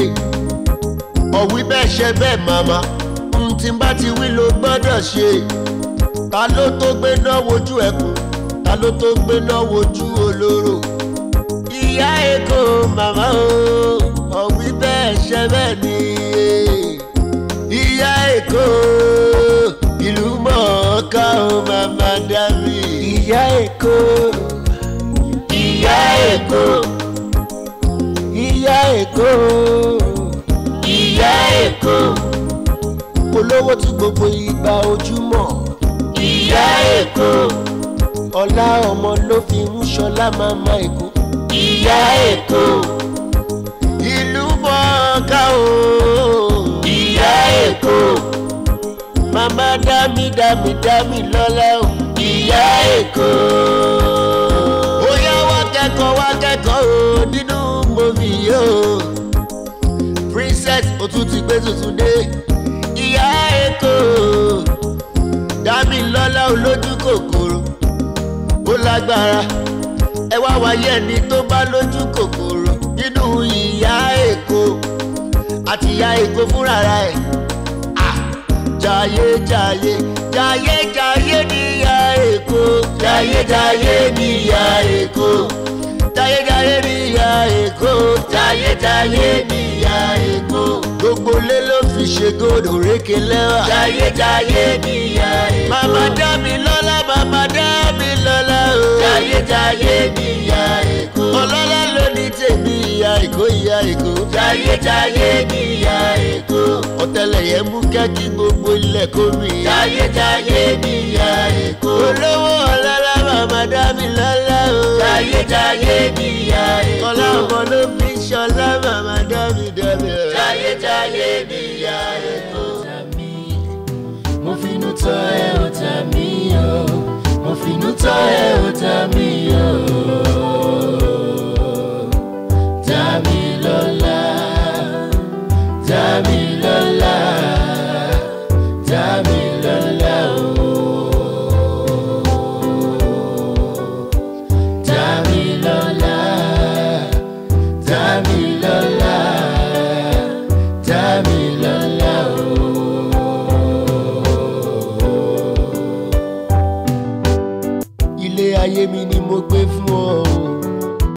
ọ̀wí bẹ́ẹ̀ ṣe bẹ́ẹ̀ màmá tí n bá ti wí ló gbọ́dọ̀ ṣe ta ló tó gbé náà wojú ẹkùn ta ló tó gbé náà wojú olóró ìyá èkó màmá o ọ̀wí bẹ́ẹ̀ ṣe bẹ́ẹ̀ ni ìyá èkó ìlú mọ̀ọ́ká o màmá dábì ìyá èkó ìyá èkó ìyá èkó ìyá èkó olówó tún gbogbo ìgbà ojúmọ́. ìyá èkó. ọlá ọmọ ló fi ń ṣọlá màmá èkó. ìyá èkó. ìlú mọ̀ọ́ká o. ìyá èkó. màmá dámì dámì dámì lọ́lá o. ìyá èkó. ó wá kẹ́kọ̀ọ́ wá kẹ́kọ̀ọ́ o nínú mọ́mí yìí o. princess òtún ti gbé tuntun dé tó dámilọ́lá olójú kòkòrò ó lágbára ẹ wá wáyé ẹni tó bá lójú kòkòrò nínú ìyá èkó àti ìyá èkó fúnra ẹ̀ jayé jayé jayé jayé níyà èkó jayé jayé níyà èkó jayé jayé níyà èkó jayé jayé níyà èkó gbogbo lé ló fi ṣe gòdò rékè lẹ́wà. jayéjayé nìyá èkó. màmá dá mi lọ́lá màmá dá mi lọ́lá o. jayéjayé nìyá èkó. ọlọ́lá ló ní tèmi ìyá èkó ìyá èkó. jayéjayé nìyá èkó. ọ̀tẹlẹ̀yẹ mú kẹ́kí gbogbo ilẹ̀ kó mi. jayéjayé nìyá èkó. olówó ọlọ́lá bàbá dá mi lọ́lá o. Jayéjayé níyà èkó. Ọlá ọmọ ló fi ṣọlá bàbá dá mi dá mi o. Jayéjayé níyà èkó. Mo finú tọ́ ẹ ò tà mí Mo finú tọ́ ẹ ò tà mí